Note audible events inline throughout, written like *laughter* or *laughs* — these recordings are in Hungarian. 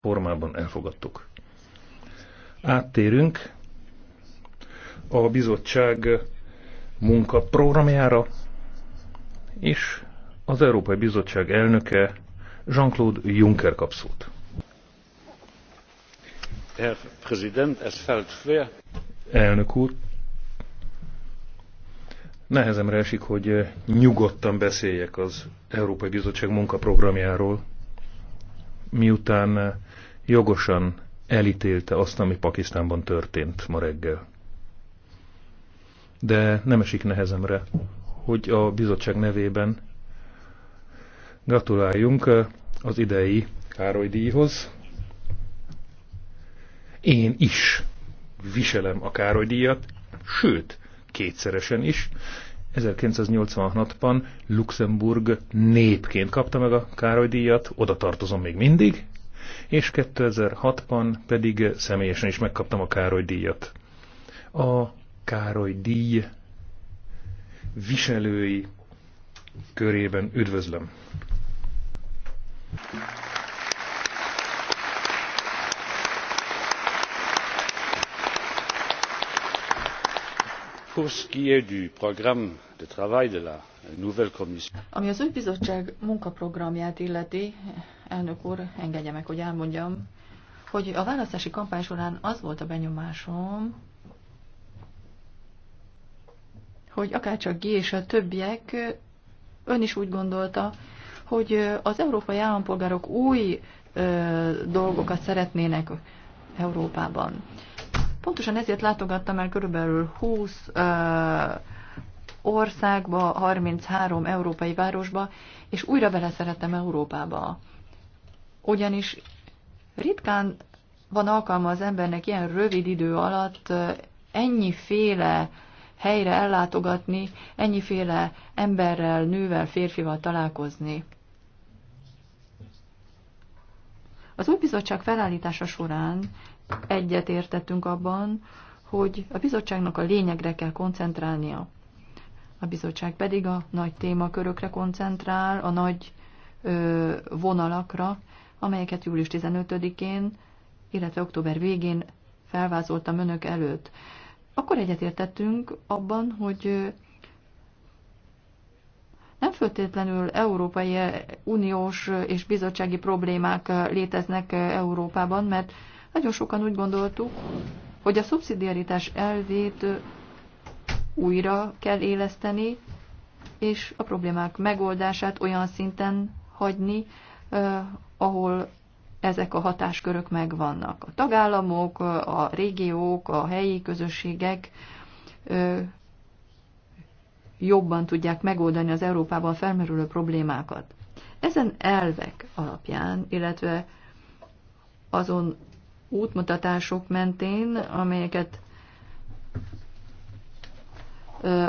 formában elfogadtuk. Áttérünk a bizottság munkaprogramjára, és az Európai Bizottság elnöke Jean-Claude Juncker kap szót. Herr Präsident, es fällt schwer. Elnök úr, nehezemre esik, hogy nyugodtan beszéljek az Európai Bizottság munkaprogramjáról, miután eh, jogosan elítélte azt, ami Pakisztánban történt ma reggel. De nem esik nehezemre, hogy a bizottság nevében gratuláljunk eh, az idei Károly díjhoz. Én is viselem a Károly díjat, sőt, kétszeresen is, 1986-ban Luxemburg népként kapta meg a Károly díjat, oda tartozom még mindig, és 2006-ban pedig személyesen is megkaptam a Károly díjat. A Károly díj viselői körében üdvözlöm. Thank you. Ami az új bizottság munkaprogramját illeti, elnök úr, engedje meg, hogy elmondjam, hogy a választási kampány során az volt a benyomásom, hogy akárcsak G és a többiek, ön is úgy gondolta, hogy az európai állampolgárok új ö, dolgokat szeretnének Európában. Pontosan ezért látogattam el körülbelül 20 országba, 33 európai városba, és újra vele szeretem Európába. Ugyanis ritkán van alkalma az embernek ilyen rövid idő alatt ennyiféle helyre ellátogatni, ennyiféle emberrel, nővel, férfival találkozni. Az új bizottság felállítása során egyet értettünk abban, hogy a bizottságnak a lényegre kell koncentrálnia. A bizottság pedig a nagy témakörökre koncentrál, a nagy ö, vonalakra, amelyeket július 15-én, illetve október végén felvázoltam önök előtt. Akkor egyetértettünk abban, hogy nem föltétlenül Európai Uniós és bizottsági problémák léteznek Európában, mert nagyon sokan úgy gondoltuk, hogy a szubszidiaritás elvét újra kell éleszteni, és a problémák megoldását olyan szinten hagyni, eh, ahol ezek a hatáskörök megvannak. A tagállamok, a régiók, a helyi közösségek eh, jobban tudják megoldani az Európában felmerülő problémákat. Ezen elvek alapján, illetve azon útmutatások mentén, amelyeket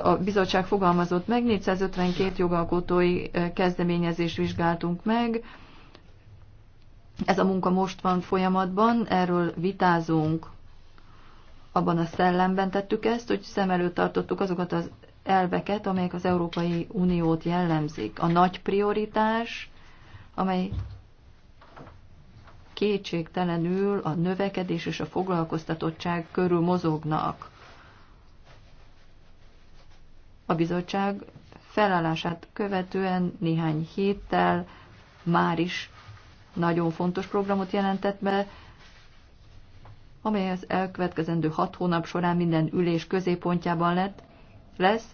a bizottság fogalmazott meg, 452 jogalkotói kezdeményezést vizsgáltunk meg. Ez a munka most van folyamatban, erről vitázunk. Abban a szellemben tettük ezt, hogy szem előtt tartottuk azokat az elveket, amelyek az Európai Uniót jellemzik. A nagy prioritás, amely kétségtelenül a növekedés és a foglalkoztatottság körül mozognak. A bizottság felállását követően néhány héttel már is nagyon fontos programot jelentett be, amely az elkövetkezendő hat hónap során minden ülés középpontjában lett, lesz,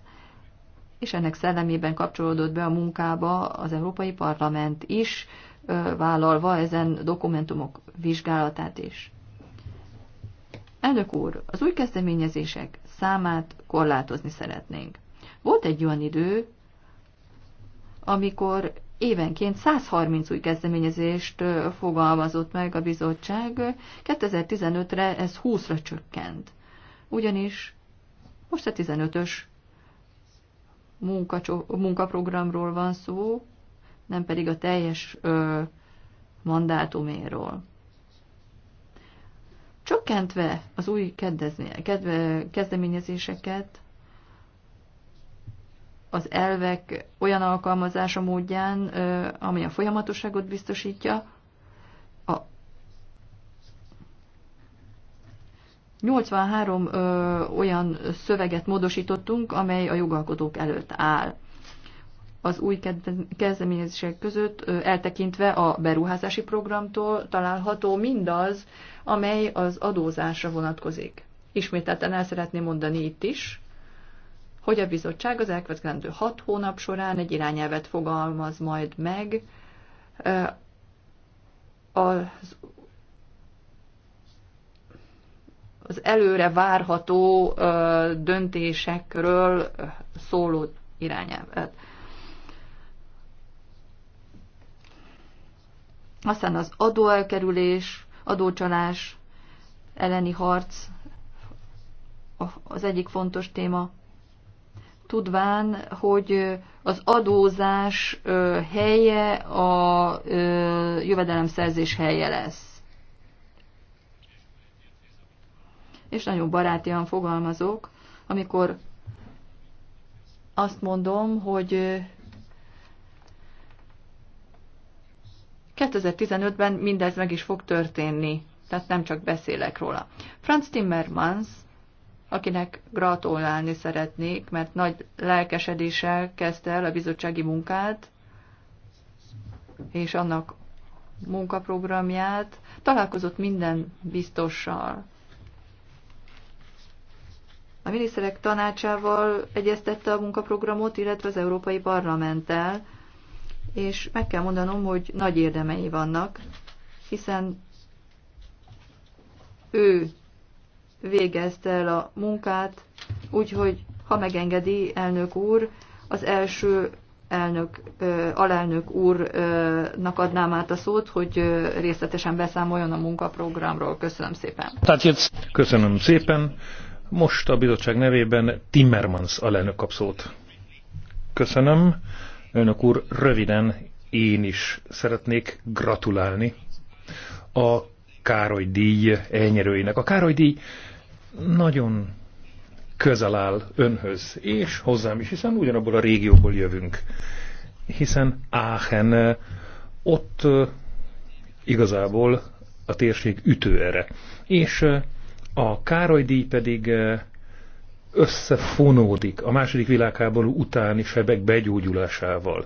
és ennek szellemében kapcsolódott be a munkába az Európai Parlament is, vállalva ezen dokumentumok vizsgálatát is. Elnök úr, az új kezdeményezések számát korlátozni szeretnénk. Volt egy olyan idő, amikor évenként 130 új kezdeményezést fogalmazott meg a bizottság, 2015-re ez 20-ra csökkent. Ugyanis most a 15-ös munkaprogramról van szó, nem pedig a teljes ö, mandátuméről. Csökkentve az új kedve, kezdeményezéseket, az elvek olyan alkalmazása módján, ö, ami a folyamatosságot biztosítja, a 83 ö, olyan szöveget módosítottunk, amely a jogalkotók előtt áll az új kezdeményezések között eltekintve a beruházási programtól található mindaz, amely az adózásra vonatkozik. Ismételten el szeretném mondani itt is, hogy a bizottság az elkövetkezendő hat hónap során egy irányelvet fogalmaz majd meg az, az előre várható döntésekről szóló irányelvet. Aztán az adóelkerülés, adócsalás elleni harc az egyik fontos téma, tudván, hogy az adózás helye a jövedelemszerzés helye lesz. És nagyon barátian fogalmazok, amikor azt mondom, hogy 2015-ben mindez meg is fog történni, tehát nem csak beszélek róla. Franz Timmermans, akinek gratulálni szeretnék, mert nagy lelkesedéssel kezdte el a bizottsági munkát, és annak munkaprogramját, találkozott minden biztossal. A miniszterek tanácsával egyeztette a munkaprogramot, illetve az Európai Parlamenttel, és meg kell mondanom, hogy nagy érdemei vannak, hiszen ő végezte el a munkát, úgyhogy, ha megengedi, elnök úr, az első elnök, ö, alelnök úrnak adnám át a szót, hogy részletesen beszámoljon a munkaprogramról. Köszönöm szépen. Köszönöm szépen. Most a bizottság nevében Timmermans alelnök kap szót. Köszönöm. Önök úr, röviden én is szeretnék gratulálni a Károly díj elnyerőinek. A Károly díj nagyon közel áll önhöz, és hozzám is, hiszen ugyanabból a régióból jövünk. Hiszen Áhen ott igazából a térség ütőere. És a Károly díj pedig összefonódik a második világháború utáni sebek begyógyulásával.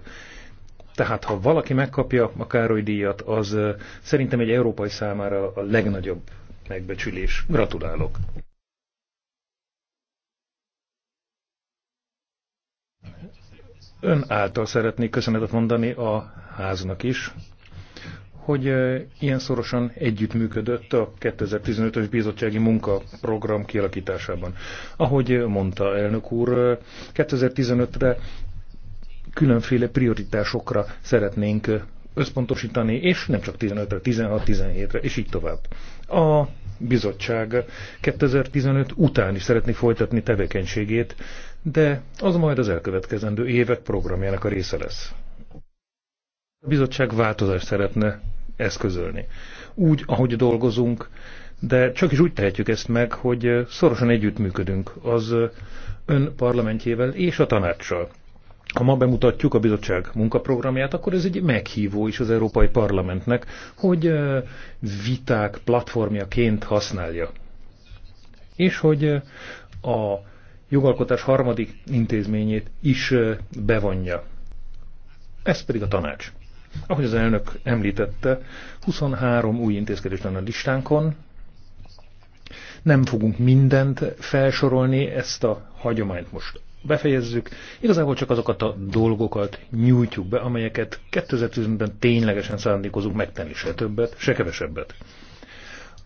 Tehát ha valaki megkapja a Károly díjat, az szerintem egy európai számára a legnagyobb megbecsülés. Gratulálok! Ön által szeretnék köszönetet mondani a háznak is, hogy ilyen szorosan együttműködött a 2015-ös bizottsági munkaprogram kialakításában. Ahogy mondta elnök úr, 2015-re különféle prioritásokra szeretnénk összpontosítani, és nem csak 15-re, 16-17-re, és így tovább. A bizottság 2015 után is szeretné folytatni tevékenységét, de az majd az elkövetkezendő évek programjának a része lesz. A bizottság változást szeretne eszközölni. Úgy, ahogy dolgozunk, de csak is úgy tehetjük ezt meg, hogy szorosan együttműködünk az ön parlamentjével és a tanácssal. Ha ma bemutatjuk a bizottság munkaprogramját, akkor ez egy meghívó is az Európai Parlamentnek, hogy viták platformjaként használja. És hogy a jogalkotás harmadik intézményét is bevonja. Ez pedig a tanács. Ahogy az elnök említette, 23 új intézkedés lenne a listánkon. Nem fogunk mindent felsorolni, ezt a hagyományt most befejezzük. Igazából csak azokat a dolgokat nyújtjuk be, amelyeket 2015-ben ténylegesen szándékozunk megtenni, se többet, se kevesebbet.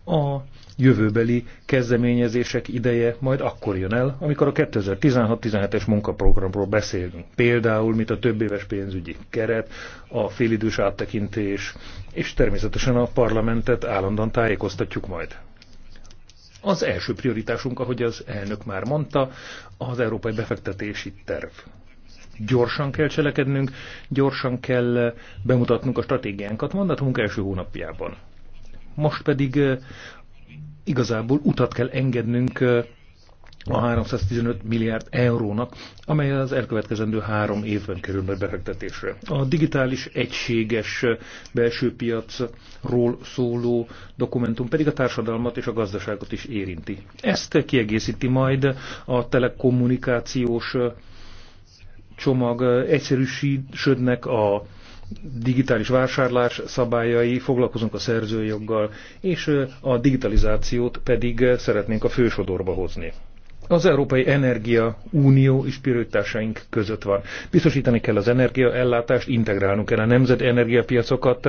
A jövőbeli kezdeményezések ideje majd akkor jön el, amikor a 2016-17-es munkaprogramról beszélünk. Például, mint a több éves pénzügyi keret, a félidős áttekintés, és természetesen a parlamentet állandóan tájékoztatjuk majd. Az első prioritásunk, ahogy az elnök már mondta, az európai befektetési terv. Gyorsan kell cselekednünk, gyorsan kell bemutatnunk a stratégiánkat mandatunk első hónapjában. Most pedig igazából utat kell engednünk a 315 milliárd eurónak, amely az elkövetkezendő három évben kerül majd befektetésre. A digitális egységes belső piacról szóló dokumentum pedig a társadalmat és a gazdaságot is érinti. Ezt kiegészíti majd a telekommunikációs csomag, egyszerűsödnek a digitális vásárlás szabályai, foglalkozunk a szerzőjoggal, és a digitalizációt pedig szeretnénk a fősodorba hozni. Az Európai Energia Unió is prioritásaink között van. Biztosítani kell az energiaellátást, integrálnunk kell a nemzet energiapiacokat,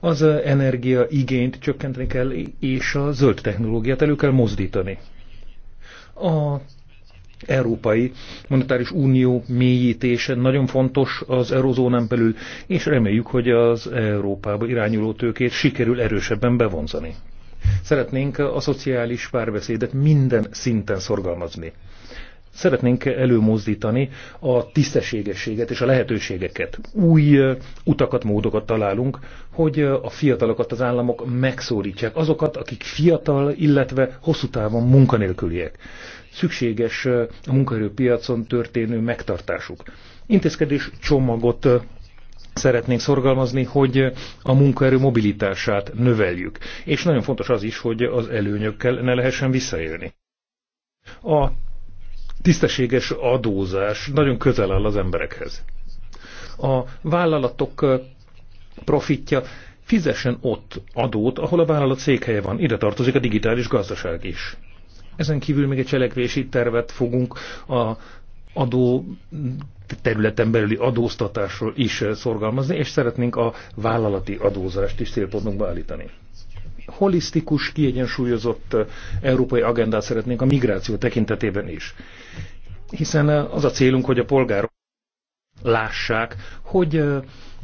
az energia igényt csökkenteni kell, és a zöld technológiát elő kell mozdítani. A Európai Monetáris Unió mélyítése nagyon fontos az eurozónán belül, és reméljük, hogy az Európába irányuló tőkét sikerül erősebben bevonzani. Szeretnénk a szociális párbeszédet minden szinten szorgalmazni. Szeretnénk előmozdítani a tisztességességet és a lehetőségeket. Új utakat, módokat találunk, hogy a fiatalokat az államok megszólítsák. Azokat, akik fiatal, illetve hosszú távon munkanélküliek szükséges a munkaerőpiacon történő megtartásuk. Intézkedés csomagot szeretnénk szorgalmazni, hogy a munkaerő mobilitását növeljük. És nagyon fontos az is, hogy az előnyökkel ne lehessen visszaélni. A tisztességes adózás nagyon közel áll az emberekhez. A vállalatok profitja fizessen ott adót, ahol a vállalat székhelye van. Ide tartozik a digitális gazdaság is. Ezen kívül még egy cselekvési tervet fogunk a adó területen belüli adóztatásról is szorgalmazni, és szeretnénk a vállalati adózást is célpontunkba állítani. Holisztikus, kiegyensúlyozott európai agendát szeretnénk a migráció tekintetében is. Hiszen az a célunk, hogy a polgárok lássák, hogy eh,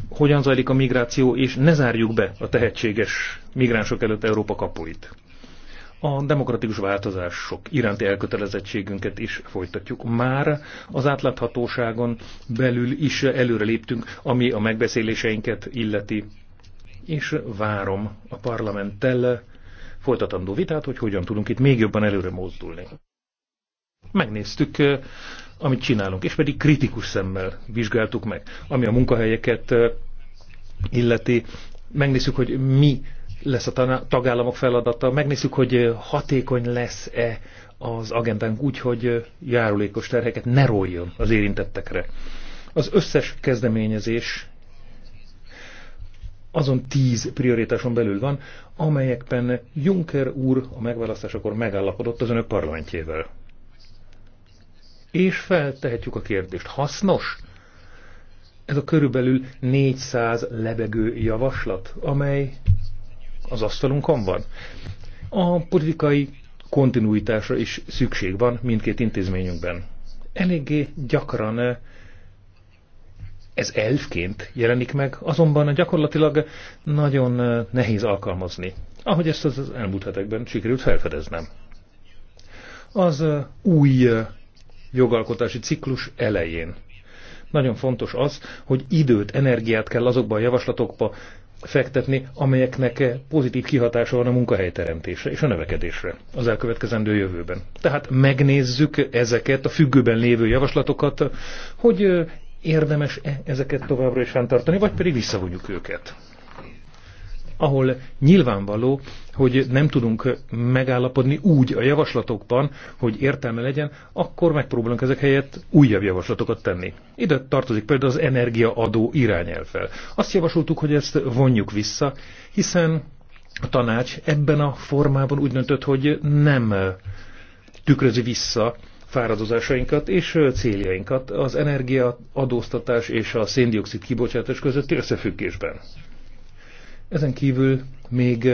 hogyan zajlik a migráció, és ne zárjuk be a tehetséges migránsok előtt Európa kapuit a demokratikus változások iránti elkötelezettségünket is folytatjuk. Már az átláthatóságon belül is előre léptünk, ami a megbeszéléseinket illeti, és várom a parlamenttel folytatandó vitát, hogy hogyan tudunk itt még jobban előre mozdulni. Megnéztük, amit csinálunk, és pedig kritikus szemmel vizsgáltuk meg, ami a munkahelyeket illeti. Megnézzük, hogy mi lesz a tagállamok feladata. Megnézzük, hogy hatékony lesz-e az agendánk úgy, hogy járulékos terheket ne róljon az érintettekre. Az összes kezdeményezés azon tíz prioritáson belül van, amelyekben Juncker úr a megválasztásakor megállapodott az önök parlamentjével. És feltehetjük a kérdést, hasznos? Ez a körülbelül 400 lebegő javaslat, amely az asztalunkon van. A politikai kontinuitásra is szükség van mindkét intézményünkben. Eléggé gyakran eh, ez elfként jelenik meg, azonban gyakorlatilag nagyon eh, nehéz alkalmazni, ahogy ezt az elmúlt hetekben sikerült felfedeznem. Az eh, új jogalkotási ciklus elején nagyon fontos az, hogy időt, energiát kell azokba a javaslatokba fektetni, amelyeknek pozitív kihatása van a munkahelyteremtésre és a növekedésre az elkövetkezendő jövőben. Tehát megnézzük ezeket a függőben lévő javaslatokat, hogy érdemes-e ezeket továbbra is fenntartani, vagy pedig visszavonjuk őket ahol nyilvánvaló, hogy nem tudunk megállapodni úgy a javaslatokban, hogy értelme legyen, akkor megpróbálunk ezek helyett újabb javaslatokat tenni. Ide tartozik például az energiaadó irányelvvel. Azt javasoltuk, hogy ezt vonjuk vissza, hiszen a tanács ebben a formában úgy döntött, hogy nem tükrözi vissza fáradozásainkat és céljainkat az energiaadóztatás és a széndiokszid kibocsátás közötti összefüggésben. Ezen kívül még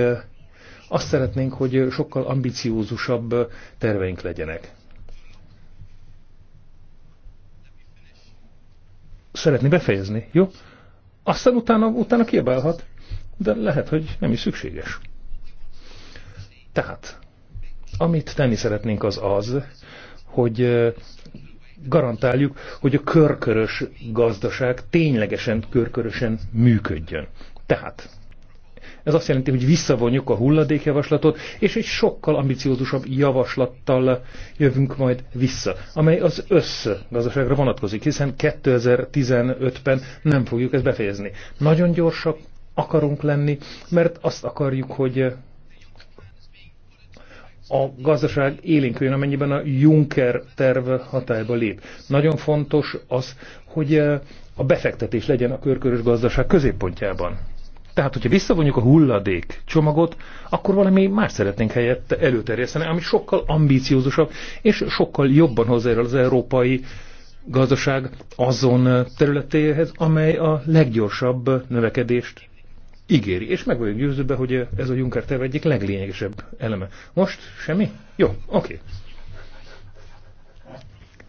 azt szeretnénk, hogy sokkal ambiciózusabb terveink legyenek. Szeretné befejezni, jó? Aztán utána, utána kiabálhat, de lehet, hogy nem is szükséges. Tehát, amit tenni szeretnénk az az, hogy garantáljuk, hogy a körkörös gazdaság ténylegesen körkörösen működjön. Tehát ez azt jelenti, hogy visszavonjuk a hulladékjavaslatot, és egy sokkal ambiciózusabb javaslattal jövünk majd vissza, amely az összgazdaságra vonatkozik, hiszen 2015-ben nem fogjuk ezt befejezni. Nagyon gyorsak akarunk lenni, mert azt akarjuk, hogy a gazdaság élénküljön, amennyiben a Juncker terv hatályba lép. Nagyon fontos az, hogy a befektetés legyen a körkörös gazdaság középpontjában. Tehát, hogyha visszavonjuk a hulladék csomagot, akkor valami más szeretnénk helyette előterjeszteni, ami sokkal ambíciózusabb, és sokkal jobban hozzá az európai gazdaság azon területéhez, amely a leggyorsabb növekedést ígéri. És meg vagyok győződve, hogy ez a Juncker terve egyik leglényegesebb eleme. Most semmi? Jó, oké. Okay.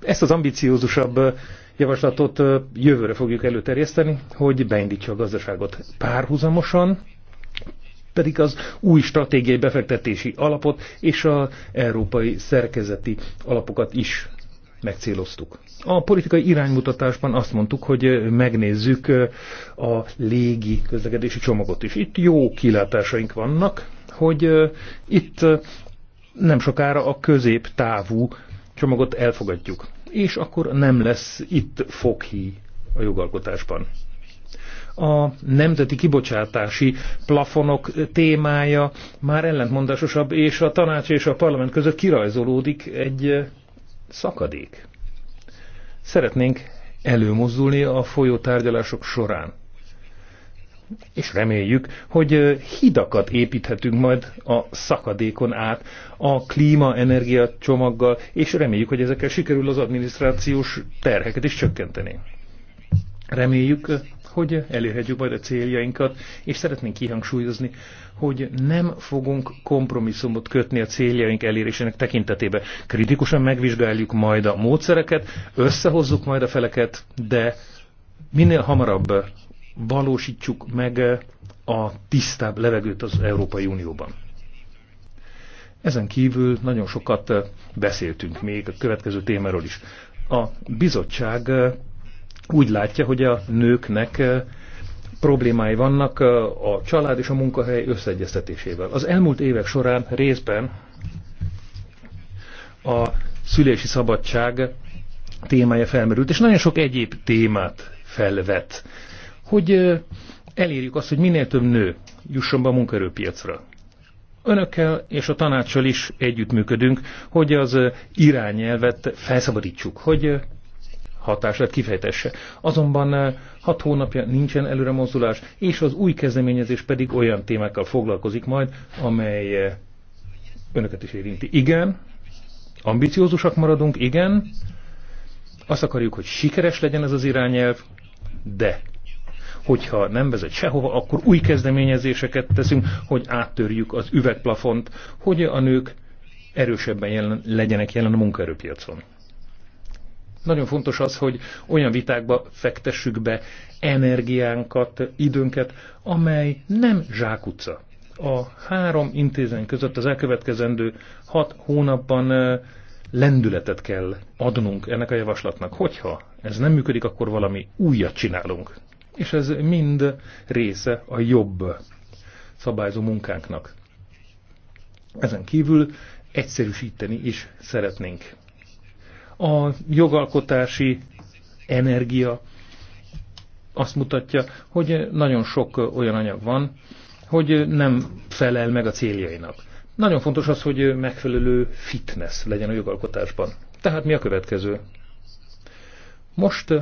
Ezt az uh, javaslatot jövőre fogjuk előterjeszteni, hogy beindítsa a gazdaságot párhuzamosan, pedig az új stratégiai befektetési alapot és az európai szerkezeti alapokat is megcéloztuk. A politikai iránymutatásban azt mondtuk, hogy megnézzük a légi közlekedési csomagot is. Itt jó kilátásaink vannak, hogy itt nem sokára a középtávú csomagot elfogadjuk és akkor nem lesz itt foghi a jogalkotásban. A nemzeti kibocsátási plafonok témája már ellentmondásosabb, és a tanács és a parlament között kirajzolódik egy eh, szakadék. Szeretnénk előmozdulni a folyó tárgyalások során és reméljük, hogy hidakat építhetünk majd a szakadékon át a klíma-energia csomaggal, és reméljük, hogy ezekkel sikerül az adminisztrációs terheket is csökkenteni. Reméljük, hogy elérhetjük majd a céljainkat, és szeretnénk kihangsúlyozni, hogy nem fogunk kompromisszumot kötni a céljaink elérésének tekintetében. Kritikusan megvizsgáljuk majd a módszereket, összehozzuk majd a feleket, de minél hamarabb valósítsuk meg eh, a tisztább levegőt az Európai Unióban. Ezen kívül nagyon sokat eh, beszéltünk még a következő témáról is. A bizottság eh, úgy látja, hogy a nőknek problémái vannak a család és a munkahely összeegyeztetésével. Az elmúlt évek során részben a szülési szabadság témája felmerült, és nagyon sok egyéb témát felvet hogy elérjük azt, hogy minél több nő jusson be a munkaerőpiacra. Önökkel és a tanácssal is együttműködünk, hogy az irányelvet felszabadítsuk, hogy hatását kifejtesse. Azonban hat hónapja nincsen előre mozdulás, és az új kezdeményezés pedig olyan témákkal foglalkozik majd, amely önöket is érinti. Igen, ambiciózusak maradunk, igen, azt akarjuk, hogy sikeres legyen ez az irányelv, de Hogyha nem vezet sehova, akkor új kezdeményezéseket teszünk, hogy áttörjük az üvegplafont, hogy a nők erősebben jelen, legyenek jelen a munkaerőpiacon. Nagyon fontos az, hogy olyan vitákba fektessük be energiánkat, időnket, amely nem zsákutca. A három intézmény között az elkövetkezendő hat hónapban lendületet kell adnunk ennek a javaslatnak. Hogyha ez nem működik, akkor valami újat csinálunk. És ez mind része a jobb szabályzó munkánknak. Ezen kívül egyszerűsíteni is szeretnénk. A jogalkotási energia azt mutatja, hogy nagyon sok olyan anyag van, hogy nem felel meg a céljainak. Nagyon fontos az, hogy megfelelő fitness legyen a jogalkotásban. Tehát mi a következő? Most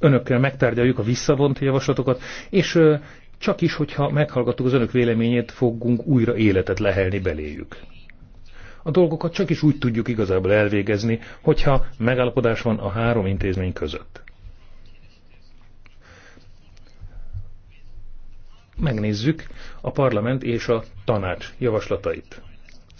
önökkel megtárgyaljuk a visszavont javaslatokat, és csak is, hogyha meghallgattuk az önök véleményét, fogunk újra életet lehelni beléjük. A dolgokat csak is úgy tudjuk igazából elvégezni, hogyha megállapodás van a három intézmény között. Megnézzük a parlament és a tanács javaslatait.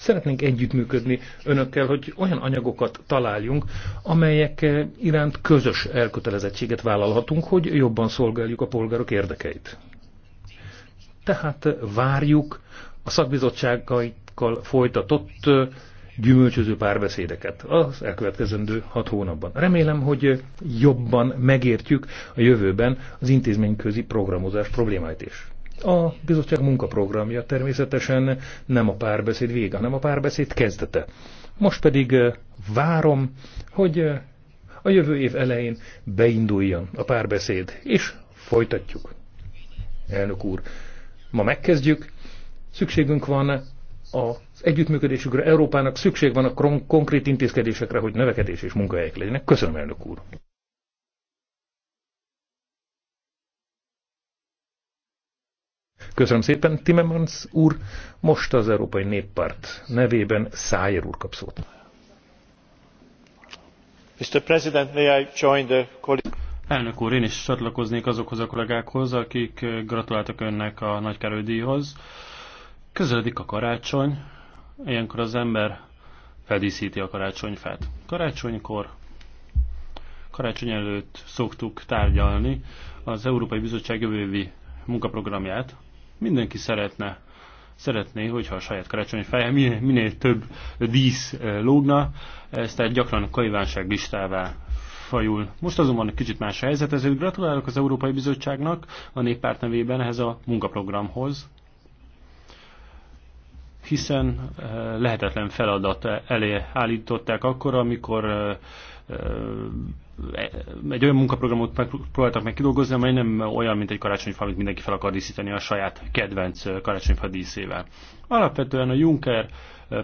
Szeretnénk együttműködni önökkel, hogy olyan anyagokat találjunk, amelyek eh, iránt közös elkötelezettséget vállalhatunk, hogy jobban szolgáljuk a polgárok érdekeit. Tehát eh, várjuk a szakbizottságaikkal folytatott eh, gyümölcsöző párbeszédeket az elkövetkezendő hat hónapban. Remélem, hogy jobban megértjük a jövőben az intézményközi programozás problémáit is. A bizottság munkaprogramja természetesen nem a párbeszéd vége, hanem a párbeszéd kezdete. Most pedig várom, hogy a jövő év elején beinduljon a párbeszéd, és folytatjuk. Elnök úr, ma megkezdjük, szükségünk van az együttműködésükre, Európának szükség van a konkrét intézkedésekre, hogy növekedés és munkahelyek legyenek. Köszönöm, elnök úr! Köszönöm szépen, Timmermans úr. Most az Európai Néppárt nevében Szájer úr kap szót. Mr. President, may I join the Elnök úr, én is csatlakoznék azokhoz a kollégákhoz, akik gratuláltak önnek a Nagy díjhoz. Közeledik a karácsony, ilyenkor az ember feldíszíti a karácsonyfát. Karácsonykor, karácsony előtt szoktuk tárgyalni az Európai Bizottság jövővi munkaprogramját, Mindenki szeretne, szeretné, hogyha a saját karácsonyi feje minél, minél több dísz eh, lógna, ez tehát gyakran a kaivánság listává fajul. Most azonban egy kicsit más a helyzet, ezért gratulálok az Európai Bizottságnak a néppárt nevében ehhez a munkaprogramhoz, hiszen eh, lehetetlen feladat elé állították akkor, amikor eh, egy olyan munkaprogramot próbáltak meg kidolgozni, amely nem olyan, mint egy karácsonyfa, amit mindenki fel akar díszíteni a saját kedvenc karácsonyfa díszével. Alapvetően a Juncker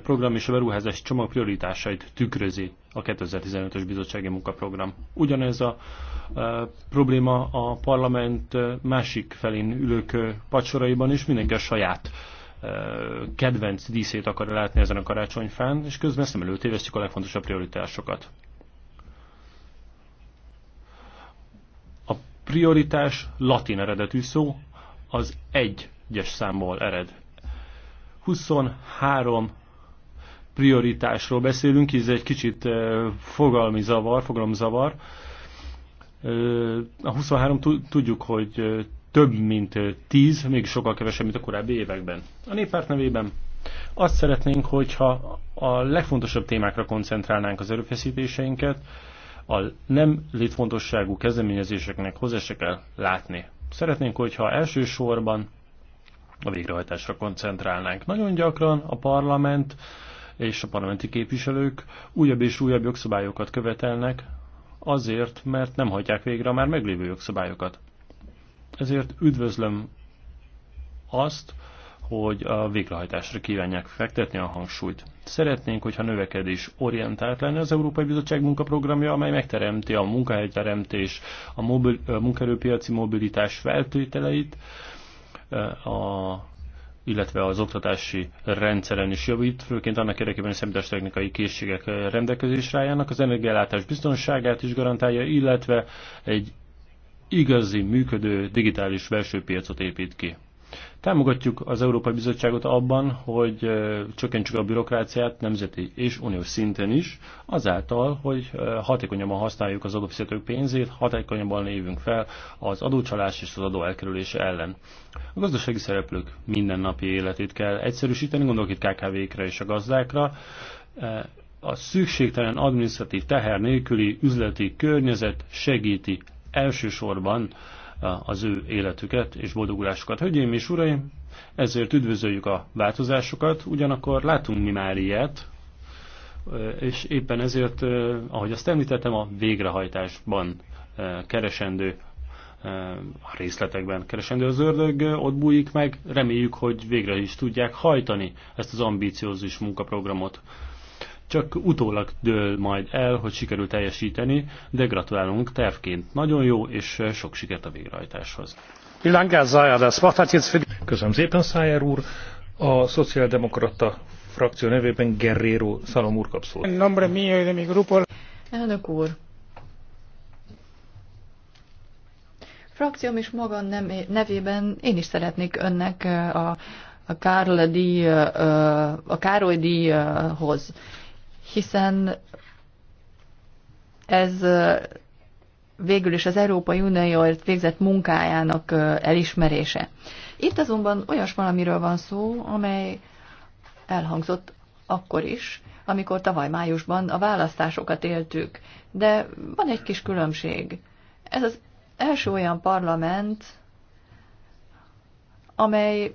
program és a beruházási csomag prioritásait tükrözi a 2015-ös bizottsági munkaprogram. Ugyanez a a probléma a parlament másik felén ülők pacsoraiban is, mindenki a saját kedvenc díszét akar látni ezen a karácsonyfán, és közben szem előtt a legfontosabb prioritásokat. prioritás latin eredetű szó, az egyes számból ered. 23 prioritásról beszélünk, ez egy kicsit fogalmi zavar, fogalomzavar. A 23 tudjuk, hogy több mint 10, még sokkal kevesebb, mint a korábbi években. A néppárt nevében azt szeretnénk, hogyha a legfontosabb témákra koncentrálnánk az erőfeszítéseinket, a nem létfontosságú kezdeményezéseknek hozzá se kell látni. Szeretnénk, hogyha elsősorban a végrehajtásra koncentrálnánk. Nagyon gyakran a parlament és a parlamenti képviselők újabb és újabb jogszabályokat követelnek, azért, mert nem hagyják végre a már meglévő jogszabályokat. Ezért üdvözlöm azt, hogy a végrehajtásra kívánják fektetni a hangsúlyt. Szeretnénk, hogyha növekedés orientált lenne az Európai Bizottság munkaprogramja, amely megteremti a munkahelyteremtés, a, mobil, a munkaerőpiaci mobilitás feltételeit, a illetve az oktatási rendszeren is javít, főként annak érdekében, hogy a technikai készségek rendelkezésre álljanak, az energiállátás biztonságát is garantálja, illetve egy igazi, működő digitális belső piacot épít ki. Támogatjuk az Európai Bizottságot abban, hogy csökkentsük a bürokráciát nemzeti és uniós szinten is, azáltal, hogy hatékonyabban használjuk az adófizetők pénzét, hatékonyabban lévünk fel az adócsalás és az adó elkerülése ellen. A gazdasági szereplők mindennapi életét kell egyszerűsíteni, gondolok itt KKV-kre és a gazdákra, a szükségtelen adminisztratív teher nélküli üzleti környezet segíti elsősorban az ő életüket és boldogulásukat. Hölgyeim és uraim, ezért üdvözöljük a változásokat, ugyanakkor látunk mi már ilyet, és éppen ezért, ahogy azt említettem, a végrehajtásban keresendő a részletekben keresendő az ördög, ott bújik meg, reméljük, hogy végre is tudják hajtani ezt az ambíciózus munkaprogramot. Csak utólag dől majd el, hogy sikerül teljesíteni, de gratulálunk tervként. Nagyon jó, és sok sikert a végrehajtáshoz. Köszönöm szépen, Szájer úr. A szociáldemokrata frakció nevében Guerrero Szalom úr kap szót. Elnök úr, frakcióm is maga nem, nevében én is szeretnék önnek a, a, díj, a Károly díjhoz hiszen ez végül is az Európai Unióért végzett munkájának elismerése. Itt azonban olyas valamiről van szó, amely elhangzott akkor is, amikor tavaly májusban a választásokat éltük. De van egy kis különbség. Ez az első olyan parlament, amely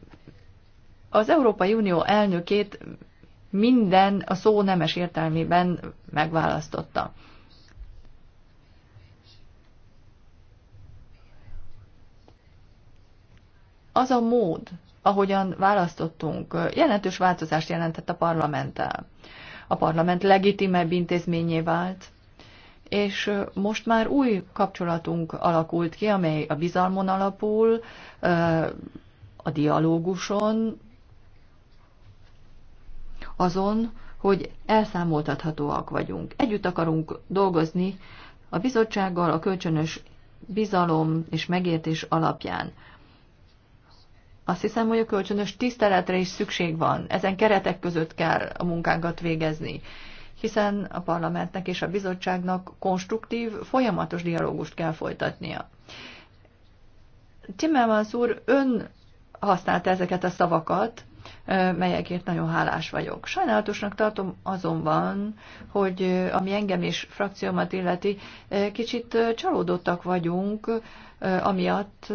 az Európai Unió elnökét minden a szó nemes értelmében megválasztotta. Az a mód, ahogyan választottunk, jelentős változást jelentett a parlamenttel. A parlament legitimebb intézményé vált, és most már új kapcsolatunk alakult ki, amely a bizalmon alapul, a dialóguson, azon, hogy elszámoltathatóak vagyunk. Együtt akarunk dolgozni a bizottsággal a kölcsönös bizalom és megértés alapján. Azt hiszem, hogy a kölcsönös tiszteletre is szükség van. Ezen keretek között kell a munkánkat végezni, hiszen a parlamentnek és a bizottságnak konstruktív, folyamatos dialógust kell folytatnia. Timmermans úr ön használta ezeket a szavakat, melyekért nagyon hálás vagyok. Sajnálatosnak tartom azonban, hogy ami engem és frakciómat illeti, kicsit csalódottak vagyunk, amiatt,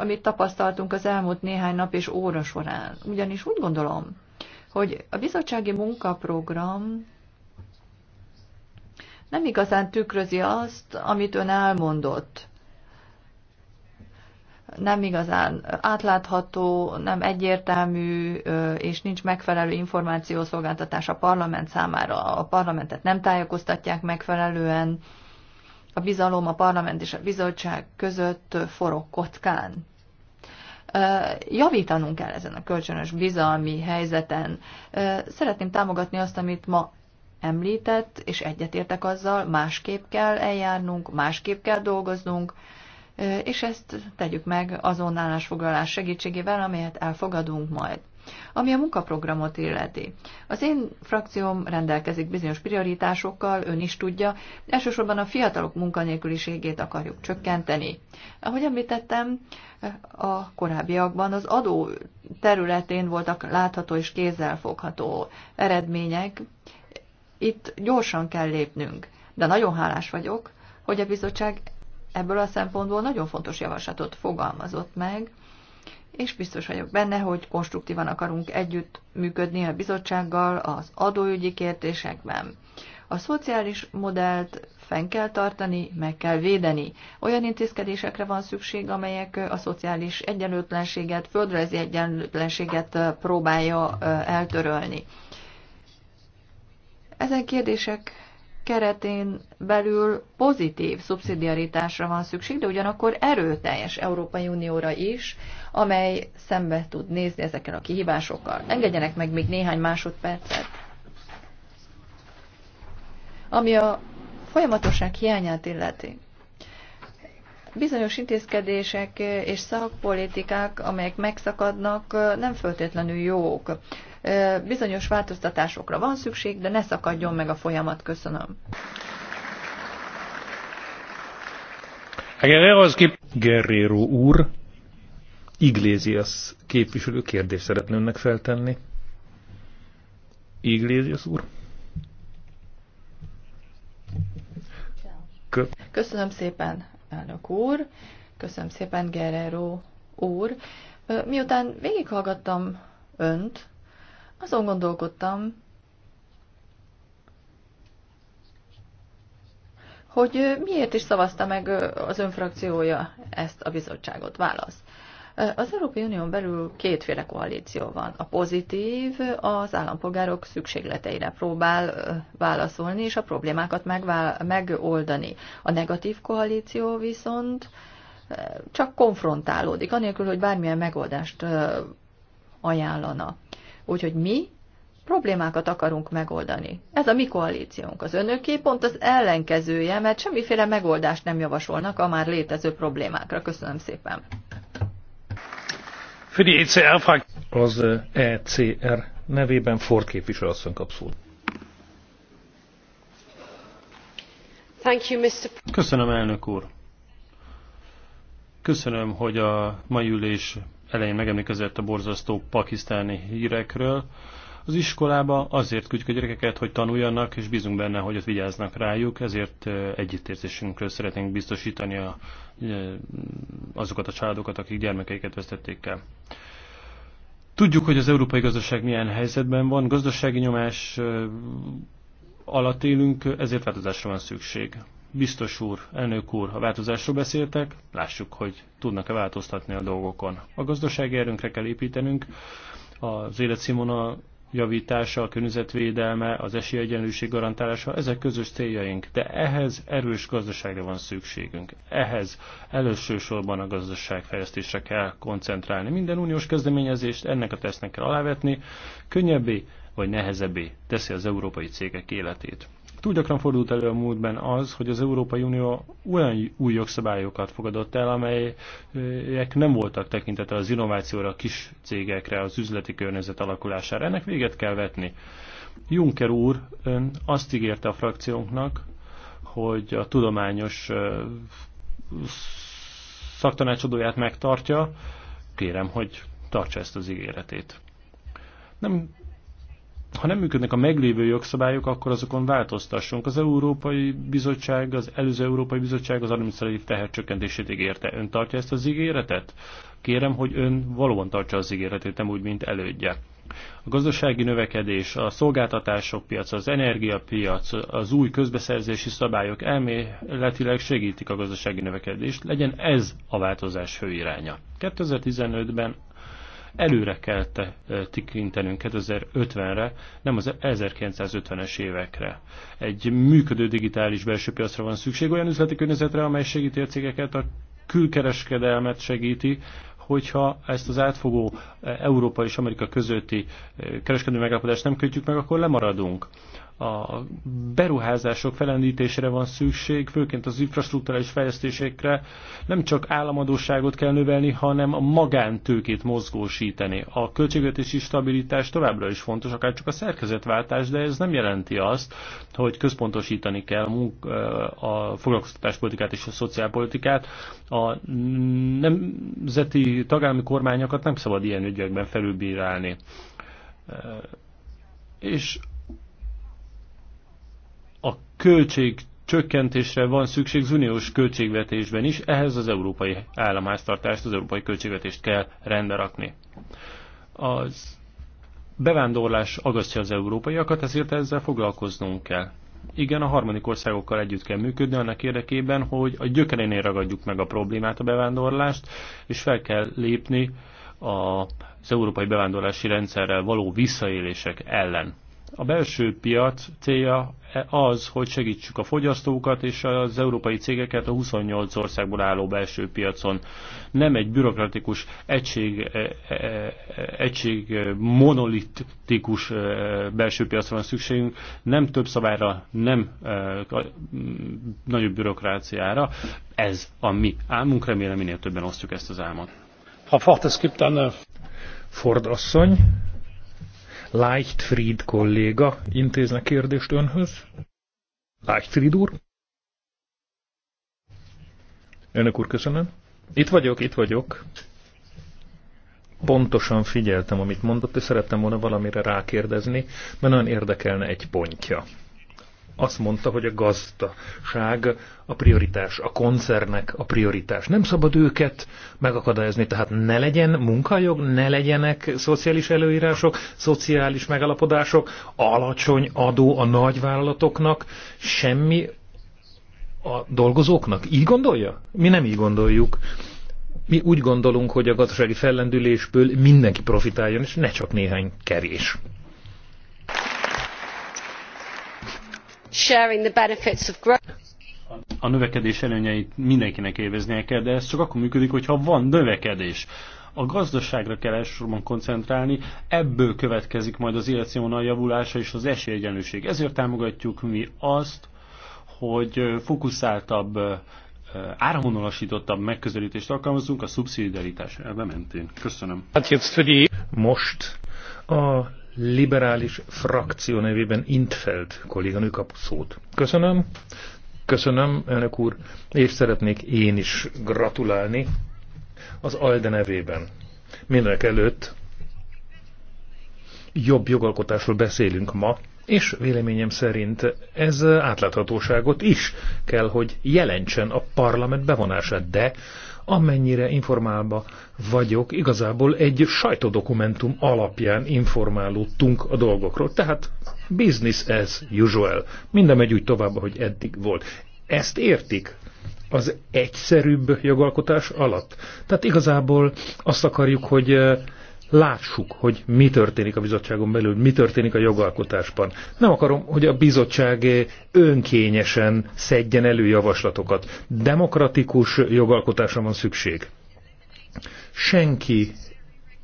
amit tapasztaltunk az elmúlt néhány nap és óra során. Ugyanis úgy gondolom, hogy a bizottsági munkaprogram nem igazán tükrözi azt, amit ön elmondott nem igazán átlátható, nem egyértelmű, és nincs megfelelő információszolgáltatás a parlament számára. A parlamentet nem tájékoztatják megfelelően. A bizalom a parlament és a bizottság között forog kockán. Javítanunk kell ezen a kölcsönös bizalmi helyzeten. Szeretném támogatni azt, amit ma említett, és egyetértek azzal, másképp kell eljárnunk, másképp kell dolgoznunk, és ezt tegyük meg azon állásfoglalás segítségével, amelyet elfogadunk majd. Ami a munkaprogramot illeti. Az én frakcióm rendelkezik bizonyos prioritásokkal, ön is tudja, elsősorban a fiatalok munkanélküliségét akarjuk csökkenteni. Ahogy említettem, a korábbiakban az adó területén voltak látható és kézzelfogható eredmények. Itt gyorsan kell lépnünk, de nagyon hálás vagyok, hogy a bizottság ebből a szempontból nagyon fontos javaslatot fogalmazott meg, és biztos vagyok benne, hogy konstruktívan akarunk együtt működni a bizottsággal az adóügyi kérdésekben. A szociális modellt fenn kell tartani, meg kell védeni. Olyan intézkedésekre van szükség, amelyek a szociális egyenlőtlenséget, földrajzi egyenlőtlenséget próbálja eltörölni. Ezen kérdések keretén belül pozitív szubszidiaritásra van szükség, de ugyanakkor erőteljes Európai Unióra is, amely szembe tud nézni ezekkel a kihívásokkal. Engedjenek meg még néhány másodpercet. Ami a folyamatosság hiányát illeti. Bizonyos intézkedések és szakpolitikák, amelyek megszakadnak, nem föltétlenül jók bizonyos változtatásokra van szükség, de ne szakadjon meg a folyamat. Köszönöm. Guerrero úr, Iglesias képviselő kérdést szeretne önnek feltenni. Iglesias úr. Köszönöm szépen, elnök úr. Köszönöm szépen, Guerrero úr. Miután végighallgattam önt, azon gondolkodtam, hogy miért is szavazta meg az önfrakciója ezt a bizottságot. Válasz. Az Európai Unión belül kétféle koalíció van. A pozitív az állampolgárok szükségleteire próbál válaszolni és a problémákat megoldani. A negatív koalíció viszont csak konfrontálódik, anélkül, hogy bármilyen megoldást ajánlana. Úgyhogy mi problémákat akarunk megoldani. Ez a mi koalíciónk. Az önöké pont az ellenkezője, mert semmiféle megoldást nem javasolnak a már létező problémákra. Köszönöm szépen. E az ECR eh, e nevében Ford képviselő asszony kap szót. Köszönöm, elnök úr. Köszönöm, hogy a mai ülés elején megemlékezett a borzasztó pakisztáni hírekről. Az iskolába azért küldjük a gyerekeket, hogy tanuljanak, és bízunk benne, hogy ott vigyáznak rájuk, ezért együttérzésünkről szeretnénk biztosítani a, azokat a családokat, akik gyermekeiket vesztették el. Tudjuk, hogy az európai gazdaság milyen helyzetben van, gazdasági nyomás alatt élünk, ezért változásra van szükség. Biztos úr, elnök úr, a változásról beszéltek, lássuk, hogy tudnak-e változtatni a dolgokon. A gazdasági erőnkre kell építenünk, az életszínvonal javítása, a környezetvédelme, az esélyegyenlőség garantálása, ezek közös céljaink, de ehhez erős gazdaságra van szükségünk. Ehhez elsősorban a gazdaságfejlesztésre kell koncentrálni. Minden uniós kezdeményezést ennek a tesznek kell alávetni, könnyebbé vagy nehezebbé teszi az európai cégek életét. Túl gyakran fordult elő a múltban az, hogy az Európai Unió olyan új jogszabályokat fogadott el, amelyek nem voltak tekintete az innovációra, a kis cégekre, az üzleti környezet alakulására. Ennek véget kell vetni. Juncker úr azt ígérte a frakciónknak, hogy a tudományos szaktanácsadóját megtartja. Kérem, hogy tartsa ezt az ígéretét. Nem ha nem működnek a meglévő jogszabályok, akkor azokon változtassunk. Az Európai Bizottság, az előző Európai Bizottság az adminisztratív tehercsökkentését ígérte. Ön tartja ezt az ígéretet? Kérem, hogy ön valóban tartsa az ígéretét, nem úgy, mint elődje. A gazdasági növekedés, a szolgáltatások piaca, az energiapiac, az új közbeszerzési szabályok elméletileg segítik a gazdasági növekedést, legyen ez a változás fő iránya. 2015-ben Előre kell te, eh, tekintenünk 2050-re, nem az 1950-es évekre. Egy működő digitális belső piacra van szükség, olyan üzleti környezetre, amely segíti a cégeket, a külkereskedelmet segíti, hogyha ezt az átfogó eh, Európa és Amerika közötti eh, kereskedő megállapodást nem kötjük meg, akkor lemaradunk a beruházások felendítésre van szükség, főként az infrastruktúrális fejlesztésekre nem csak államadóságot kell növelni, hanem a magántőkét mozgósítani. A költségvetési stabilitás továbbra is fontos, akár csak a szerkezetváltás, de ez nem jelenti azt, hogy központosítani kell a, a foglalkoztatáspolitikát és a szociálpolitikát. A nemzeti tagállami kormányokat nem szabad ilyen ügyekben felülbírálni és a költség csökkentésre van szükség az uniós költségvetésben is, ehhez az európai államháztartást, az európai költségvetést kell rendbe rakni. Az bevándorlás agasztja az európaiakat, ezért ezzel foglalkoznunk kell. Igen, a harmadik országokkal együtt kell működni annak érdekében, hogy a gyökerénél ragadjuk meg a problémát, a bevándorlást, és fel kell lépni az európai bevándorlási rendszerrel való visszaélések ellen. A belső piac célja az, hogy segítsük a fogyasztókat és az európai cégeket a 28 országból álló belső piacon. Nem egy bürokratikus, egység, e, e, e, egység monolitikus belső piacra van szükségünk, nem több szabályra, nem nagyobb bürokráciára. Ez a mi álmunk, remélem minél többen osztjuk ezt az álmot. Ha Fortes Ford asszony, Leichtfried kolléga intézne kérdést önhöz. Leichtfried úr? Önök úr, köszönöm. Itt vagyok, itt vagyok. Pontosan figyeltem, amit mondott, és szerettem volna valamire rákérdezni, mert nagyon érdekelne egy pontja azt mondta, hogy a gazdaság a prioritás, a koncernek a prioritás. Nem szabad őket megakadályozni, tehát ne legyen munkajog, ne legyenek szociális előírások, szociális megalapodások, alacsony adó a nagyvállalatoknak, semmi a dolgozóknak. Így gondolja? Mi nem így gondoljuk. Mi úgy gondolunk, hogy a gazdasági fellendülésből mindenki profitáljon, és ne csak néhány kevés. sharing the benefits of growth. A növekedés előnyeit mindenkinek élveznie kell, de ez csak akkor működik, hogyha van növekedés. A gazdaságra kell elsősorban koncentrálni, ebből következik majd az életszínvonal javulása és az esélyegyenlőség. Ezért támogatjuk mi azt, hogy fokuszáltabb, eh, áramvonalasítottabb megközelítést alkalmazunk a szubszidiaritás elve mentén. Köszönöm. Most a liberális frakció nevében Intfeld kolléganő kap szót. Köszönöm, köszönöm, elnök úr, és szeretnék én is gratulálni az ALDE nevében. Mindenek előtt jobb jogalkotásról beszélünk ma, és véleményem szerint ez átláthatóságot is kell, hogy jelentsen a parlament bevonását, de amennyire informálva vagyok, igazából egy sajtódokumentum alapján informálódtunk a dolgokról. Tehát business as usual. Minden megy úgy tovább, ahogy eddig volt. Ezt értik az egyszerűbb jogalkotás alatt. Tehát igazából azt akarjuk, hogy eh, lássuk, hogy mi történik a bizottságon belül, mi történik a jogalkotásban. Nem akarom, hogy a bizottság önkényesen szedjen elő javaslatokat. Demokratikus jogalkotásra van szükség. Senki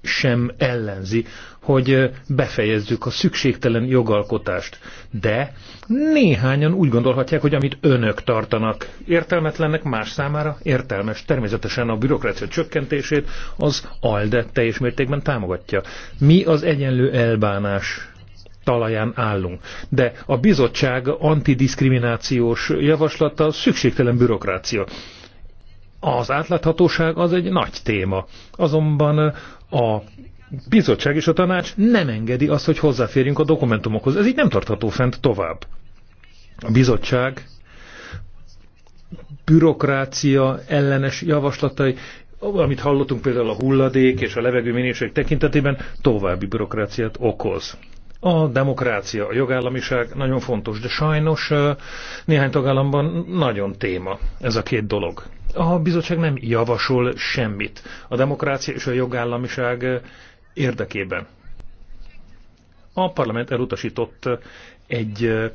sem ellenzi, hogy befejezzük a szükségtelen jogalkotást. De néhányan úgy gondolhatják, hogy amit önök tartanak értelmetlennek, más számára értelmes. Természetesen a bürokrácia csökkentését az ALDE teljes mértékben támogatja. Mi az egyenlő elbánás talaján állunk. De a bizottság antidiszkriminációs javaslata szükségtelen bürokrácia. Az átláthatóság az egy nagy téma. Azonban a bizottság és a tanács nem engedi azt, hogy hozzáférjünk a dokumentumokhoz. Ez így nem tartható fent tovább. A bizottság bürokrácia ellenes javaslatai, amit hallottunk például a hulladék és a levegő minőség tekintetében, további bürokráciát okoz. A demokrácia, a jogállamiság nagyon fontos, de sajnos néhány tagállamban nagyon téma ez a két dolog. A bizottság nem javasol semmit a demokrácia és a jogállamiság érdekében. A parlament elutasított egy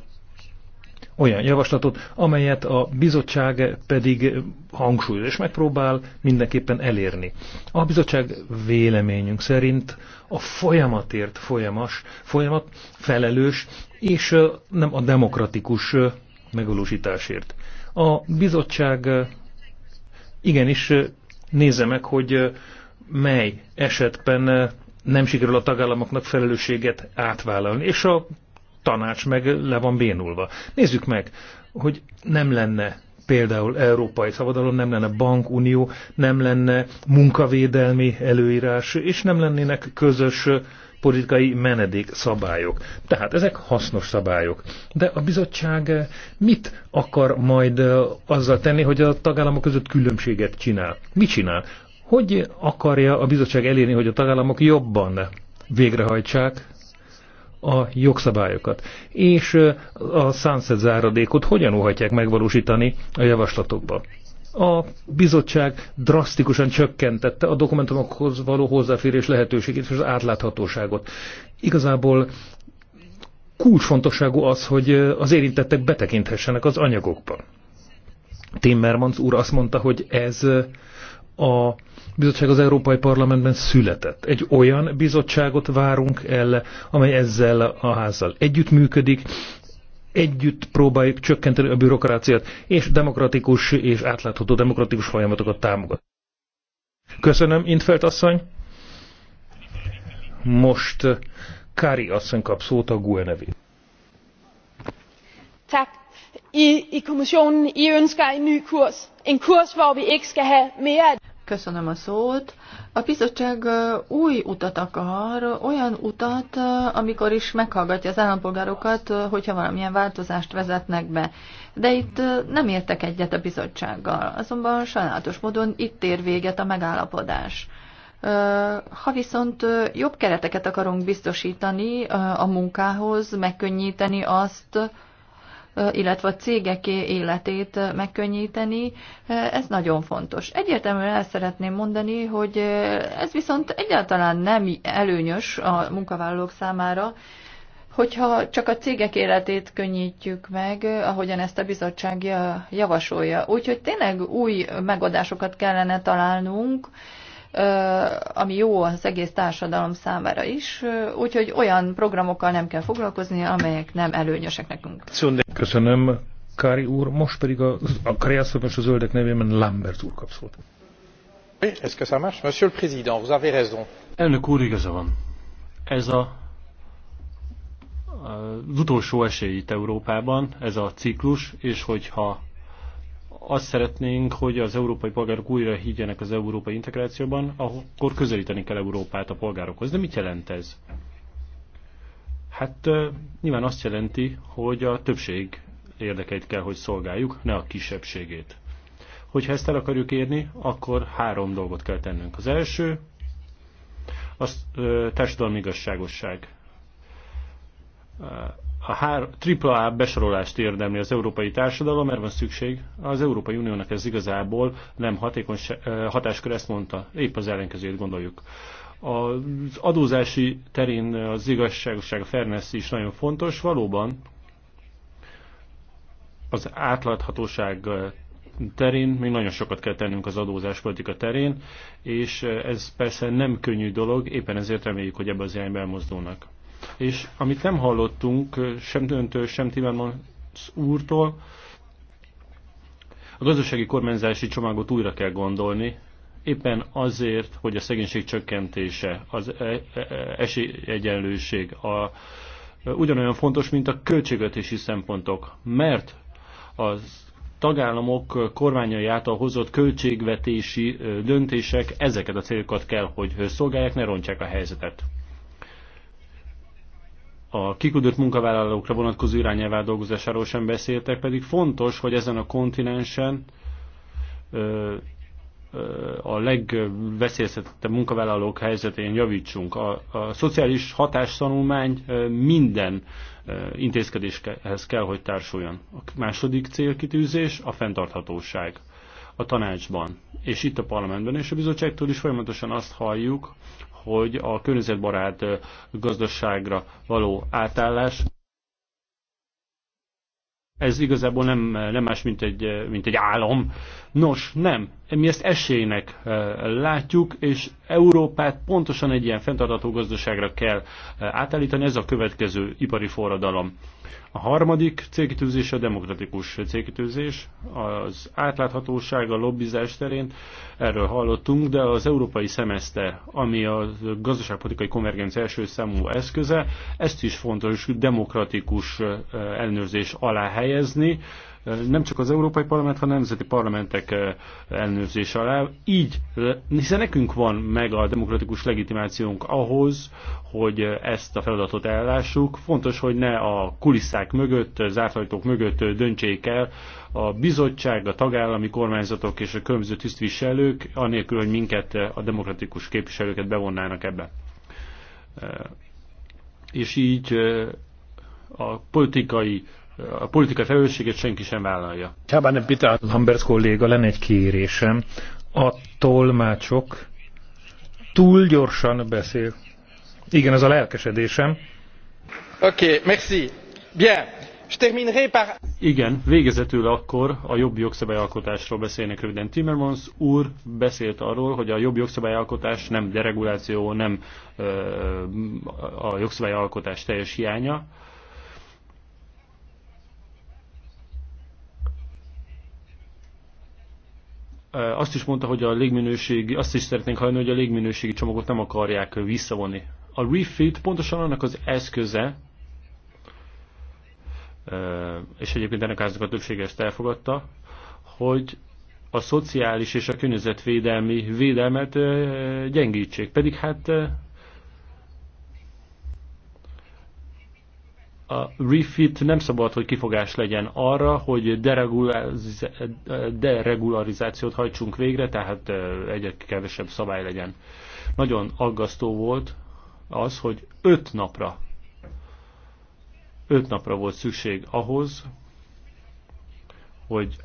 olyan javaslatot, amelyet a bizottság pedig hangsúlyoz és megpróbál mindenképpen elérni. A bizottság véleményünk szerint a folyamatért folyamas, folyamat felelős, és nem a demokratikus megvalósításért. A bizottság igenis nézze meg, hogy mely esetben nem sikerül a tagállamoknak felelősséget átvállalni, és a tanács meg le van bénulva. Nézzük meg, hogy nem lenne például európai szabadalom, nem lenne bankunió, nem lenne munkavédelmi előírás, és nem lennének közös politikai menedék szabályok. Tehát ezek hasznos szabályok. De a bizottság mit akar majd azzal tenni, hogy a tagállamok között különbséget csinál? Mit csinál? Hogy akarja a bizottság elérni, hogy a tagállamok jobban végrehajtsák a jogszabályokat, és a sunset záradékot hogyan óhatják megvalósítani a javaslatokba. A bizottság drasztikusan csökkentette a dokumentumokhoz való hozzáférés lehetőségét és az átláthatóságot. Igazából kulcsfontosságú az, hogy az érintettek betekinthessenek az anyagokba. Timmermans úr azt mondta, hogy ez a bizottság az Európai Parlamentben született. Egy olyan bizottságot várunk el, amely ezzel a házzal együttműködik, együtt próbáljuk csökkenteni a bürokráciát, és demokratikus és átlátható demokratikus folyamatokat támogat. Köszönöm, Intfelt asszony. Most uh, Kári asszony kap szót a GUE nevét. Tak. I, I kommissionen, I ønsker en ny kurs. En kurs, hvor vi ikke skal have mere... Köszönöm a szót. A bizottság új utat akar, olyan utat, amikor is meghallgatja az állampolgárokat, hogyha valamilyen változást vezetnek be. De itt nem értek egyet a bizottsággal, azonban sajnálatos módon itt ér véget a megállapodás. Ha viszont jobb kereteket akarunk biztosítani a munkához, megkönnyíteni azt, illetve a cégeké életét megkönnyíteni, ez nagyon fontos. Egyértelműen el szeretném mondani, hogy ez viszont egyáltalán nem előnyös a munkavállalók számára, Hogyha csak a cégek életét könnyítjük meg, ahogyan ezt a bizottság javasolja. Úgyhogy tényleg új megoldásokat kellene találnunk, ami jó az egész társadalom számára is, úgyhogy olyan programokkal nem kell foglalkozni, amelyek nem előnyösek nekünk. Köszönöm, Kári úr. Most pedig a, a Kariászok és a zöldek nevében Lambert úr kap szót. Elnök úr, igaza van. Ez a az utolsó esély itt Európában, ez a ciklus, és hogyha azt szeretnénk, hogy az európai polgárok újra higgyenek az európai integrációban, akkor közelíteni kell Európát a polgárokhoz. De mit jelent ez? Hát nyilván azt jelenti, hogy a többség érdekeit kell, hogy szolgáljuk, ne a kisebbségét. Hogyha ezt el akarjuk érni, akkor három dolgot kell tennünk. Az első, az társadalmi igazságosság a A besorolást érdemli az európai társadalom, mert van szükség. Az Európai Uniónak ez igazából nem hatékony hatáskör, ezt mondta. Épp az ellenkezőjét gondoljuk. Az adózási terén az igazságosság, a fairness is nagyon fontos. Valóban az átláthatóság terén még nagyon sokat kell tennünk az adózás politika terén, és ez persze nem könnyű dolog, éppen ezért reméljük, hogy ebbe az irányba elmozdulnak és amit nem hallottunk sem öntől, sem Timmermans úrtól, a gazdasági kormányzási csomagot újra kell gondolni, éppen azért, hogy a szegénység csökkentése, az e, e, e, esélyegyenlőség a, ugyanolyan fontos, mint a költségvetési szempontok, mert az tagállamok kormányai által hozott költségvetési döntések ezeket a célokat kell, hogy szolgálják, ne rontsák a helyzetet a kiküldött munkavállalókra vonatkozó irányelv dolgozásáról sem beszéltek, pedig fontos, hogy ezen a kontinensen a legveszélyeztetettebb munkavállalók helyzetén javítsunk. A, a szociális hatástanulmány minden intézkedéshez kell, hogy társuljon. A második célkitűzés a fenntarthatóság a tanácsban, és itt a parlamentben, és a bizottságtól is folyamatosan azt halljuk, hogy a környezetbarát gazdaságra való átállás ez igazából nem, nem más, mint egy, mint egy állam, Nos, nem. Mi ezt esélynek eh, látjuk, és Európát pontosan egy ilyen fenntartató gazdaságra kell eh, átállítani. Ez a következő ipari forradalom. A harmadik cégkitűzés a demokratikus cégkitűzés, az átláthatóság a lobbizás terén, erről hallottunk, de az európai szemeszter, ami a gazdaságpolitikai konvergencia első számú eszköze, ezt is fontos demokratikus eh, ellenőrzés alá helyezni, nem csak az Európai Parlament, hanem a nemzeti parlamentek eh, ellenőrzés alá. Így, eh, hiszen nekünk van meg a demokratikus legitimációnk ahhoz, hogy eh, ezt a feladatot ellássuk. Fontos, hogy ne a kulisszák mögött, zárt ajtók mögött döntsék el a bizottság, a tagállami kormányzatok és a különböző tisztviselők, anélkül, hogy minket, a demokratikus képviselőket bevonnának ebbe. És így a politikai a politikai felelősséget senki sem vállalja. egy Pita. Lambert kolléga, lenne egy kérésem. A tolmácsok túl gyorsan beszél. Igen, ez a lelkesedésem. Oké, okay, merci. Bien. Par... Igen, végezetül akkor a jobb jogszabályalkotásról beszélnek röviden. Timmermans úr beszélt arról, hogy a jobb jogszabályalkotás nem dereguláció, nem ö, a jogszabályalkotás teljes hiánya, azt is mondta, hogy a légminőségi, azt is szeretnénk hallani, hogy a légminőségi csomagot nem akarják visszavonni. A refit pontosan annak az eszköze, és egyébként ennek háznak a többsége ezt elfogadta, hogy a szociális és a környezetvédelmi védelmet gyengítsék. Pedig hát a refit nem szabad, hogy kifogás legyen arra, hogy deregularizációt hajtsunk végre, tehát egyre kevesebb szabály legyen. Nagyon aggasztó volt az, hogy öt napra, öt napra volt szükség ahhoz, hogy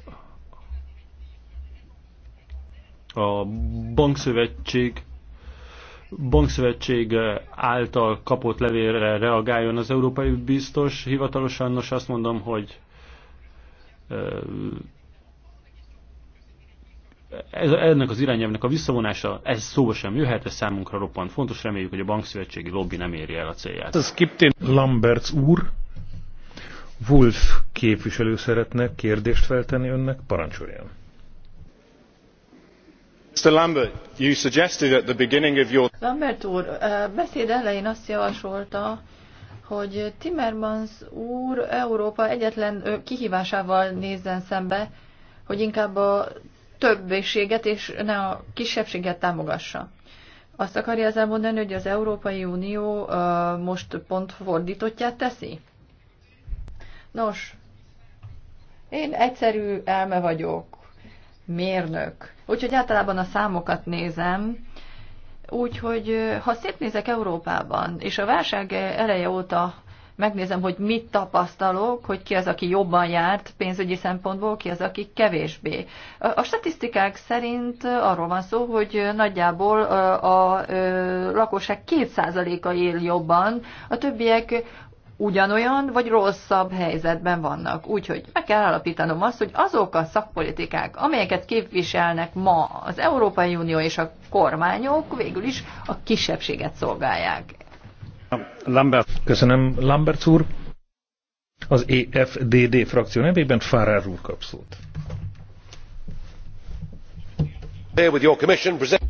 a bankszövetség bankszövetség által kapott levélre reagáljon az európai biztos hivatalosan. Nos, azt mondom, hogy ez, ennek az irányelvnek a visszavonása, ez szóba sem jöhet, ez számunkra roppant fontos, reméljük, hogy a bankszövetségi lobby nem éri el a célját. Ez Kiptén Lamberts úr, Wolf képviselő szeretne kérdést feltenni önnek, parancsoljon. Lambert, úr, beszéd elején azt javasolta, hogy Timmermans úr Európa egyetlen kihívásával nézzen szembe, hogy inkább a többséget és ne a kisebbséget támogassa. Azt akarja ezzel mondani, hogy az Európai Unió most pont fordítottját teszi? Nos, én egyszerű elme vagyok mérnök. Úgyhogy általában a számokat nézem, Úgyhogy ha szép nézek Európában, és a válság eleje óta megnézem, hogy mit tapasztalok, hogy ki az, aki jobban járt pénzügyi szempontból, ki az, aki kevésbé. A statisztikák szerint arról van szó, hogy nagyjából a lakosság 2%-a él jobban, a többiek ugyanolyan vagy rosszabb helyzetben vannak. Úgyhogy meg kell állapítanom azt, hogy azok a szakpolitikák, amelyeket képviselnek ma az Európai Unió és a kormányok végül is a kisebbséget szolgálják. Lambert. Köszönöm, Lambert úr. Az EFDD frakció nevében Farrar úr kap szót.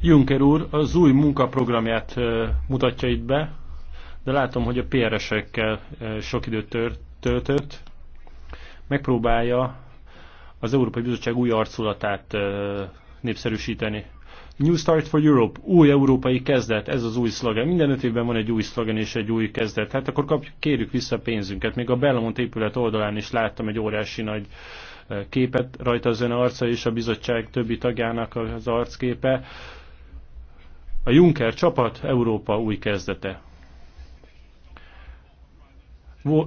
Juncker úr az új munkaprogramját eh, mutatja itt be, de látom, hogy a PRS-ekkel e, sok időt töltött, megpróbálja az Európai Bizottság új arculatát e, népszerűsíteni. New Start for Europe, új európai kezdet, ez az új szlogen. Minden öt évben van egy új szlogen és egy új kezdet. Hát akkor kapjuk, kérjük vissza a pénzünket. Még a Bellamont épület oldalán is láttam egy óriási nagy e, képet, rajta az ön arca és a bizottság többi tagjának az arcképe. A Juncker csapat Európa új kezdete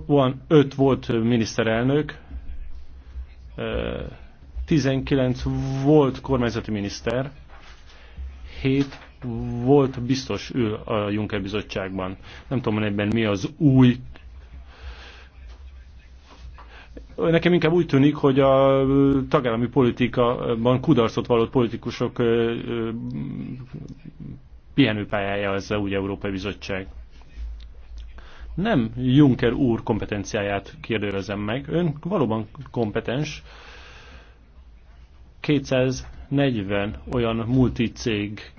van, öt volt miniszterelnök, 19 volt kormányzati miniszter, 7 volt biztos ül a Juncker bizottságban. Nem tudom, hogy ebben mi az új. Nekem inkább úgy tűnik, hogy a tagállami politikaban kudarcot vallott politikusok pihenőpályája ez a új Európai Bizottság nem Juncker úr kompetenciáját kérdőrezem meg. Ön valóban kompetens. 240 olyan multicég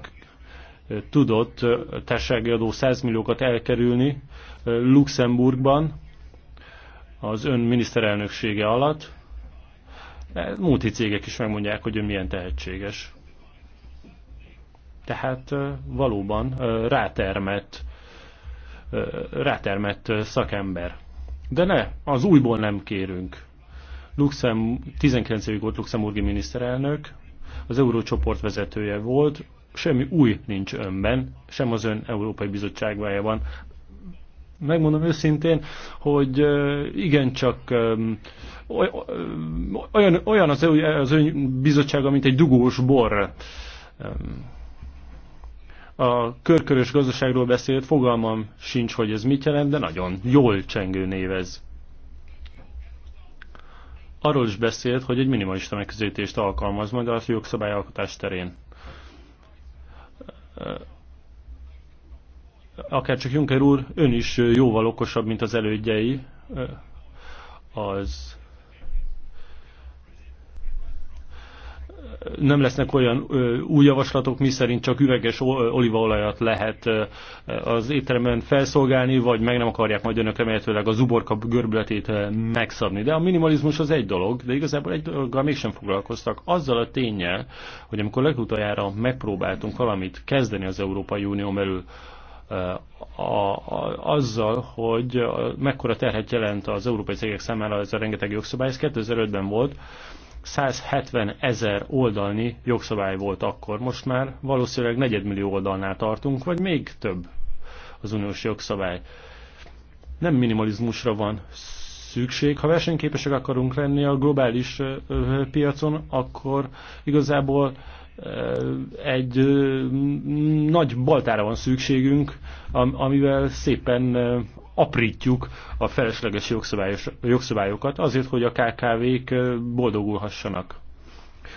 tudott társasági adó 100 milliókat elkerülni Luxemburgban az ön miniszterelnöksége alatt. E, multicégek is megmondják, hogy ön milyen tehetséges. Tehát valóban rátermett rátermett szakember. De ne, az újból nem kérünk. Luxem, 19 évig volt luxemburgi miniszterelnök, az eurócsoport vezetője volt, semmi új nincs önben, sem az ön Európai Bizottságban. Megmondom őszintén, hogy igencsak olyan, olyan az, az ön bizottsága, mint egy dugós bor a körkörös gazdaságról beszélt, fogalmam sincs, hogy ez mit jelent, de nagyon jól csengő név ez. Arról is beszélt, hogy egy minimalista megközelítést alkalmaz majd a jogszabályalkotás terén. Akár csak Juncker úr, ön is jóval okosabb, mint az elődjei. Az nem lesznek olyan új javaslatok, miszerint csak üveges olívaolajat lehet az étteremben felszolgálni, vagy meg nem akarják majd önök remélhetőleg a zuborka görbületét megszabni. De a minimalizmus az egy dolog, de igazából egy dologgal mégsem foglalkoztak. Azzal a tényel, hogy amikor legutoljára megpróbáltunk valamit kezdeni az Európai Unió belül, a, a, azzal, hogy mekkora terhet jelent az európai cégek számára ez a rengeteg jogszabály, ez 2005-ben volt, 170 ezer oldalni jogszabály volt akkor, most már valószínűleg negyedmillió oldalnál tartunk, vagy még több az uniós jogszabály. Nem minimalizmusra van szükség. Ha versenyképesek akarunk lenni a globális piacon, akkor igazából egy nagy baltára van szükségünk, amivel szépen aprítjuk a felesleges jogszabályokat azért, hogy a KKV-k boldogulhassanak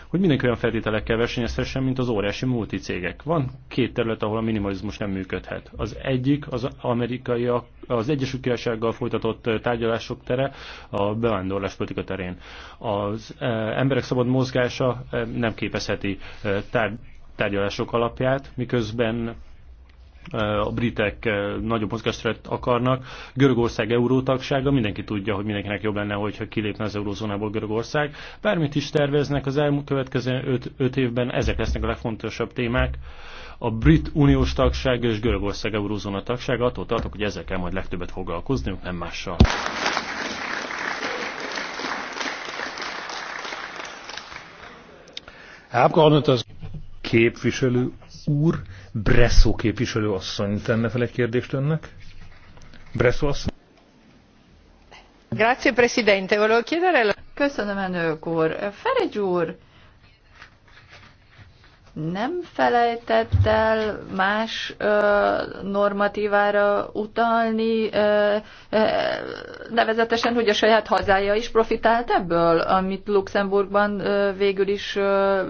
hogy mindenki olyan feltételekkel versenyezhessen, mint az óriási multicégek. Van két terület, ahol a minimalizmus nem működhet. Az egyik az amerikai, az Egyesült Királysággal folytatott tárgyalások tere a politika terén. Az emberek szabad mozgása nem képezheti tárgy tárgyalások alapját, miközben a britek nagyobb mozgásteret akarnak. Görögország eurótagsága, mindenki tudja, hogy mindenkinek jobb lenne, hogyha kilépne az eurózónából Görögország. Bármit is terveznek az elmúlt következő 5 évben, ezek lesznek a legfontosabb témák. A brit uniós tagság és Görögország eurózóna tagsága, attól tartok, hogy ezekkel majd legtöbbet foglalkozniuk, nem mással. Herr Abgeordneter, Képviselő úr. Bresszó képviselő asszony tenne fel egy kérdést önnek. Bresszó asszony. Grazie, Presidente. Volevo chiedere... Köszönöm, elnök úr. Feregy úr, nem felejtett el más ö, normatívára utalni, ö, ö, nevezetesen, hogy a saját hazája is profitált ebből, amit Luxemburgban ö, végül is ö,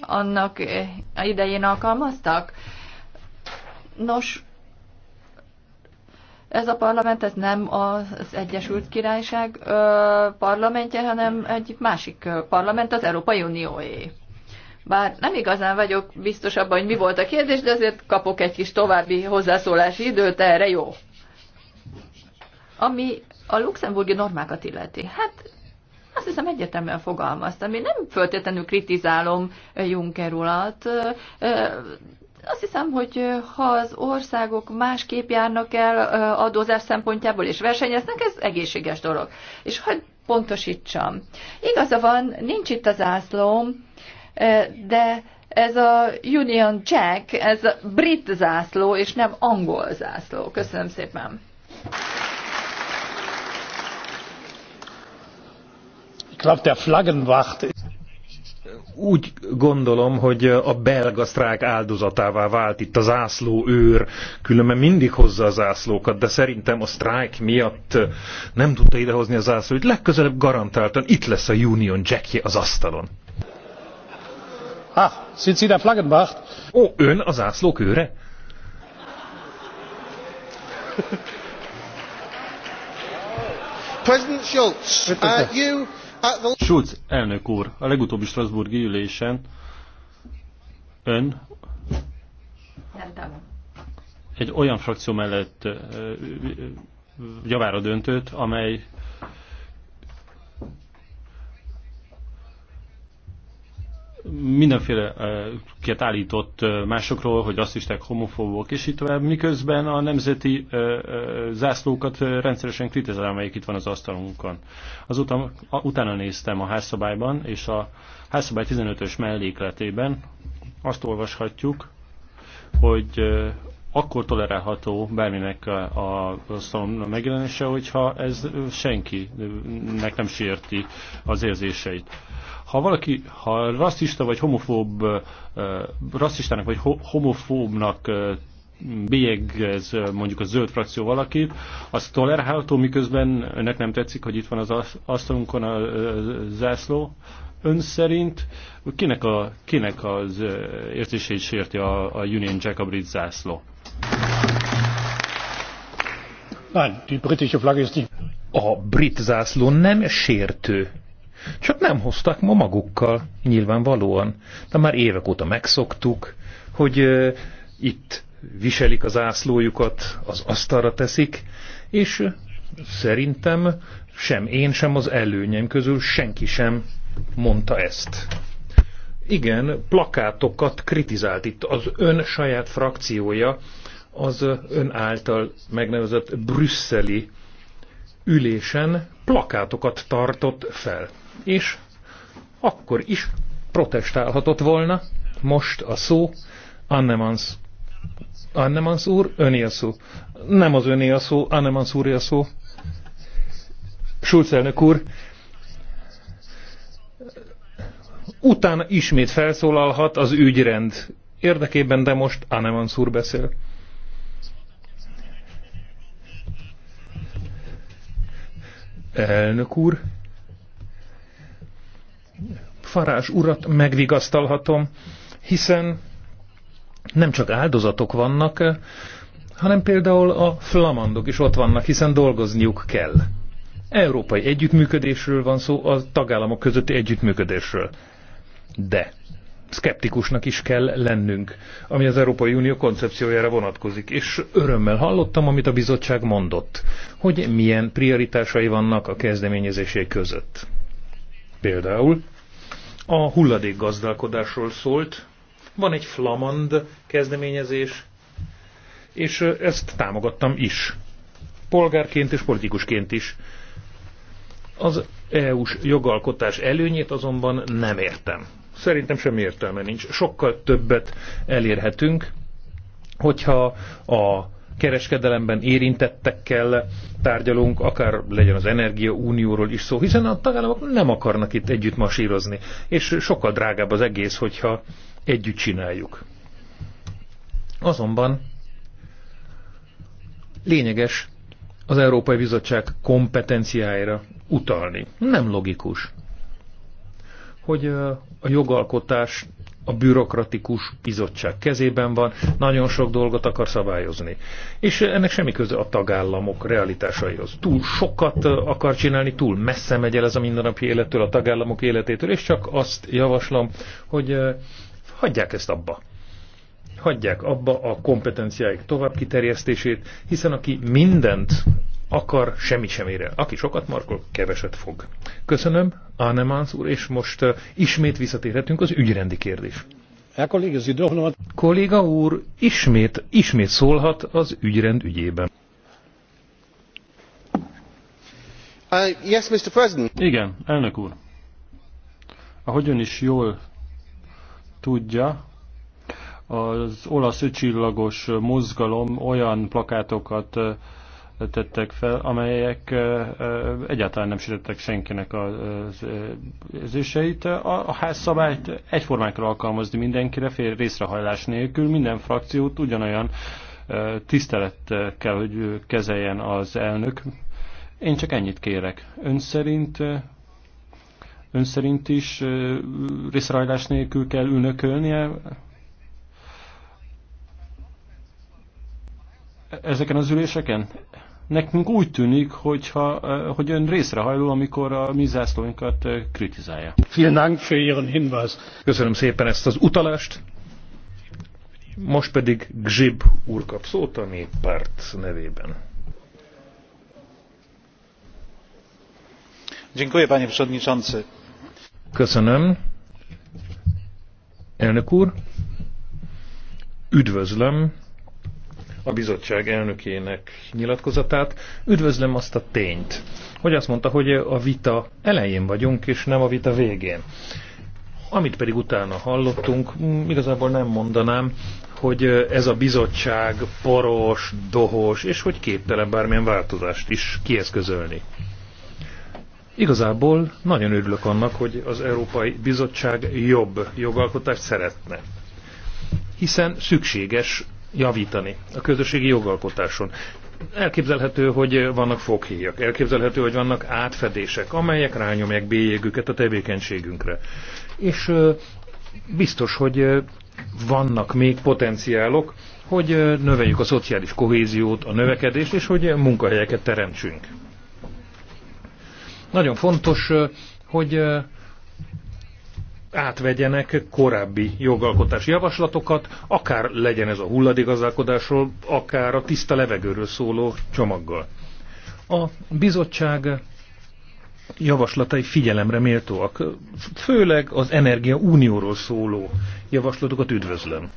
annak eh, idején alkalmaztak. Nos, ez a parlament ez nem az Egyesült Királyság parlamentje, hanem egy másik parlament, az Európai Unióé. Bár nem igazán vagyok biztos abban, hogy mi volt a kérdés, de azért kapok egy kis további hozzászólási időt, erre jó. Ami a luxemburgi normákat illeti. Hát azt hiszem egyetemben fogalmaztam. Én nem föltétlenül kritizálom eh, Juncker urat. Eh, eh, azt hiszem, hogy ha az országok másképp járnak el adózás szempontjából és versenyeznek, ez egészséges dolog. És hogy pontosítsam. Igaza van, nincs itt az ászlóm, de ez a Union Jack, ez a brit zászló, és nem angol zászló. Köszönöm szépen. Úgy gondolom, hogy a belga sztrák áldozatává vált itt a zászló őr, különben mindig hozza a zászlókat, de szerintem a sztrájk miatt nem tudta idehozni a zászlót. Legközelebb garantáltan itt lesz a Union Jackje az asztalon. Ah, sind Sie der Flaggenwacht? Ó, ön a zászlók őre? President Schulz, uh, you Schulz elnök úr, a legutóbbi Strasburgi ülésen ön egy olyan frakció mellett javára döntött, amely mindenféle mindenféleket eh, állított eh, másokról, hogy rasszisták, homofóbok és így tovább, miközben a nemzeti eh, zászlókat rendszeresen kritizálom, amelyik itt van az asztalunkon. Azóta utána néztem a házszabályban, és a házszabály 15-ös mellékletében azt olvashatjuk, hogy akkor tolerálható bárminek a, a szalon megjelenése, hogyha ez senkinek nem sérti az érzéseit ha valaki ha rasszista vagy homofób, rasszistának vagy homofóbnak bélyegez mondjuk a zöld frakció valakit, az tolerálható, miközben önnek nem tetszik, hogy itt van az asztalunkon a zászló. Ön szerint kinek, a, kinek az értését sérti a, a Union Jack a brit zászló? Nein, die britische Flagge ist nicht. A brit zászló nem sértő csak nem hozták ma magukkal, nyilvánvalóan. De már évek óta megszoktuk, hogy uh, itt viselik az ászlójukat, az asztalra teszik, és szerintem sem én, sem az előnyeim közül senki sem mondta ezt. Igen, plakátokat kritizált itt az ön saját frakciója, az ön által megnevezett brüsszeli ülésen plakátokat tartott fel és akkor is protestálhatott volna most a szó Annemans. Annemans úr, öné a szó. Nem az öné a szó, Annemans úr a szó. Schulz elnök úr, utána ismét felszólalhat az ügyrend érdekében, de most Annemans úr beszél. Elnök úr, Farás urat megvigasztalhatom, hiszen nem csak áldozatok vannak, hanem például a flamandok is ott vannak, hiszen dolgozniuk kell. Európai együttműködésről van szó, a tagállamok közötti együttműködésről. De szkeptikusnak is kell lennünk, ami az Európai Unió koncepciójára vonatkozik. És örömmel hallottam, amit a bizottság mondott, hogy milyen prioritásai vannak a kezdeményezésé között. Például a hulladékgazdálkodásról szólt, van egy flamand kezdeményezés, és ezt támogattam is. Polgárként és politikusként is. Az EU-s jogalkotás előnyét azonban nem értem. Szerintem semmi értelme nincs. Sokkal többet elérhetünk, hogyha a kereskedelemben érintettekkel tárgyalunk, akár legyen az Energia Unióról is szó, hiszen a tagállamok nem akarnak itt együtt masírozni, és sokkal drágább az egész, hogyha együtt csináljuk. Azonban lényeges az Európai Bizottság kompetenciáira utalni. Nem logikus, hogy a jogalkotás a bürokratikus bizottság kezében van, nagyon sok dolgot akar szabályozni. És ennek semmi köze a tagállamok realitásaihoz. Túl sokat akar csinálni, túl messze megy el ez a mindennapi élettől, a tagállamok életétől, és csak azt javaslom, hogy eh, hagyják ezt abba hagyják abba a kompetenciáik tovább kiterjesztését, hiszen aki mindent akar, semmi sem ér el. Aki sokat markol, keveset fog. Köszönöm, Annemans úr, és most uh, ismét visszatérhetünk az ügyrendi kérdés. Kolléga úr, ismét, ismét szólhat az ügyrend ügyében. Uh, yes, Mr. President. Igen, elnök úr. Ahogy ön is jól tudja, az olasz öcsillagos mozgalom olyan plakátokat uh, tettek fel, amelyek egyáltalán nem sütöttek senkinek az érzéseit. A házszabályt egyformákra alkalmazni mindenkire, fél részrehajlás nélkül, minden frakciót ugyanolyan tisztelet kell, hogy kezeljen az elnök. Én csak ennyit kérek. Ön szerint, ön szerint is részrehajlás nélkül kell ülnökölnie? ezeken az üléseken? Nekünk úgy tűnik, hogyha, hogy ön részrehajló, amikor a mi zászlóinkat kritizálja. Köszönöm szépen ezt az utalást. Most pedig Gzsib úr kap szót a néppárt nevében. panie köszönöm elnök úr üdvözlöm a bizottság elnökének nyilatkozatát. Üdvözlöm azt a tényt, hogy azt mondta, hogy a vita elején vagyunk, és nem a vita végén. Amit pedig utána hallottunk, igazából nem mondanám, hogy ez a bizottság poros, dohos, és hogy képtelen bármilyen változást is kieszközölni. Igazából nagyon örülök annak, hogy az Európai Bizottság jobb jogalkotást szeretne. Hiszen szükséges javítani a közösségi jogalkotáson. Elképzelhető, hogy vannak foghéjak, elképzelhető, hogy vannak átfedések, amelyek rányomják bélyegüket a tevékenységünkre. És biztos, hogy vannak még potenciálok, hogy növeljük a szociális kohéziót, a növekedést, és hogy munkahelyeket teremtsünk. Nagyon fontos, hogy átvegyenek korábbi jogalkotási javaslatokat, akár legyen ez a hulladigazdálkodásról, akár a tiszta levegőről szóló csomaggal. A bizottság javaslatai figyelemre méltóak, főleg az Energia Unióról szóló javaslatokat üdvözlöm.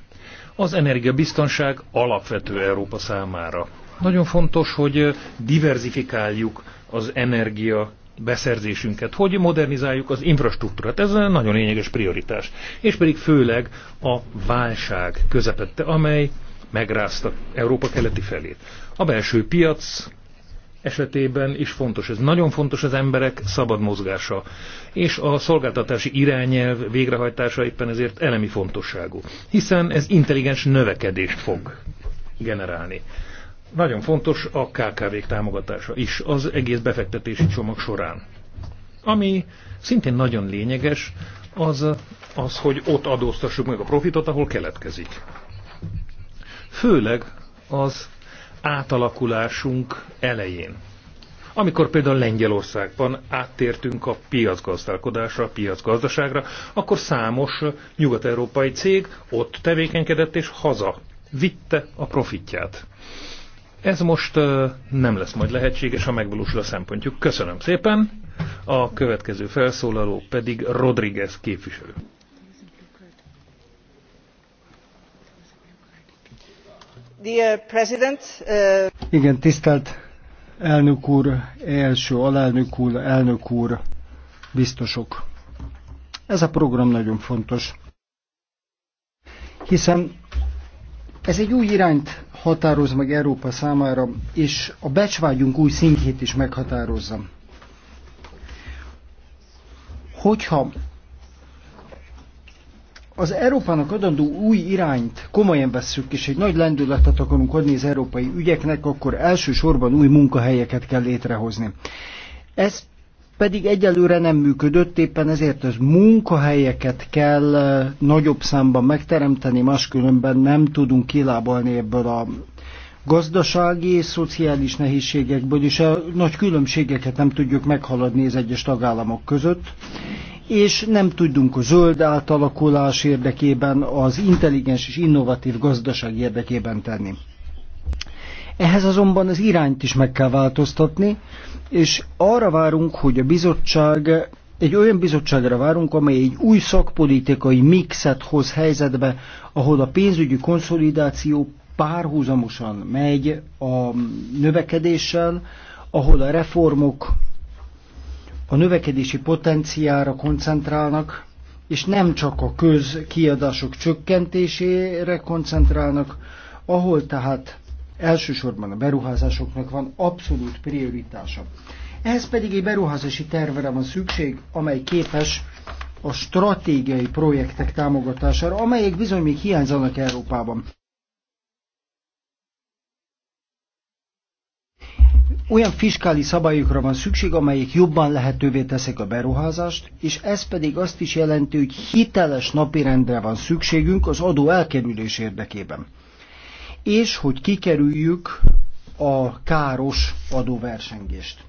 Az energiabiztonság alapvető Európa számára. Nagyon fontos, hogy diverzifikáljuk az energia beszerzésünket, hogy modernizáljuk az infrastruktúrát. Ez egy nagyon lényeges prioritás. És pedig főleg a válság közepette, amely megrázta Európa keleti felét. A belső piac esetében is fontos. Ez nagyon fontos az emberek szabad mozgása. És a szolgáltatási irányelv végrehajtása éppen ezért elemi fontosságú. Hiszen ez intelligens növekedést fog generálni. Nagyon fontos a KKV-k támogatása is az egész befektetési csomag során. Ami szintén nagyon lényeges, az az, hogy ott adóztassuk meg a profitot, ahol keletkezik. Főleg az átalakulásunk elején. Amikor például Lengyelországban áttértünk a piacgazdálkodásra, a piacgazdaságra, akkor számos nyugat-európai cég ott tevékenykedett és haza vitte a profitját. Ez most nem lesz majd lehetséges, ha megvalósul a szempontjuk. Köszönöm szépen. A következő felszólaló pedig Rodriguez képviselő. Igen, tisztelt elnök úr, első alelnök úr, elnök úr, biztosok. Ez a program nagyon fontos, hiszen ez egy új irányt határoz meg Európa számára, és a becsvágyunk új szintjét is meghatározza. Hogyha az Európának adandó új irányt komolyan vesszük, és egy nagy lendületet akarunk adni az európai ügyeknek, akkor elsősorban új munkahelyeket kell létrehozni. Ez pedig egyelőre nem működött, éppen ezért az munkahelyeket kell nagyobb számban megteremteni, máskülönben nem tudunk kilábalni ebből a gazdasági és szociális nehézségekből, és a nagy különbségeket nem tudjuk meghaladni az egyes tagállamok között, és nem tudunk a zöld átalakulás érdekében, az intelligens és innovatív gazdaság érdekében tenni. Ehhez azonban az irányt is meg kell változtatni, és arra várunk, hogy a bizottság egy olyan bizottságra várunk, amely egy új szakpolitikai mixet hoz helyzetbe, ahol a pénzügyi konszolidáció párhuzamosan megy a növekedéssel, ahol a reformok a növekedési potenciára koncentrálnak, és nem csak a közkiadások csökkentésére koncentrálnak, ahol tehát elsősorban a beruházásoknak van abszolút prioritása. Ehhez pedig egy beruházási tervre van szükség, amely képes a stratégiai projektek támogatására, amelyek bizony még hiányzanak Európában. Olyan fiskális szabályokra van szükség, amelyek jobban lehetővé teszik a beruházást, és ez pedig azt is jelenti, hogy hiteles napirendre van szükségünk az adó elkerülés érdekében és hogy kikerüljük a káros adóversengést.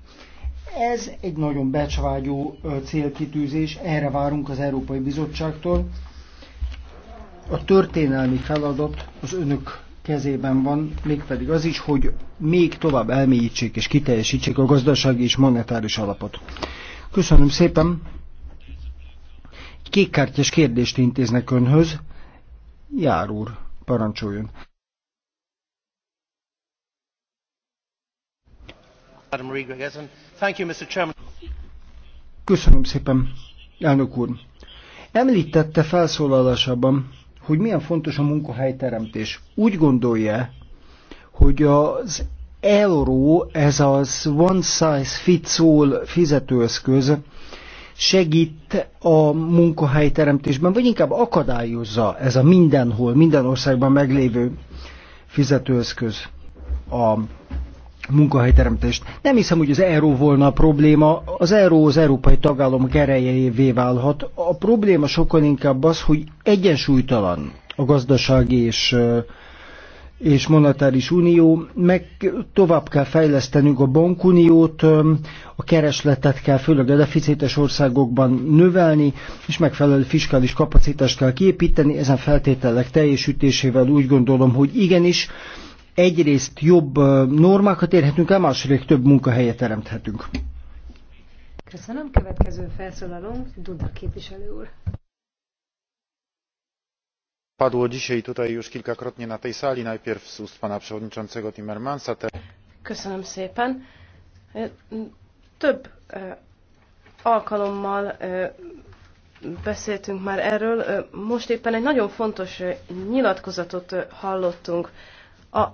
Ez egy nagyon becsvágyó célkitűzés, erre várunk az Európai Bizottságtól. A történelmi feladat az önök kezében van, mégpedig az is, hogy még tovább elmélyítsék és kiteljesítsék a gazdasági és monetáris alapot. Köszönöm szépen. Kékkártyás kérdést intéznek önhöz. Jár úr, parancsoljon. Köszönöm szépen, elnök úr. Említette felszólalásában, hogy milyen fontos a munkahelyteremtés. Úgy gondolja, hogy az euró, ez az one size fits all fizetőeszköz segít a munkahelyteremtésben, vagy inkább akadályozza ez a mindenhol, minden országban meglévő fizetőeszköz a munkahelyteremtést. Nem hiszem, hogy az euró volna a probléma, az euró az európai tagállamok erejévé válhat. A probléma sokkal inkább az, hogy egyensúlytalan a gazdasági és és monetáris unió, meg tovább kell fejlesztenünk a bankuniót, a keresletet kell főleg a deficites országokban növelni, és megfelelő fiskális kapacitást kell kiépíteni, ezen feltételek teljesítésével úgy gondolom, hogy igenis, egyrészt jobb normákat érhetünk el, másrészt több munkahelyet teremthetünk. Köszönöm. Következő felszólalom, Duda képviselő úr. Padło dzisiaj tutaj już kilkakrotnie na tej sali, najpierw z ust pana przewodniczącego Timmermansa. Te... Köszönöm szépen. Több alkalommal beszéltünk már erről. Most éppen egy nagyon fontos nyilatkozatot hallottunk. A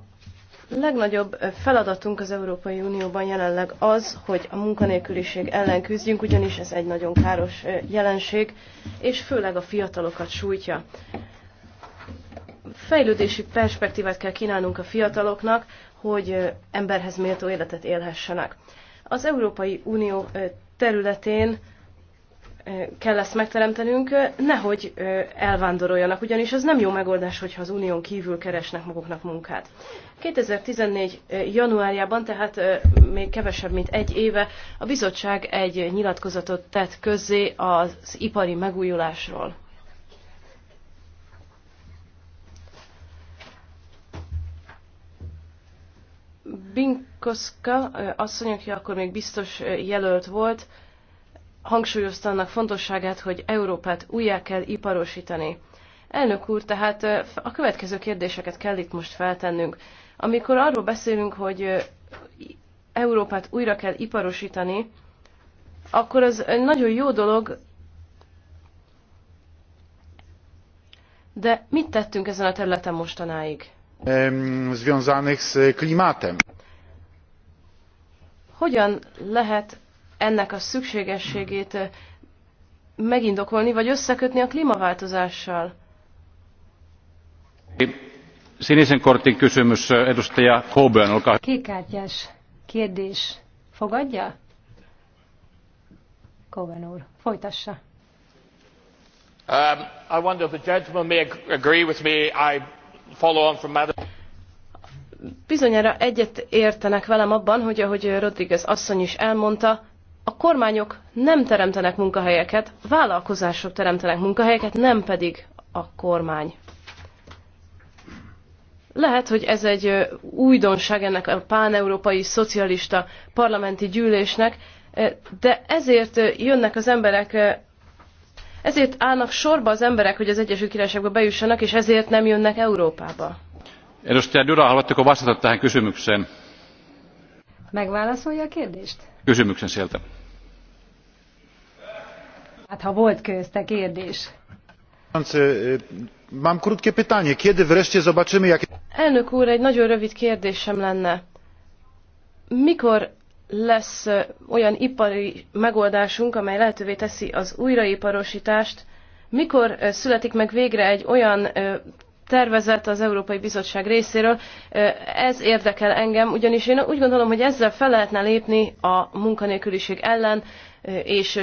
legnagyobb feladatunk az Európai Unióban jelenleg az, hogy a munkanélküliség ellen küzdjünk, ugyanis ez egy nagyon káros jelenség, és főleg a fiatalokat sújtja. Fejlődési perspektívát kell kínálnunk a fiataloknak, hogy emberhez méltó életet élhessenek. Az Európai Unió területén kell ezt megteremtenünk, nehogy elvándoroljanak, ugyanis az nem jó megoldás, hogyha az unión kívül keresnek maguknak munkát. 2014. januárjában, tehát még kevesebb, mint egy éve, a bizottság egy nyilatkozatot tett közzé az ipari megújulásról. Binkoska asszony, aki akkor még biztos jelölt volt, hangsúlyozta annak fontosságát, hogy Európát újjá kell iparosítani. Elnök úr, tehát a következő kérdéseket kell itt most feltennünk. Amikor arról beszélünk, hogy Európát újra kell iparosítani, akkor az nagyon jó dolog, de mit tettünk ezen a területen mostanáig? Związanych z klimatem. Hogyan lehet ennek a szükségességét megindokolni, vagy összekötni a klímaváltozással? Sinisen kortin kysymys edustaja Coburn, olkaa Kékkártyás kérdés. Fogadja? Coburn úr, folytassa. Um, I wonder if the gentleman may agree with me. I follow on from Madam bizonyára egyet értenek velem abban, hogy ahogy Rodriguez asszony is elmondta, a kormányok nem teremtenek munkahelyeket, vállalkozások teremtenek munkahelyeket, nem pedig a kormány. Lehet, hogy ez egy újdonság ennek a páneurópai szocialista parlamenti gyűlésnek, de ezért jönnek az emberek, ezért állnak sorba az emberek, hogy az Egyesült Királyságba bejussanak, és ezért nem jönnek Európába. Edustaja Dura, haluatteko vastata tähän kysymykseen? Megválaszolja a kérdést? Kysymyksen sieltä Hát ha volt közte kérdés. E, mam krótkie pytanie. Kiedy wreszcie zobaczymy, jak... Elnök úr, egy nagyon rövid kérdésem lenne. Mikor lesz e, olyan ipari megoldásunk, amely lehetővé teszi az újraiparosítást, mikor e, születik meg végre egy olyan tervezet az Európai Bizottság részéről. Ez érdekel engem, ugyanis én úgy gondolom, hogy ezzel fel lehetne lépni a munkanélküliség ellen, és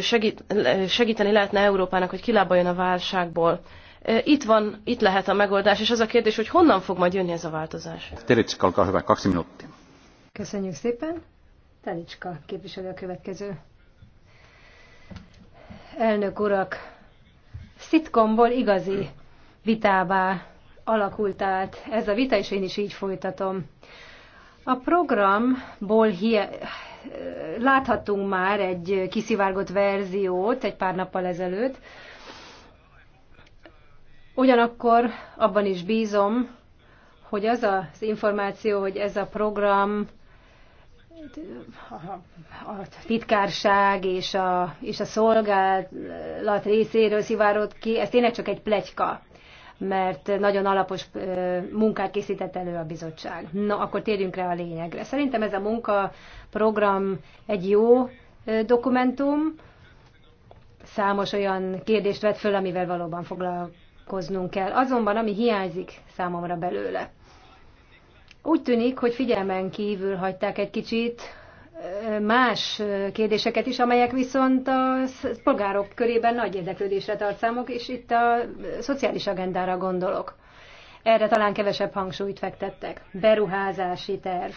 segíteni lehetne Európának, hogy kilábaljon a válságból. E, itt van, itt lehet a megoldás, és az a kérdés, hogy honnan fog majd jönni ez a változás. Telicska, olkaa kaksi minuuttia. Köszönjük szépen. Telicska képviselő a következő. Elnök urak, szitkomból igazi vitává alakult át ez a vita, és én is így folytatom. A programból láthattunk már egy kiszivárgott verziót egy pár nappal ezelőtt. Ugyanakkor abban is bízom, hogy az az információ, hogy ez a program a titkárság és a, és a szolgálat részéről szivárod ki, ez tényleg csak egy plegyka mert nagyon alapos munkát készített elő a bizottság. Na, akkor térjünk rá a lényegre. Szerintem ez a munkaprogram egy jó dokumentum, számos olyan kérdést vett föl, amivel valóban foglalkoznunk kell. Azonban, ami hiányzik számomra belőle. Úgy tűnik, hogy figyelmen kívül hagyták egy kicsit más kérdéseket is, amelyek viszont a polgárok körében nagy érdeklődésre tart számok, és itt a szociális agendára gondolok. Erre talán kevesebb hangsúlyt fektettek. Beruházási terv.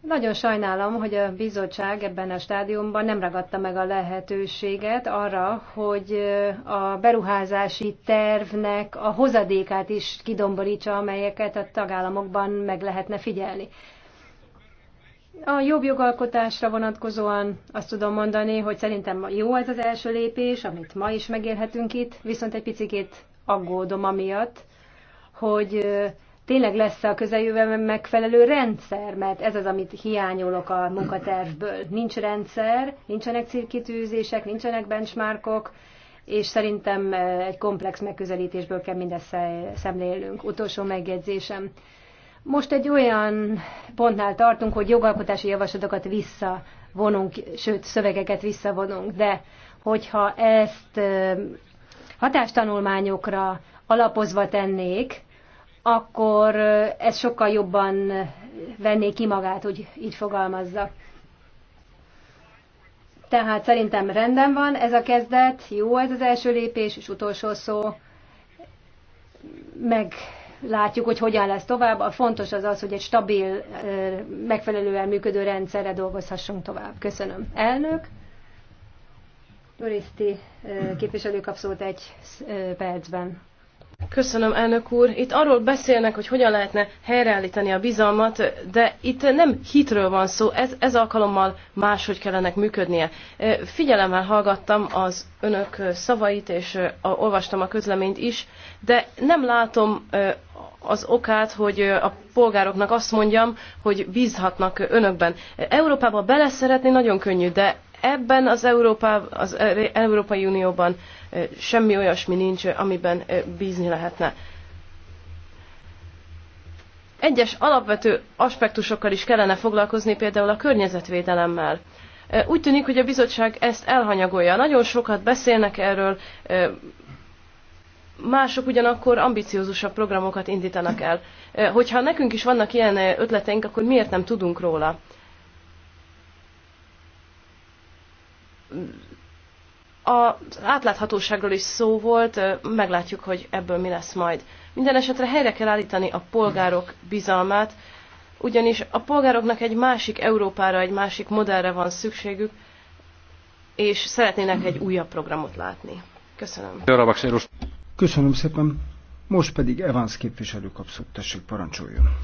Nagyon sajnálom, hogy a bizottság ebben a stádiumban nem ragadta meg a lehetőséget arra, hogy a beruházási tervnek a hozadékát is kidomborítsa, amelyeket a tagállamokban meg lehetne figyelni. A jobb jogalkotásra vonatkozóan azt tudom mondani, hogy szerintem jó ez az első lépés, amit ma is megélhetünk itt, viszont egy picit aggódom amiatt, hogy tényleg lesz a közeljövőben megfelelő rendszer, mert ez az, amit hiányolok a munkatervből. Nincs rendszer, nincsenek célkitűzések, nincsenek benchmarkok, és szerintem egy komplex megközelítésből kell mindezt szemlélnünk. Utolsó megjegyzésem. Most egy olyan pontnál tartunk, hogy jogalkotási javaslatokat visszavonunk, sőt szövegeket visszavonunk, de hogyha ezt hatástanulmányokra alapozva tennék, akkor ez sokkal jobban venné ki magát, hogy így fogalmazza. Tehát szerintem rendben van ez a kezdet, jó ez az első lépés, és utolsó szó, meg látjuk, hogy hogyan lesz tovább. A fontos az az, hogy egy stabil, megfelelően működő rendszerre dolgozhassunk tovább. Köszönöm. Elnök. Turiszti képviselő kap egy percben. Köszönöm, elnök úr. Itt arról beszélnek, hogy hogyan lehetne helyreállítani a bizalmat, de itt nem hitről van szó, ez, ez alkalommal máshogy kellene működnie. Figyelemmel hallgattam az önök szavait, és olvastam a közleményt is, de nem látom az okát, hogy a polgároknak azt mondjam, hogy bízhatnak önökben. Európába beleszeretni nagyon könnyű, de ebben az, Európá, az Európai Unióban semmi olyasmi nincs, amiben bízni lehetne. Egyes alapvető aspektusokkal is kellene foglalkozni, például a környezetvédelemmel. Úgy tűnik, hogy a bizottság ezt elhanyagolja. Nagyon sokat beszélnek erről, mások ugyanakkor ambiciózusabb programokat indítanak el. Hogyha nekünk is vannak ilyen ötleteink, akkor miért nem tudunk róla? Az átláthatóságról is szó volt, meglátjuk, hogy ebből mi lesz majd. Minden esetre helyre kell állítani a polgárok bizalmát, ugyanis a polgároknak egy másik Európára, egy másik modellre van szükségük, és szeretnének egy újabb programot látni. Köszönöm. Köszönöm szépen. Most pedig Evans képviselő kapszott, tessék parancsoljon.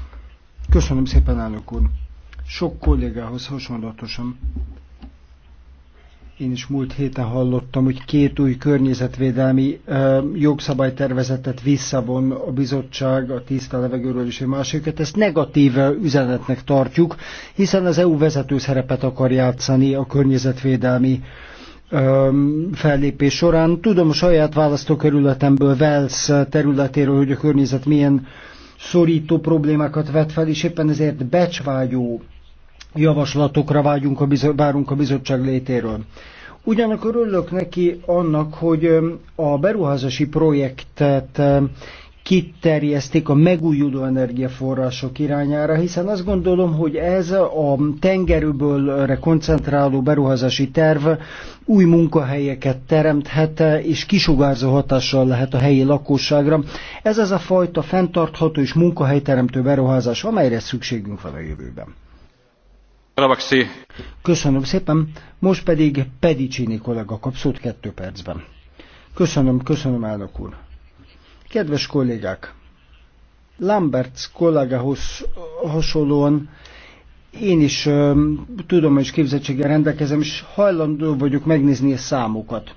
Köszönöm szépen, elnök úr. Sok kollégához hasonlatosan én is múlt héten hallottam, hogy két új környezetvédelmi ö, jogszabálytervezetet visszavon a bizottság a tiszta levegőről és a másikat. Ezt negatív üzenetnek tartjuk, hiszen az EU vezető szerepet akar játszani a környezetvédelmi fellépés során. Tudom a saját választókerületemből, Wales területéről, hogy a környezet milyen szorító problémákat vet fel, és éppen ezért becsvágyó javaslatokra vágyunk a bizo- várunk a bizottság létéről. Ugyanakkor örülök neki annak, hogy a beruházási projektet kiterjesztik a megújuló energiaforrások irányára, hiszen azt gondolom, hogy ez a tengerőből koncentráló beruházási terv új munkahelyeket teremthet, és kisugárzó hatással lehet a helyi lakosságra. Ez az a fajta fenntartható és munkahelyteremtő beruházás, amelyre szükségünk van a jövőben. Köszönöm szépen. Most pedig Pedicini kollega kap szót kettő percben. Köszönöm, köszönöm, elnök úr. Kedves kollégák, Lamberts kollégához hasonlóan én is tudom, és képzettséggel rendelkezem, és hajlandó vagyok megnézni a számokat.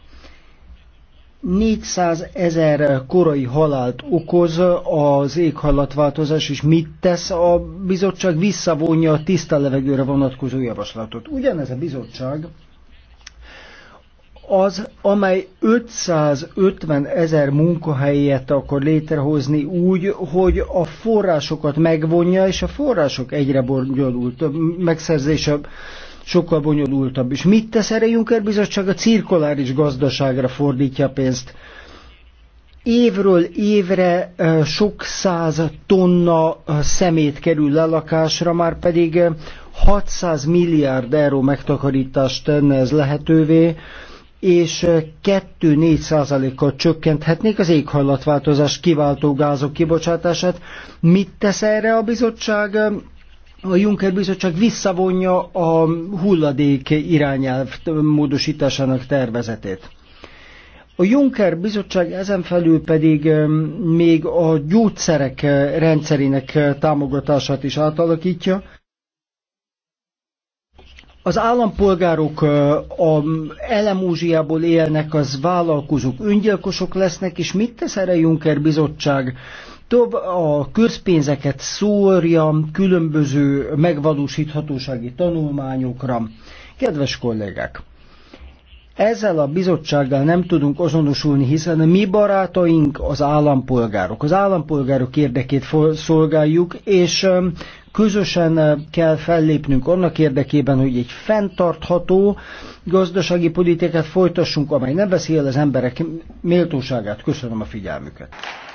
400 ezer korai halált okoz az éghajlatváltozás, és mit tesz a bizottság? Visszavonja a tiszta levegőre vonatkozó javaslatot. Ugyanez a bizottság az, amely 550 ezer munkahelyet akar létrehozni úgy, hogy a forrásokat megvonja, és a források egyre bonyolult megszerzése sokkal bonyolultabb. És mit tesz erre Juncker Bizottság? A cirkuláris gazdaságra fordítja pénzt. Évről évre sok száz tonna szemét kerül lelakásra, már pedig 600 milliárd euró megtakarítást tenne ez lehetővé, és 2-4 százalékkal csökkenthetnék az éghajlatváltozás kiváltó gázok kibocsátását. Mit tesz erre a bizottság? a Juncker bizottság visszavonja a hulladék irányelv módosításának tervezetét. A Juncker bizottság ezen felül pedig még a gyógyszerek rendszerének támogatását is átalakítja. Az állampolgárok a elemúziából élnek, az vállalkozók öngyilkosok lesznek, és mit tesz erre Juncker bizottság? több a közpénzeket szórja különböző megvalósíthatósági tanulmányokra. Kedves kollégák! Ezzel a bizottsággal nem tudunk azonosulni, hiszen a mi barátaink az állampolgárok. Az állampolgárok érdekét szolgáljuk, és közösen kell fellépnünk annak érdekében, hogy egy fenntartható gazdasági politikát folytassunk, amely ne beszél az emberek méltóságát. Köszönöm a figyelmüket!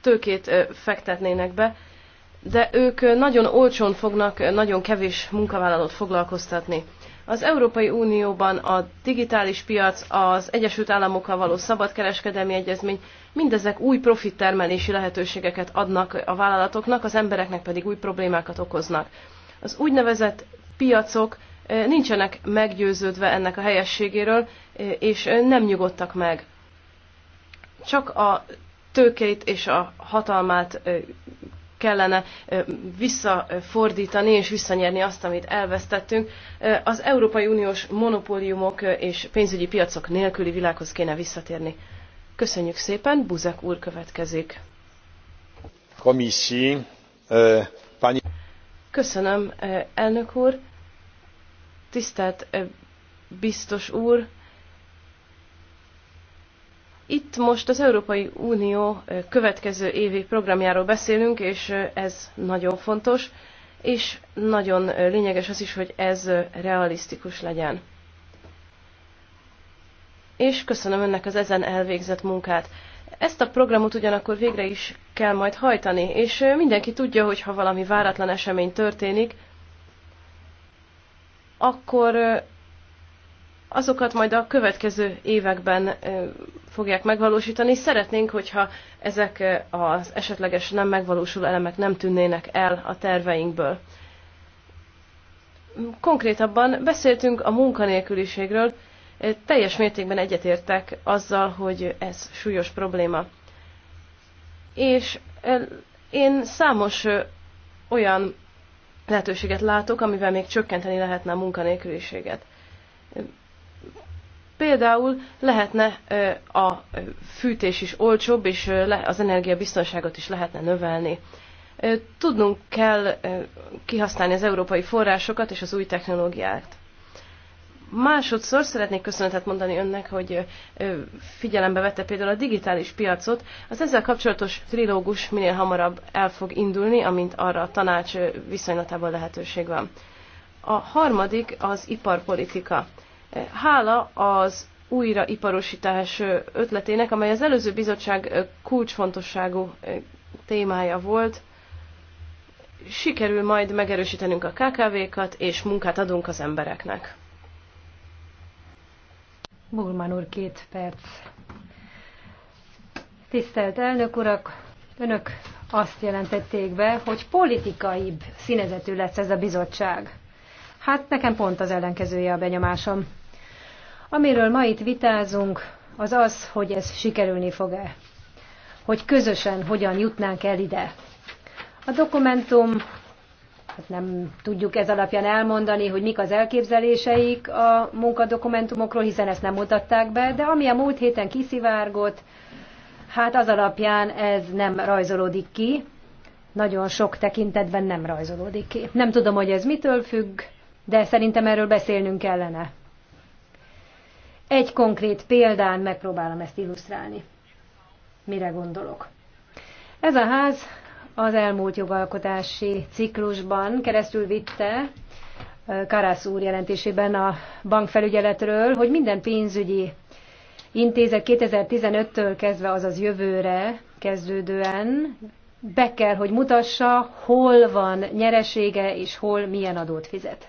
tőkét fektetnének be, de ők nagyon olcsón fognak nagyon kevés munkavállalót foglalkoztatni. Az Európai Unióban a digitális piac, az Egyesült Államokkal való szabadkereskedelmi egyezmény, mindezek új profittermelési lehetőségeket adnak a vállalatoknak, az embereknek pedig új problémákat okoznak. Az úgynevezett piacok nincsenek meggyőződve ennek a helyességéről, és nem nyugodtak meg. Csak a tőkeit és a hatalmát kellene visszafordítani és visszanyerni azt, amit elvesztettünk. Az Európai Uniós monopóliumok és pénzügyi piacok nélküli világhoz kéne visszatérni. Köszönjük szépen, Buzek úr következik. Köszönöm, elnök úr. Tisztelt biztos úr, itt most az Európai Unió következő évi programjáról beszélünk, és ez nagyon fontos, és nagyon lényeges az is, hogy ez realisztikus legyen. És köszönöm önnek az ezen elvégzett munkát. Ezt a programot ugyanakkor végre is kell majd hajtani, és mindenki tudja, hogy ha valami váratlan esemény történik, akkor azokat majd a következő években fogják megvalósítani. Szeretnénk, hogyha ezek az esetleges nem megvalósuló elemek nem tűnnének el a terveinkből. Konkrétabban beszéltünk a munkanélküliségről, teljes mértékben egyetértek azzal, hogy ez súlyos probléma. És én számos olyan lehetőséget látok, amivel még csökkenteni lehetne a munkanélküliséget. Például lehetne a fűtés is olcsóbb, és az energiabiztonságot is lehetne növelni. Tudnunk kell kihasználni az európai forrásokat és az új technológiát. Másodszor szeretnék köszönetet mondani önnek, hogy figyelembe vette például a digitális piacot. Az ezzel kapcsolatos trilógus minél hamarabb el fog indulni, amint arra a tanács viszonylatában lehetőség van. A harmadik az iparpolitika. Hála az újraiparosítás ötletének, amely az előző bizottság kulcsfontosságú témája volt, sikerül majd megerősítenünk a KKV-kat, és munkát adunk az embereknek. Burman úr, két perc. Tisztelt elnök urak, önök azt jelentették be, hogy politikaibb színezetű lesz ez a bizottság. Hát nekem pont az ellenkezője a benyomásom. Amiről ma itt vitázunk, az az, hogy ez sikerülni fog-e. Hogy közösen hogyan jutnánk el ide. A dokumentum, hát nem tudjuk ez alapján elmondani, hogy mik az elképzeléseik a munkadokumentumokról, hiszen ezt nem mutatták be, de ami a múlt héten kiszivárgott, hát az alapján ez nem rajzolódik ki, nagyon sok tekintetben nem rajzolódik ki. Nem tudom, hogy ez mitől függ, de szerintem erről beszélnünk kellene. Egy konkrét példán megpróbálom ezt illusztrálni. Mire gondolok? Ez a ház az elmúlt jogalkotási ciklusban keresztül vitte Karász úr jelentésében a bankfelügyeletről, hogy minden pénzügyi intézet 2015-től kezdve, azaz jövőre kezdődően be kell, hogy mutassa, hol van nyeresége és hol milyen adót fizet.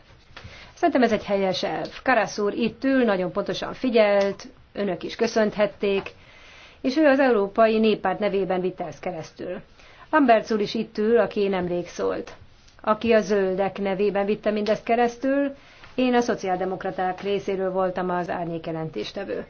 Szerintem ez egy helyes elv. Karasz úr itt ül, nagyon pontosan figyelt, önök is köszönthették, és ő az Európai Néppárt nevében vitte ezt keresztül. Lamberts úr is itt ül, aki nemrég szólt, aki a zöldek nevében vitte mindezt keresztül, én a szociáldemokraták részéről voltam az árnyékelentéstevő.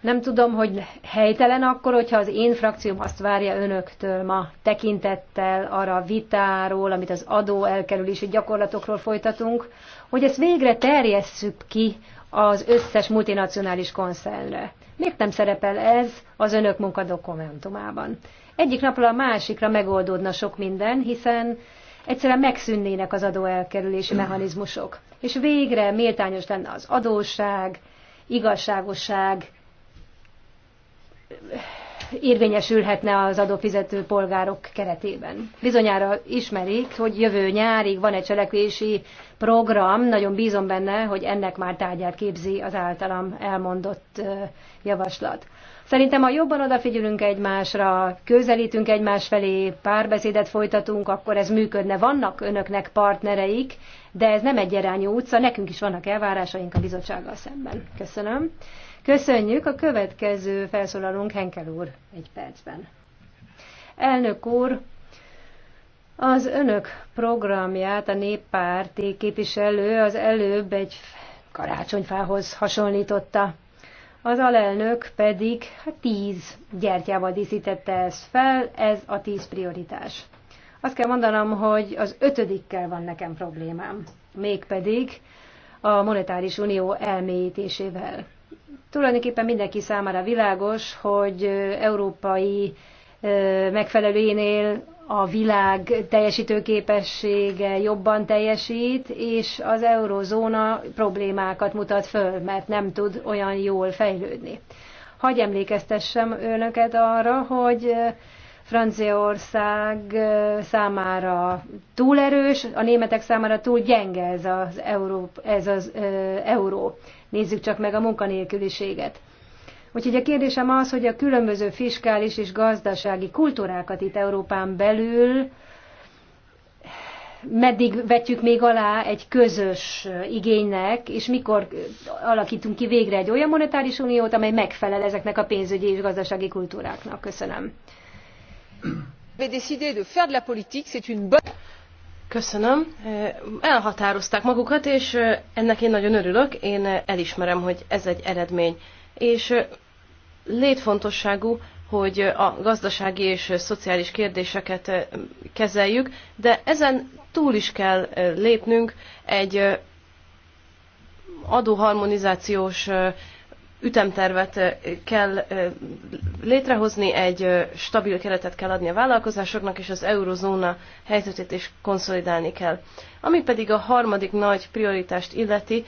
Nem tudom, hogy helytelen akkor, hogyha az én frakcióm azt várja önöktől ma tekintettel arra a vitáról, amit az adó elkerülési gyakorlatokról folytatunk, hogy ezt végre terjesszük ki az összes multinacionális konszernre. Miért nem szerepel ez az önök munkadokumentumában? Egyik napról a másikra megoldódna sok minden, hiszen egyszerűen megszűnnének az adóelkerülési mechanizmusok. És végre méltányos lenne az adóság, igazságosság, érvényesülhetne az adófizető polgárok keretében. Bizonyára ismerik, hogy jövő nyárig van egy cselekvési program, nagyon bízom benne, hogy ennek már tárgyát képzi az általam elmondott javaslat. Szerintem, ha jobban odafigyelünk egymásra, közelítünk egymás felé, párbeszédet folytatunk, akkor ez működne. Vannak önöknek partnereik, de ez nem egyirányú utca, nekünk is vannak elvárásaink a bizottsággal szemben. Köszönöm. Köszönjük. A következő felszólalónk Henkel úr egy percben. Elnök úr, az önök programját a néppárti képviselő az előbb egy karácsonyfához hasonlította. Az alelnök pedig hát, tíz gyertyával díszítette ezt fel, ez a tíz prioritás. Azt kell mondanom, hogy az ötödikkel van nekem problémám, mégpedig a monetáris unió elmélyítésével. Tulajdonképpen mindenki számára világos, hogy európai megfelelőjénél a világ teljesítőképessége jobban teljesít, és az eurozóna problémákat mutat föl, mert nem tud olyan jól fejlődni. Hagy emlékeztessem önöket arra, hogy Franciaország számára túl erős, a németek számára túl gyenge ez az, euró, ez az euró. Nézzük csak meg a munkanélküliséget. Úgyhogy a kérdésem az, hogy a különböző fiskális és gazdasági kultúrákat itt Európán belül meddig vetjük még alá egy közös igénynek, és mikor alakítunk ki végre egy olyan monetáris uniót, amely megfelel ezeknek a pénzügyi és gazdasági kultúráknak. Köszönöm. Köszönöm. Elhatározták magukat, és ennek én nagyon örülök. Én elismerem, hogy ez egy eredmény. És létfontosságú, hogy a gazdasági és szociális kérdéseket kezeljük, de ezen túl is kell lépnünk egy adóharmonizációs ütemtervet kell létrehozni, egy stabil keretet kell adni a vállalkozásoknak, és az eurozóna helyzetét is konszolidálni kell. Ami pedig a harmadik nagy prioritást illeti,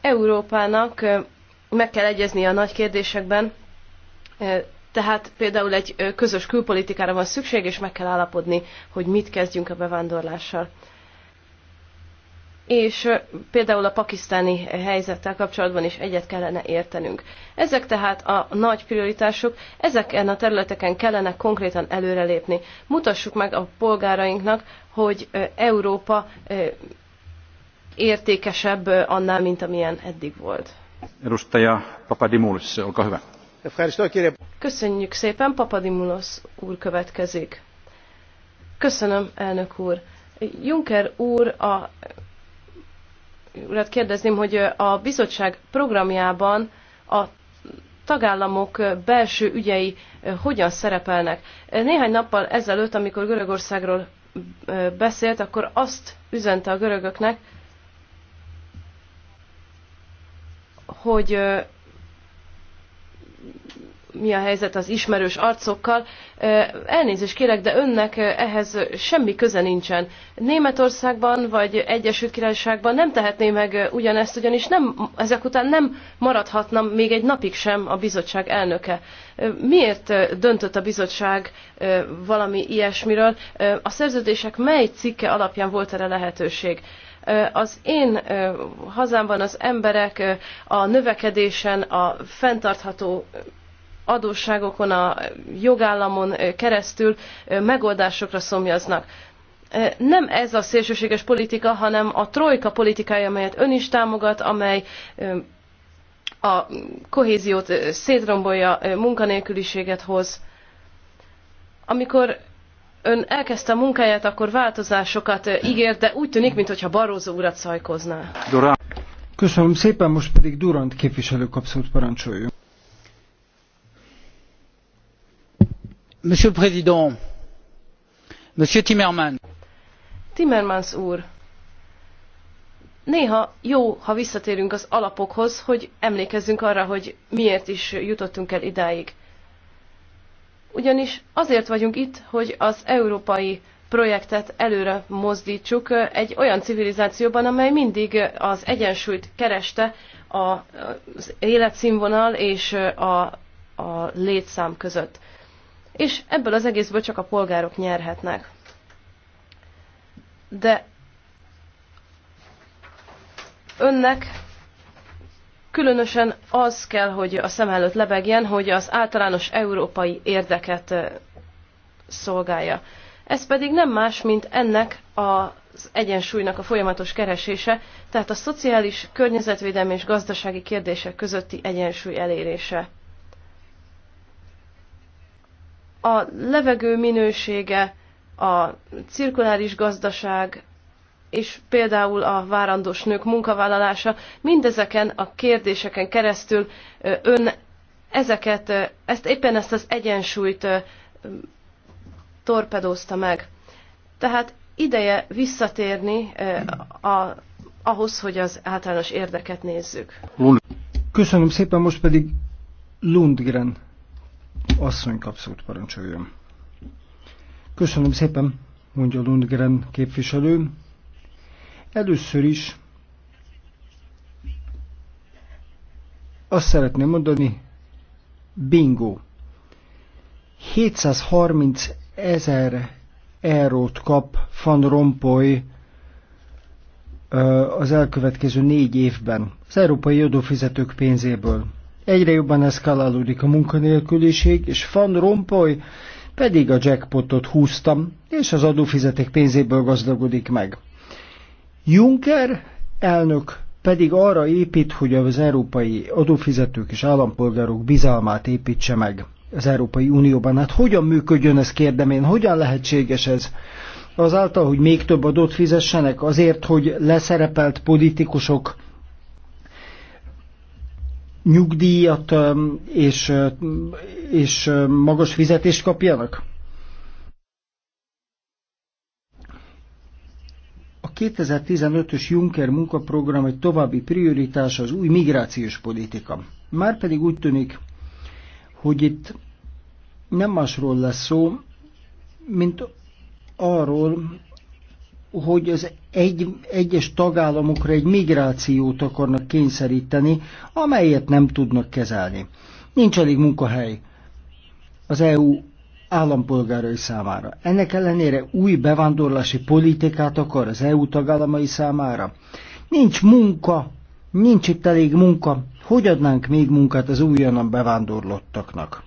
Európának meg kell egyezni a nagy kérdésekben, tehát például egy közös külpolitikára van szükség, és meg kell állapodni, hogy mit kezdjünk a bevándorlással és például a pakisztáni helyzettel kapcsolatban is egyet kellene értenünk. Ezek tehát a nagy prioritások, ezeken a területeken kellene konkrétan előrelépni. Mutassuk meg a polgárainknak, hogy Európa értékesebb annál, mint amilyen eddig volt. Rustaja Papadimulis, olka hüve. Köszönjük szépen, Papadimulos úr következik. Köszönöm, elnök úr. Juncker úr a urat kérdezném, hogy a bizottság programjában a tagállamok belső ügyei hogyan szerepelnek. Néhány nappal ezelőtt, amikor Görögországról beszélt, akkor azt üzente a görögöknek, hogy mi a helyzet az ismerős arcokkal. Elnézést kérek, de önnek ehhez semmi köze nincsen. Németországban vagy Egyesült Királyságban nem tehetné meg ugyanezt, ugyanis nem, ezek után nem maradhatna még egy napig sem a bizottság elnöke. Miért döntött a bizottság valami ilyesmiről? A szerződések mely cikke alapján volt erre lehetőség? az én hazámban az emberek a növekedésen, a fenntartható adósságokon, a jogállamon keresztül megoldásokra szomjaznak. Nem ez a szélsőséges politika, hanem a trojka politikája, amelyet ön is támogat, amely a kohéziót szétrombolja, munkanélküliséget hoz. Amikor ön elkezdte a munkáját, akkor változásokat ígért, de úgy tűnik, mintha Barózó urat szajkozná. Köszönöm szépen, most pedig Durant képviselő kapszót parancsoljuk. monsieur le président monsieur timmermans timmermans úr néha jó ha visszatérünk az alapokhoz hogy emlékezzünk arra hogy miért is jutottunk el idáig ugyanis azért vagyunk itt hogy az európai projektet előre mozdítsuk egy olyan civilizációban, amely mindig az egyensúlyt kereste az életszínvonal és a, a létszám között és ebből az egészből csak a polgárok nyerhetnek. De önnek különösen az kell, hogy a szem előtt lebegjen, hogy az általános európai érdeket szolgálja. Ez pedig nem más, mint ennek az egyensúlynak a folyamatos keresése, tehát a szociális, környezetvédelmi és gazdasági kérdések közötti egyensúly elérése a levegő minősége, a cirkuláris gazdaság, és például a várandós nők munkavállalása, mindezeken a kérdéseken keresztül ön ezeket, ezt éppen ezt az egyensúlyt torpedózta meg. Tehát ideje visszatérni a, ahhoz, hogy az általános érdeket nézzük. Köszönöm szépen, most pedig Lundgren Asszony kapszót parancsoljon. Köszönöm szépen, mondja Lundgren képviselő. Először is azt szeretném mondani, bingo. 730 ezer eurót kap Van Rompuy az elkövetkező négy évben az európai adófizetők pénzéből egyre jobban eszkalálódik a munkanélküliség, és Van Rompoy pedig a jackpotot húztam, és az adófizeték pénzéből gazdagodik meg. Juncker elnök pedig arra épít, hogy az európai adófizetők és állampolgárok bizalmát építse meg az Európai Unióban. Hát hogyan működjön ez, kérdem én, hogyan lehetséges ez? Azáltal, hogy még több adót fizessenek, azért, hogy leszerepelt politikusok nyugdíjat és, és magas fizetést kapjanak? A 2015-ös Juncker munkaprogram egy további prioritás az új migrációs politika. Márpedig úgy tűnik, hogy itt nem másról lesz szó, mint arról, hogy az egy, egyes tagállamokra egy migrációt akarnak kényszeríteni, amelyet nem tudnak kezelni. Nincs elég munkahely az EU állampolgárai számára. Ennek ellenére új bevándorlási politikát akar az EU tagállamai számára. Nincs munka, nincs itt elég munka, hogy adnánk még munkát az újonnan bevándorlottaknak?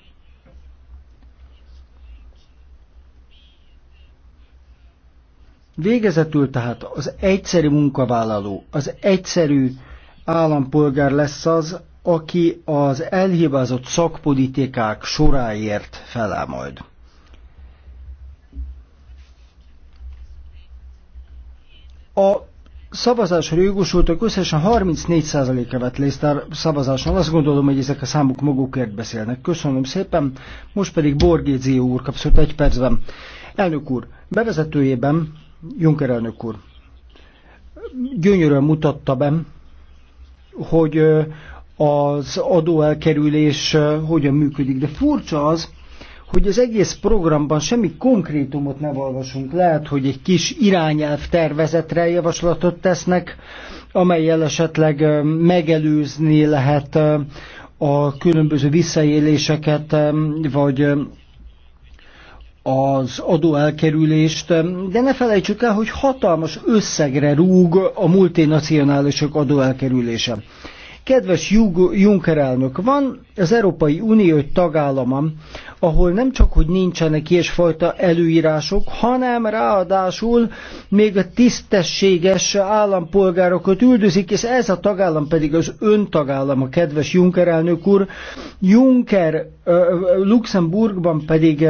Végezetül tehát az egyszerű munkavállaló, az egyszerű állampolgár lesz az, aki az elhibázott szakpolitikák soráért felel majd. A szavazásra jogosultak összesen 34 e vett részt a szavazáson. Azt gondolom, hogy ezek a számok magukért beszélnek. Köszönöm szépen. Most pedig Borgézi úr kapszott egy percben. Elnök úr, bevezetőjében Juncker elnök úr, gyönyörűen mutatta be, hogy az adóelkerülés hogyan működik. De furcsa az, hogy az egész programban semmi konkrétumot ne olvasunk. Lehet, hogy egy kis irányelv tervezetre javaslatot tesznek, amelyel esetleg megelőzni lehet a különböző visszaéléseket, vagy az adóelkerülést, de ne felejtsük el, hogy hatalmas összegre rúg a multinacionálisok adóelkerülése. Kedves Juncker elnök, van az Európai Unió tagállama, ahol nem csak, hogy nincsenek ilyesfajta előírások, hanem ráadásul még a tisztességes állampolgárokat üldözik, és ez a tagállam pedig az ön tagállama, kedves Juncker elnök úr. Juncker Luxemburgban pedig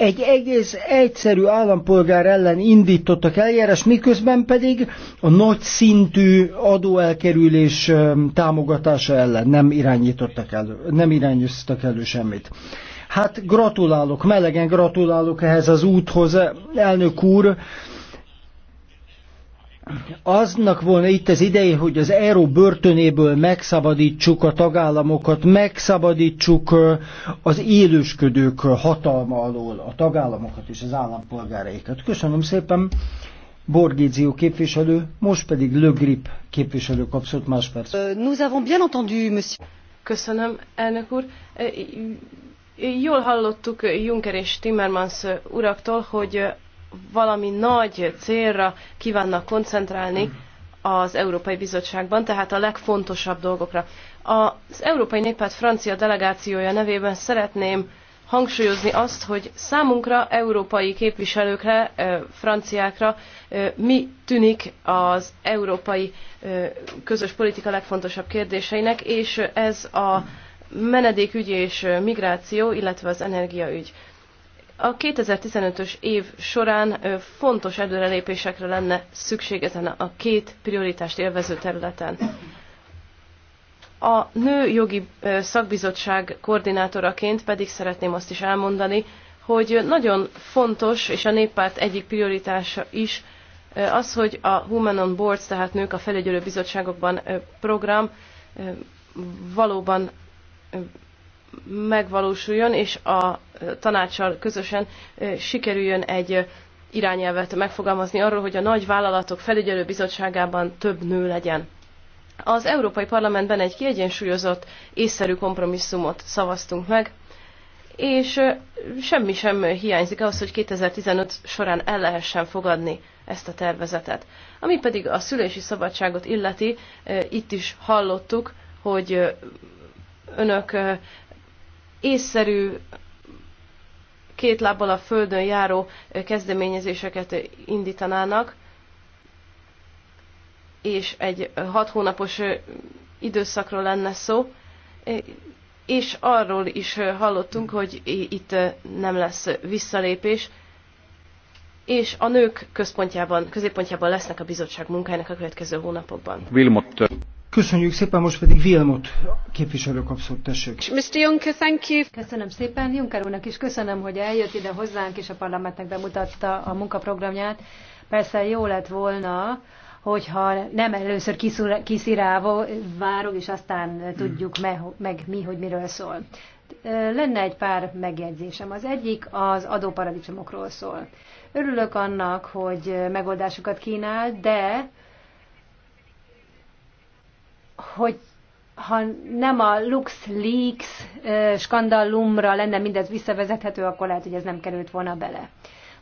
egy egész egyszerű állampolgár ellen indítottak eljárás, miközben pedig a nagy szintű adóelkerülés támogatása ellen nem irányítottak elő, nem irányítottak elő semmit. Hát gratulálok, melegen gratulálok ehhez az úthoz, elnök úr aznak volna itt az ideje, hogy az euró börtönéből megszabadítsuk a tagállamokat, megszabadítsuk az élősködők hatalma alól a tagállamokat és az állampolgáraikat. Köszönöm szépen, Borgézió képviselő, most pedig Le Grip képviselő kapszott más perc. Nous avons bien entendu, monsieur. Köszönöm, elnök úr. Jól hallottuk Juncker és Timmermans uraktól, hogy valami nagy célra kívánnak koncentrálni az Európai Bizottságban, tehát a legfontosabb dolgokra. Az Európai Néppárt francia delegációja nevében szeretném hangsúlyozni azt, hogy számunkra, európai képviselőkre, franciákra mi tűnik az európai közös politika legfontosabb kérdéseinek, és ez a menedékügy és migráció, illetve az energiaügy. A 2015-ös év során fontos előrelépésekre lenne szükség ezen a két prioritást élvező területen. A Nőjogi Szakbizottság koordinátoraként pedig szeretném azt is elmondani, hogy nagyon fontos, és a néppárt egyik prioritása is az, hogy a Women on Boards, tehát nők a felügyelő bizottságokban program valóban megvalósuljon, és a tanácssal közösen sikerüljön egy irányelvet megfogalmazni arról, hogy a nagy vállalatok bizottságában több nő legyen. Az Európai Parlamentben egy kiegyensúlyozott, észszerű kompromisszumot szavaztunk meg, és semmi sem hiányzik ahhoz, hogy 2015 során el lehessen fogadni ezt a tervezetet. Ami pedig a szülési szabadságot illeti, itt is hallottuk, hogy önök észszerű két lábbal a földön járó kezdeményezéseket indítanának, és egy hat hónapos időszakról lenne szó, és arról is hallottunk, hogy itt nem lesz visszalépés, és a nők központjában, középpontjában lesznek a bizottság munkájának a következő hónapokban. Wilmot. Köszönjük szépen, most pedig Vilmot képviselő kapszott, tessék. Mr. Juncker, thank you. Köszönöm szépen Juncker úrnak is, köszönöm, hogy eljött ide hozzánk és a parlamentnek bemutatta a munkaprogramját. Persze jó lett volna, hogyha nem először kiszirálva várunk, és aztán tudjuk me, meg mi, hogy miről szól. Lenne egy pár megjegyzésem. Az egyik az adóparadicsomokról szól. Örülök annak, hogy megoldásokat kínál, de hogy ha nem a Lux Leaks skandallumra lenne mindez visszavezethető, akkor lehet, hogy ez nem került volna bele.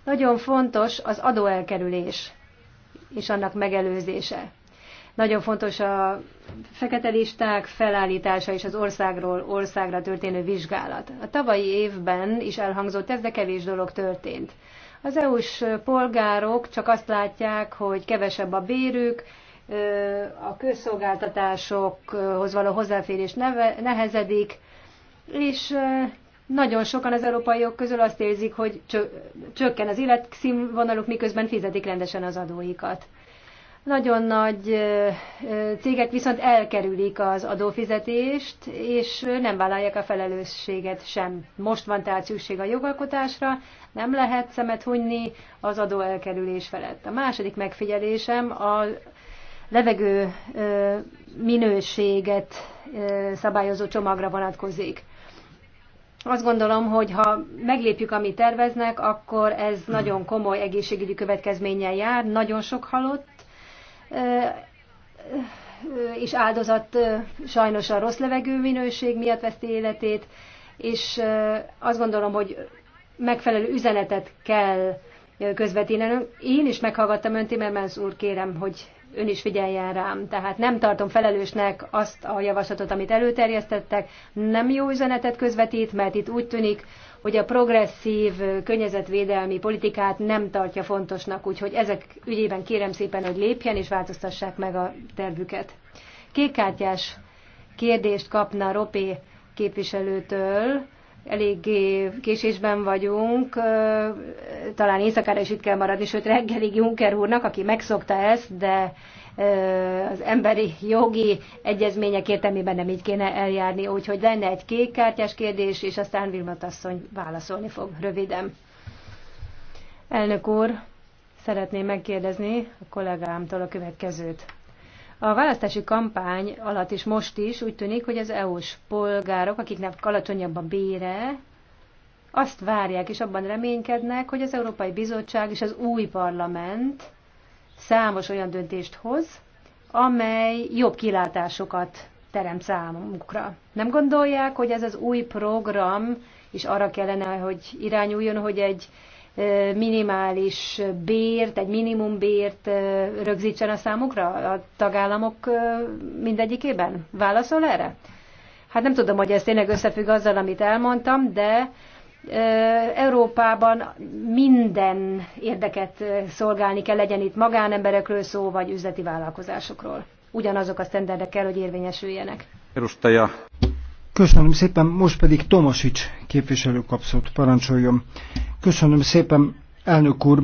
Nagyon fontos az adóelkerülés és annak megelőzése. Nagyon fontos a fekete listák felállítása és az országról országra történő vizsgálat. A tavalyi évben is elhangzott ez, de kevés dolog történt. Az EU-s polgárok csak azt látják, hogy kevesebb a bérük, a közszolgáltatásokhoz való hozzáférés nehezedik, és nagyon sokan az európaiok közül azt érzik, hogy csökken az életszínvonaluk, miközben fizetik rendesen az adóikat. Nagyon nagy cégek viszont elkerülik az adófizetést, és nem vállalják a felelősséget sem. Most van tehát szükség a jogalkotásra, nem lehet szemet hunyni az adóelkerülés felett. A második megfigyelésem a levegő minőséget szabályozó csomagra vonatkozik. Azt gondolom, hogy ha meglépjük, amit terveznek, akkor ez nagyon komoly egészségügyi következménnyel jár, nagyon sok halott, és áldozat sajnos a rossz levegő minőség miatt veszti életét, és azt gondolom, hogy megfelelő üzenetet kell közvetítenünk. Én is meghallgattam Ön Timmermans úr, kérem, hogy ön is figyeljen rám. Tehát nem tartom felelősnek azt a javaslatot, amit előterjesztettek. Nem jó üzenetet közvetít, mert itt úgy tűnik, hogy a progresszív környezetvédelmi politikát nem tartja fontosnak, úgyhogy ezek ügyében kérem szépen, hogy lépjen és változtassák meg a tervüket. Kékkártyás kérdést kapna Ropé képviselőtől eléggé késésben vagyunk, talán éjszakára is itt kell maradni, sőt reggelig Juncker úrnak, aki megszokta ezt, de az emberi jogi egyezmények értelmében nem így kéne eljárni, úgyhogy lenne egy kék kártyás kérdés, és aztán Vilmat asszony válaszolni fog röviden. Elnök úr, szeretném megkérdezni a kollégámtól a következőt. A választási kampány alatt is most is úgy tűnik, hogy az EU-s polgárok, akiknek alacsonyabb a bére, azt várják és abban reménykednek, hogy az Európai Bizottság és az új parlament számos olyan döntést hoz, amely jobb kilátásokat teremt számukra. Nem gondolják, hogy ez az új program is arra kellene, hogy irányuljon, hogy egy minimális bért, egy minimumbért rögzítsen a számukra a tagállamok mindegyikében? Válaszol erre? Hát nem tudom, hogy ez tényleg összefügg azzal, amit elmondtam, de Európában minden érdeket szolgálni kell, legyen itt magánemberekről szó, vagy üzleti vállalkozásokról. Ugyanazok a sztenderdek kell, hogy érvényesüljenek. Erustaja. Köszönöm szépen, most pedig Tomasics képviselő kapszott, parancsoljon. Köszönöm szépen, elnök úr.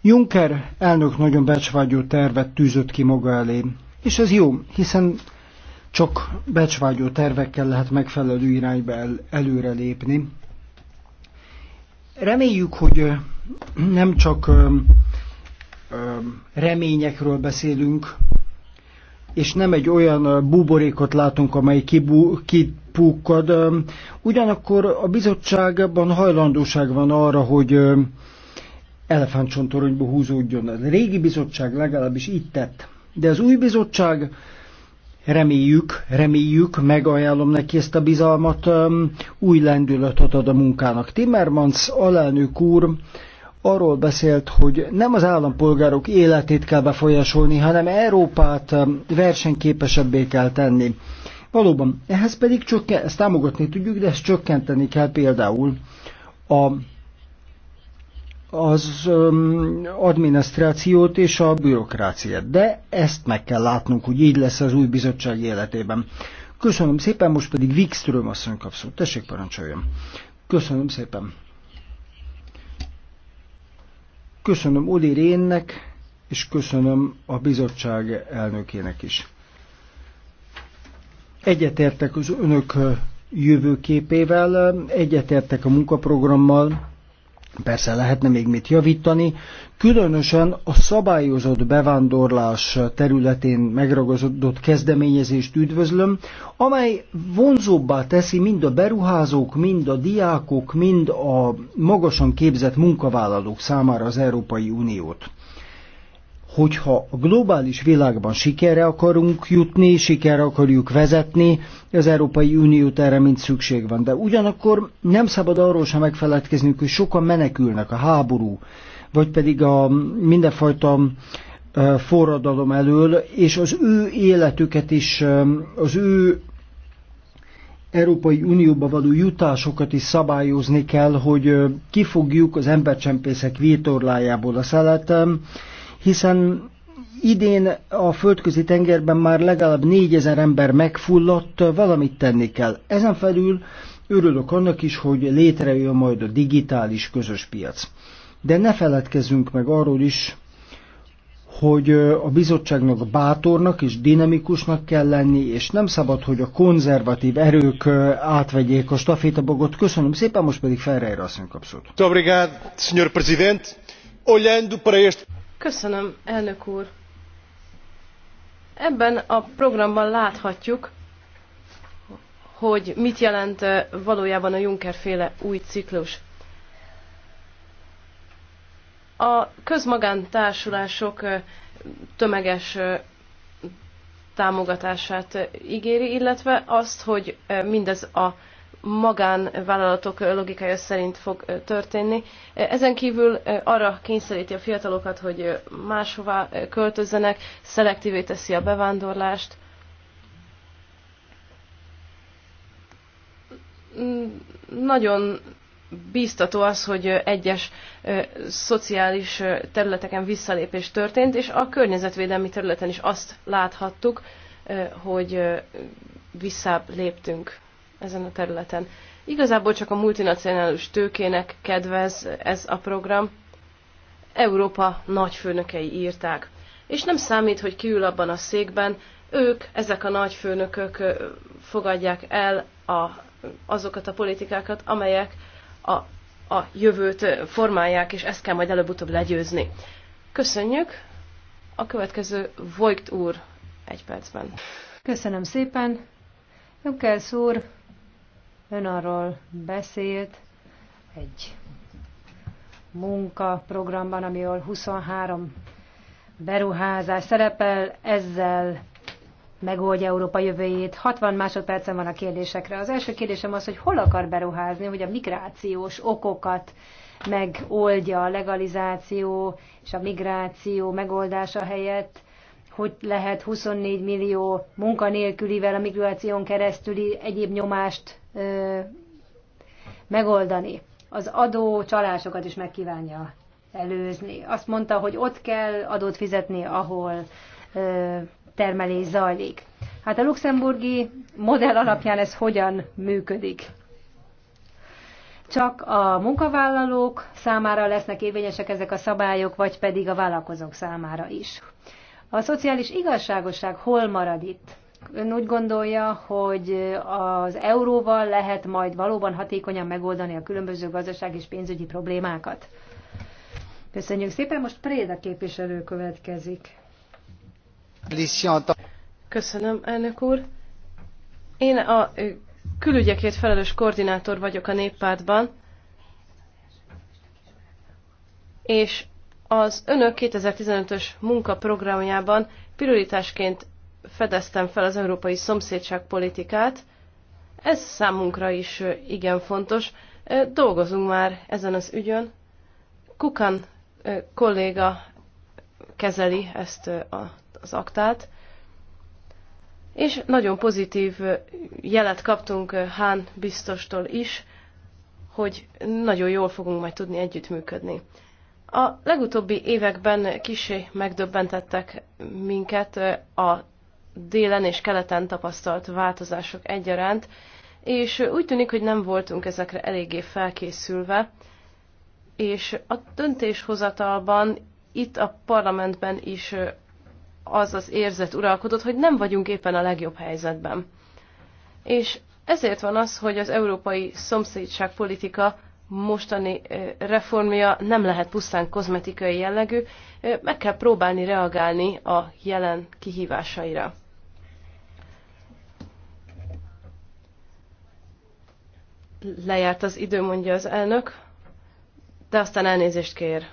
Juncker elnök nagyon becsvágyó tervet tűzött ki maga elé, és ez jó, hiszen csak becsvágyó tervekkel lehet megfelelő irányba el, előrelépni. Reméljük, hogy nem csak reményekről beszélünk, és nem egy olyan buborékot látunk, amely kibú, kipukkad. Ugyanakkor a bizottságban hajlandóság van arra, hogy elefántcsontoronyba húzódjon. A régi bizottság legalábbis itt tett. De az új bizottság reméljük, reméljük, megajánlom neki ezt a bizalmat, új lendületet ad a munkának. Timmermans alelnök úr arról beszélt, hogy nem az állampolgárok életét kell befolyásolni, hanem Európát um, versenyképesebbé kell tenni. Valóban, ehhez pedig csökken, ezt támogatni tudjuk, de ezt csökkenteni kell például a, az um, adminisztrációt és a bürokráciát. De ezt meg kell látnunk, hogy így lesz az új bizottság életében. Köszönöm szépen, most pedig Wikström asszony kapszó. Tessék, parancsoljon. Köszönöm szépen. Köszönöm Oli Rénnek, és köszönöm a bizottság elnökének is. Egyetértek az önök jövőképével, egyetértek a munkaprogrammal, Persze lehetne még mit javítani, különösen a szabályozott bevándorlás területén megragadott kezdeményezést üdvözlöm, amely vonzóbbá teszi mind a beruházók, mind a diákok, mind a magasan képzett munkavállalók számára az Európai Uniót hogyha a globális világban sikerre akarunk jutni, sikerre akarjuk vezetni, az Európai Uniót erre mind szükség van. De ugyanakkor nem szabad arról sem megfeledkeznünk, hogy sokan menekülnek a háború, vagy pedig a mindenfajta forradalom elől, és az ő életüket is, az ő Európai Unióba való jutásokat is szabályozni kell, hogy kifogjuk az embercsempészek vétorlájából a szeletem, hiszen idén a földközi tengerben már legalább négyezer ember megfulladt, valamit tenni kell. Ezen felül örülök annak is, hogy létrejön majd a digitális közös piac. De ne feledkezzünk meg arról is, hogy a bizottságnak bátornak és dinamikusnak kell lenni, és nem szabad, hogy a konzervatív erők átvegyék a stafétabogot. Köszönöm szépen, most pedig Ferreira asszony kapszót. Obrigado, Sr. Presidente. Olhando para este... Köszönöm, elnök úr. Ebben a programban láthatjuk, hogy mit jelent valójában a Juncker féle új ciklus. A közmagántársulások tömeges támogatását ígéri, illetve azt, hogy mindez a magánvállalatok logikája szerint fog történni. Ezen kívül arra kényszeríti a fiatalokat, hogy máshová költözzenek, szelektívé teszi a bevándorlást. Nagyon bíztató az, hogy egyes szociális területeken visszalépés történt, és a környezetvédelmi területen is azt láthattuk, hogy visszább léptünk ezen a területen. Igazából csak a multinacionális tőkének kedvez ez a program. Európa nagyfőnökei írták. És nem számít, hogy kiül abban a székben, ők, ezek a nagyfőnökök fogadják el a, azokat a politikákat, amelyek a, a jövőt formálják, és ezt kell majd előbb-utóbb legyőzni. Köszönjük! A következő Vojt úr egy percben. Köszönöm szépen! kell úr, Ön arról beszélt egy munkaprogramban, amiről 23 beruházás szerepel, ezzel megoldja Európa jövőjét. 60 másodpercen van a kérdésekre. Az első kérdésem az, hogy hol akar beruházni, hogy a migrációs okokat megoldja a legalizáció és a migráció megoldása helyett hogy lehet 24 millió munkanélkülivel a migráción keresztüli egyéb nyomást ö, megoldani. Az adó csalásokat is megkívánja előzni. Azt mondta, hogy ott kell adót fizetni, ahol ö, termelés zajlik. Hát a luxemburgi modell alapján ez hogyan működik? Csak a munkavállalók számára lesznek érvényesek ezek a szabályok, vagy pedig a vállalkozók számára is. A szociális igazságosság hol marad itt? Ön úgy gondolja, hogy az euróval lehet majd valóban hatékonyan megoldani a különböző gazdaság és pénzügyi problémákat? Köszönjük szépen, most Préda képviselő következik. Köszönöm, elnök úr. Én a külügyekért felelős koordinátor vagyok a néppártban, és az önök 2015-ös munkaprogramjában prioritásként fedeztem fel az európai szomszédságpolitikát. Ez számunkra is igen fontos. Dolgozunk már ezen az ügyön. Kukan kolléga kezeli ezt az aktát, és nagyon pozitív jelet kaptunk Hán biztostól is, hogy nagyon jól fogunk majd tudni együttműködni. A legutóbbi években kisé megdöbbentettek minket a délen és keleten tapasztalt változások egyaránt, és úgy tűnik, hogy nem voltunk ezekre eléggé felkészülve, és a döntéshozatalban itt a parlamentben is az az érzet uralkodott, hogy nem vagyunk éppen a legjobb helyzetben. És ezért van az, hogy az európai szomszédságpolitika mostani reformja nem lehet pusztán kozmetikai jellegű, meg kell próbálni reagálni a jelen kihívásaira. Lejárt az idő, mondja az elnök, de aztán elnézést kér.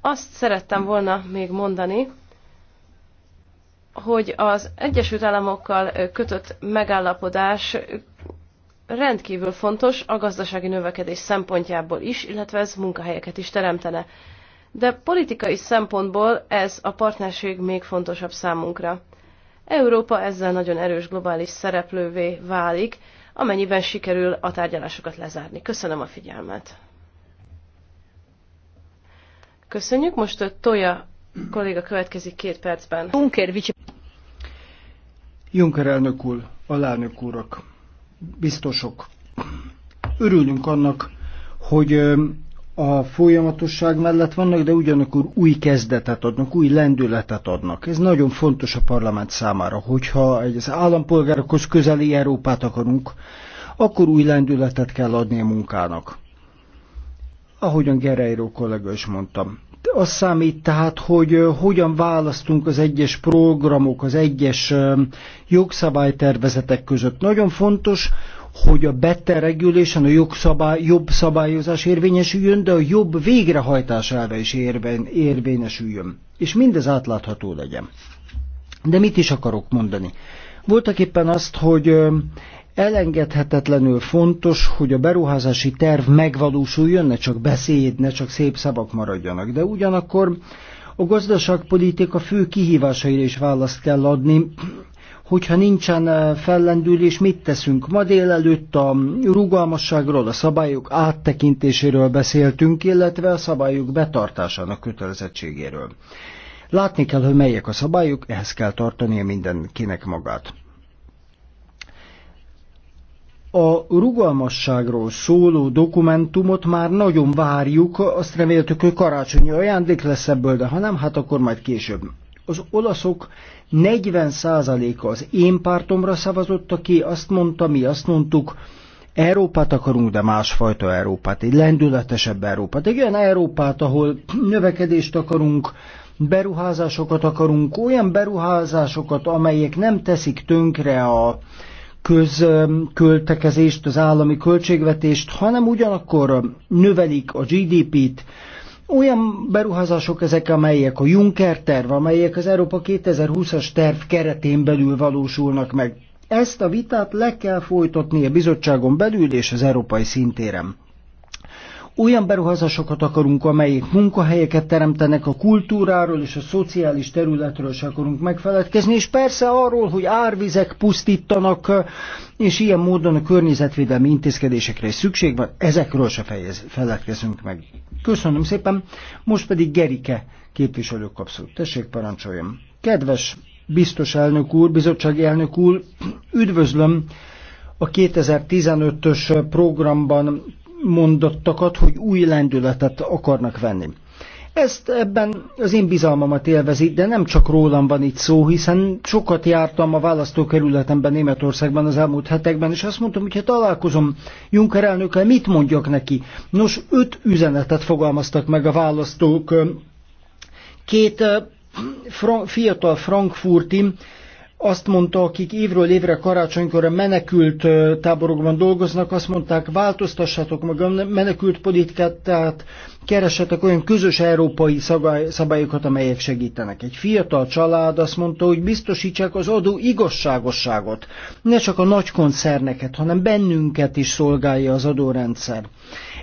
Azt szerettem volna még mondani, hogy az Egyesült Államokkal kötött megállapodás rendkívül fontos a gazdasági növekedés szempontjából is, illetve ez munkahelyeket is teremtene. De politikai szempontból ez a partnerség még fontosabb számunkra. Európa ezzel nagyon erős globális szereplővé válik, amennyiben sikerül a tárgyalásokat lezárni. Köszönöm a figyelmet. Köszönjük, most Toja kolléga következik két percben. Juncker elnök úr, alelnök úrok! biztosok. Örülünk annak, hogy a folyamatosság mellett vannak, de ugyanakkor új kezdetet adnak, új lendületet adnak. Ez nagyon fontos a parlament számára, hogyha az állampolgárokhoz közeli Európát akarunk, akkor új lendületet kell adni a munkának. Ahogyan Gereiro kollega is mondtam az számít tehát, hogy hogyan választunk az egyes programok, az egyes jogszabálytervezetek között. Nagyon fontos, hogy a better regulation, a jogszabály, jobb szabályozás érvényesüljön, de a jobb végrehajtás elve is érvényesüljön. És mindez átlátható legyen. De mit is akarok mondani? Voltak éppen azt, hogy Elengedhetetlenül fontos, hogy a beruházási terv megvalósuljon, ne csak beszéd, ne csak szép szavak maradjanak, de ugyanakkor a gazdaságpolitika fő kihívásaira is választ kell adni, hogyha nincsen eh, fellendülés, mit teszünk? Ma délelőtt a rugalmasságról, a szabályok áttekintéséről beszéltünk, illetve a szabályok betartásának kötelezettségéről. Látni kell, hogy melyek a szabályok, ehhez kell tartania mindenkinek magát a rugalmasságról szóló dokumentumot már nagyon várjuk, azt reméltük, hogy karácsonyi ajándék lesz ebből, de ha nem, hát akkor majd később. Az olaszok 40%-a az én pártomra szavazott, aki azt mondta, mi azt mondtuk, Európát akarunk, de másfajta Európát, egy lendületesebb Európát, egy olyan Európát, ahol növekedést akarunk, beruházásokat akarunk, olyan beruházásokat, amelyek nem teszik tönkre a, közköltekezést, az állami költségvetést, hanem ugyanakkor növelik a GDP-t, olyan beruházások ezek, amelyek a Juncker terv, amelyek az Európa 2020-as terv keretén belül valósulnak meg. Ezt a vitát le kell folytatni a bizottságon belül és az európai szintéren. Olyan beruházásokat akarunk, amelyek munkahelyeket teremtenek a kultúráról és a szociális területről se akarunk megfeledkezni, és persze arról, hogy árvizek pusztítanak, és ilyen módon a környezetvédelmi intézkedésekre is szükség van, ezekről se fejez, feledkezünk meg. Köszönöm szépen, most pedig Gerike képviselő kapszót. Tessék, parancsoljon. Kedves biztos elnök úr, bizottsági elnök úr, üdvözlöm a 2015-ös programban mondottakat, hogy új lendületet akarnak venni. Ezt ebben az én bizalmamat élvezi, de nem csak rólam van itt szó, hiszen sokat jártam a választókerületemben Németországban az elmúlt hetekben, és azt mondtam, hogy ha találkozom Juncker elnökkel, mit mondjak neki? Nos, öt üzenetet fogalmaztak meg a választók. Két eh, fiatal frankfurti azt mondta, akik évről évre karácsonykor a menekült táborokban dolgoznak, azt mondták, változtassatok meg a menekült politikát, tehát keresetek olyan közös európai szabályokat, amelyek segítenek. Egy fiatal család azt mondta, hogy biztosítsák az adó igazságosságot. Ne csak a nagy koncerneket, hanem bennünket is szolgálja az adórendszer.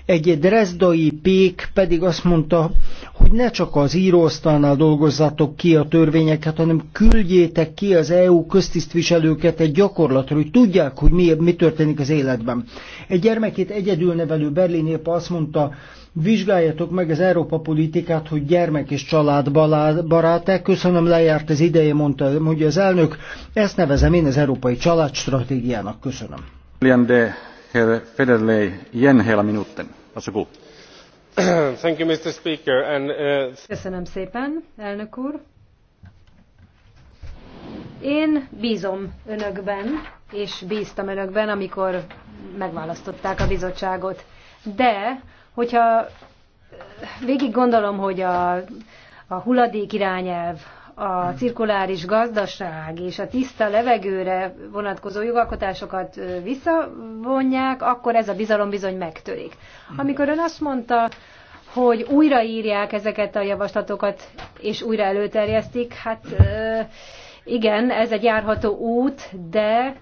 Egy drezdai pék pedig azt mondta, hogy ne csak az íróasztalnál dolgozzátok ki a törvényeket, hanem küldjétek ki az EU köztisztviselőket egy gyakorlatra, hogy tudják, hogy mi, mi történik az életben. Egy gyermekét egyedül nevelő berlini épp azt mondta, vizsgáljatok meg az Európa politikát, hogy gyermek és család barát Köszönöm, lejárt az ideje, mondta, mondja az elnök. Ezt nevezem én az európai családstratégiának. Köszönöm. Lian de Uh, köszönöm szépen elnök úr én bzom önökben és bíztam önökben amikor megválasztották a bizottságot de hogyha végig gondolom hogy a, a hulladék irányelv a cirkuláris gazdaság és a tiszta levegőre vonatkozó jogalkotásokat visszavonják, akkor ez a bizalom bizony megtörik. Amikor ön azt mondta, hogy újraírják ezeket a javaslatokat, és újra előterjesztik, hát igen, ez egy járható út, de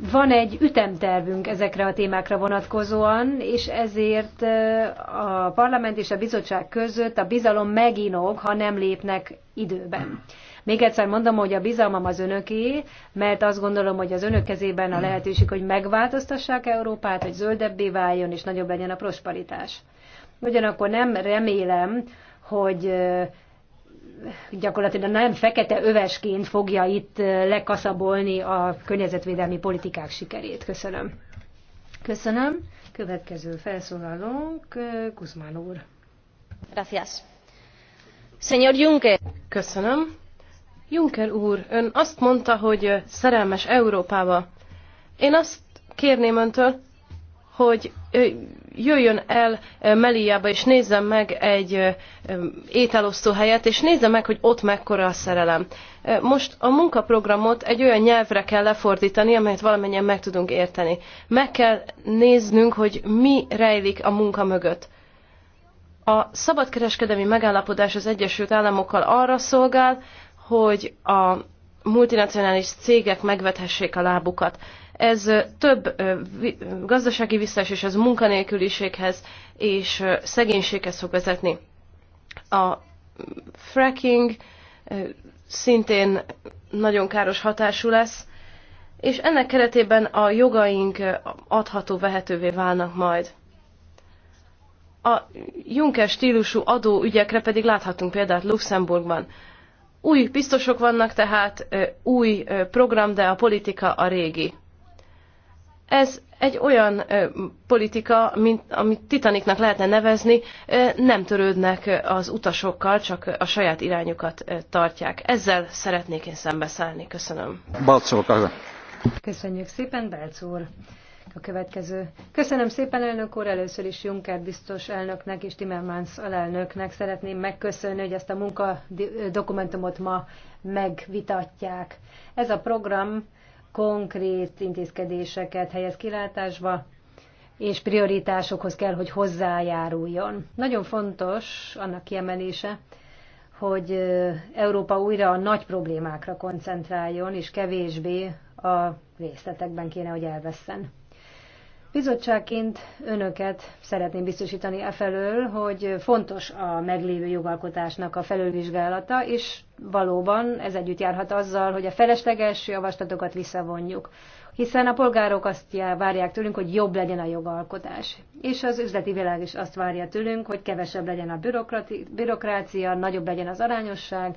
van egy ütemtervünk ezekre a témákra vonatkozóan, és ezért a parlament és a bizottság között a bizalom meginog, ha nem lépnek időben. Még egyszer mondom, hogy a bizalmam az önöké, mert azt gondolom, hogy az önök kezében a lehetőség, hogy megváltoztassák Európát, hogy zöldebbé váljon és nagyobb legyen a prosperitás. Ugyanakkor nem remélem, hogy gyakorlatilag nem fekete övesként fogja itt lekaszabolni a környezetvédelmi politikák sikerét. Köszönöm. Köszönöm. Következő felszólalónk Kuzmán úr. Gracias. Señor Juncker. Köszönöm. Juncker úr, ön azt mondta, hogy szerelmes Európába. Én azt kérném öntől, hogy jöjjön el eh, Meliába, és nézzen meg egy eh, ételosztó helyet, és nézze meg, hogy ott mekkora a szerelem. Eh, most a munkaprogramot egy olyan nyelvre kell lefordítani, amelyet valamennyien meg tudunk érteni. Meg kell néznünk, hogy mi rejlik a munka mögött. A szabadkereskedelmi megállapodás az Egyesült Államokkal arra szolgál, hogy a multinacionális cégek megvethessék a lábukat. Ez több gazdasági visszaesés, ez munkanélküliséghez és szegénységhez fog vezetni. A fracking szintén nagyon káros hatású lesz, és ennek keretében a jogaink adható-vehetővé válnak majd. A Juncker stílusú adóügyekre pedig láthatunk példát Luxemburgban. Új biztosok vannak, tehát új program, de a politika a régi. Ez egy olyan politika, mint, amit titaniknak lehetne nevezni, nem törődnek az utasokkal, csak a saját irányukat tartják. Ezzel szeretnék én szembeszállni. Köszönöm. Balcó, Köszönjük szépen, Belc úr a következő. Köszönöm szépen, elnök úr, először is Juncker biztos elnöknek és Timmermans alelnöknek szeretném megköszönni, hogy ezt a munkadokumentumot ma megvitatják. Ez a program konkrét intézkedéseket helyez kilátásba, és prioritásokhoz kell, hogy hozzájáruljon. Nagyon fontos annak kiemelése, hogy Európa újra a nagy problémákra koncentráljon, és kevésbé a részletekben kéne, hogy elveszten. Bizottságként önöket szeretném biztosítani e felől, hogy fontos a meglévő jogalkotásnak a felülvizsgálata, és valóban ez együtt járhat azzal, hogy a felesleges javaslatokat visszavonjuk. Hiszen a polgárok azt várják tőlünk, hogy jobb legyen a jogalkotás. És az üzleti világ is azt várja tőlünk, hogy kevesebb legyen a bürokrácia, nagyobb legyen az arányosság,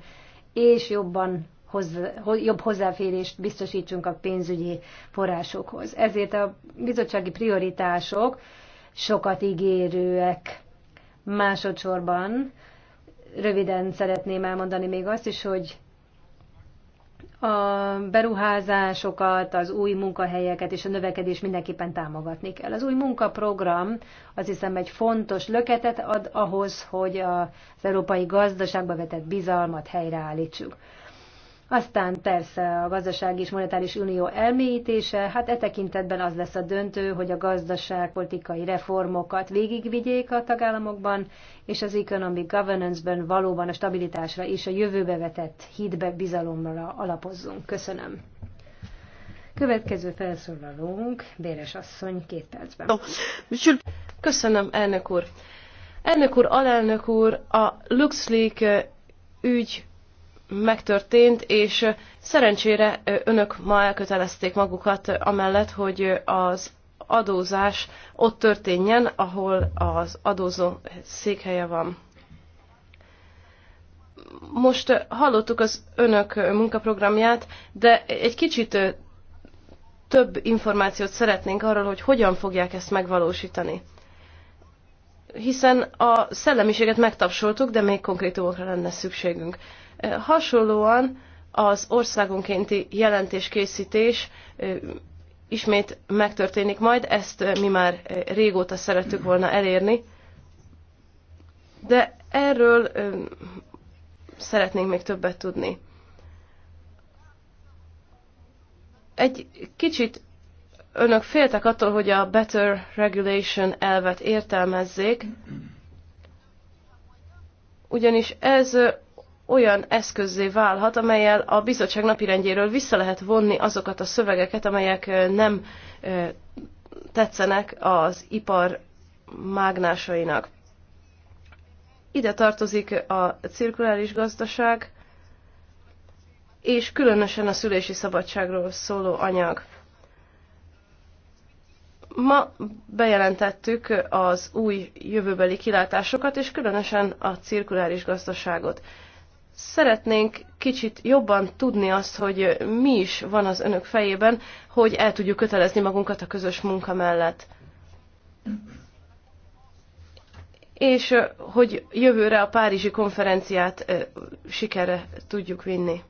és jobban hozzá, jobb hozzáférést biztosítsunk a pénzügyi forrásokhoz. Ezért a bizottsági prioritások sokat ígérőek. Másodszorban röviden szeretném elmondani még azt is, hogy a beruházásokat, az új munkahelyeket és a növekedés mindenképpen támogatni kell. Az új munkaprogram az hiszem egy fontos löketet ad ahhoz, hogy az európai gazdaságba vetett bizalmat helyreállítsuk. Aztán persze a gazdasági és monetáris unió elmélyítése, hát e tekintetben az lesz a döntő, hogy a gazdaságpolitikai reformokat végigvigyék a tagállamokban, és az economic governance-ben valóban a stabilitásra és a jövőbe vetett hitbe, bizalomra alapozzunk. Köszönöm. Következő felszólalónk, Béres asszony, két percben. Köszönöm, elnök úr. Elnök úr, alelnök úr, a LuxLeak ügy megtörtént, és szerencsére önök ma elkötelezték magukat amellett, hogy az adózás ott történjen, ahol az adózó székhelye van. Most hallottuk az önök munkaprogramját, de egy kicsit több információt szeretnénk arról, hogy hogyan fogják ezt megvalósítani. Hiszen a szellemiséget megtapsoltuk, de még konkrétumokra lenne szükségünk. Hasonlóan az országonkénti jelentéskészítés ismét megtörténik majd, ezt mi már régóta szerettük volna elérni, de erről szeretnénk még többet tudni. Egy kicsit önök féltek attól, hogy a Better Regulation elvet értelmezzék, ugyanis ez olyan eszközzé válhat, amelyel a bizottság napirendjéről vissza lehet vonni azokat a szövegeket, amelyek nem tetszenek az ipar mágnásainak. Ide tartozik a cirkuláris gazdaság, és különösen a szülési szabadságról szóló anyag. Ma bejelentettük az új jövőbeli kilátásokat, és különösen a cirkuláris gazdaságot szeretnénk kicsit jobban tudni azt, hogy mi is van az önök fejében, hogy el tudjuk kötelezni magunkat a közös munka mellett. És hogy jövőre a Párizsi konferenciát sikere tudjuk vinni.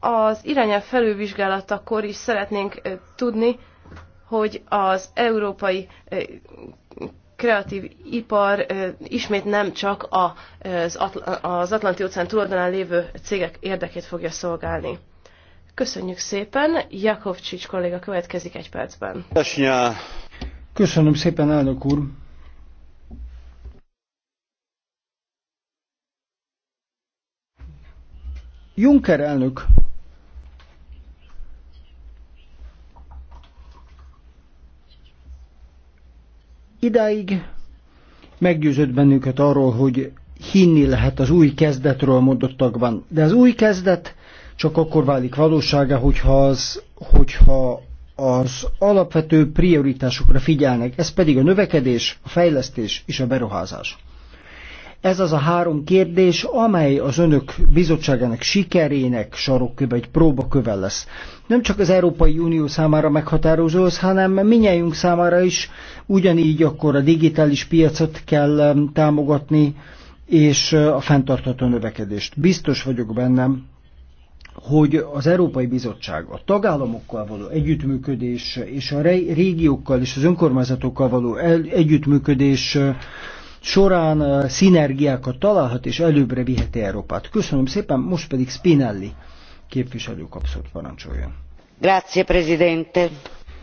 Az irányelv felülvizsgálatakor is szeretnénk tudni, hogy az európai kreatív ipar ismét nem csak az Atlanti óceán túloldalán lévő cégek érdekét fogja szolgálni. Köszönjük szépen, Jakovcsics kolléga következik egy percben. Köszönöm szépen, elnök úr! Juncker elnök Idáig meggyőzött bennünket arról, hogy hinni lehet az új kezdetről mondottakban. De az új kezdet csak akkor válik valósága, hogyha az, hogyha az alapvető prioritásokra figyelnek, ez pedig a növekedés, a fejlesztés és a beruházás. Ez az a három kérdés, amely az önök bizottságának sikerének sarokköve, egy próbaköve lesz. Nem csak az Európai Unió számára meghatározó hanem minnyájunk számára is ugyanígy akkor a digitális piacot kell támogatni, és a fenntartható növekedést. Biztos vagyok bennem, hogy az Európai Bizottság a tagállamokkal való együttműködés és a régiókkal és az önkormányzatokkal való együttműködés során szinergiákat találhat és előbbre viheti Európát. Köszönöm szépen, most pedig Spinelli képviselő kapszót parancsoljon. Grazie, Presidente.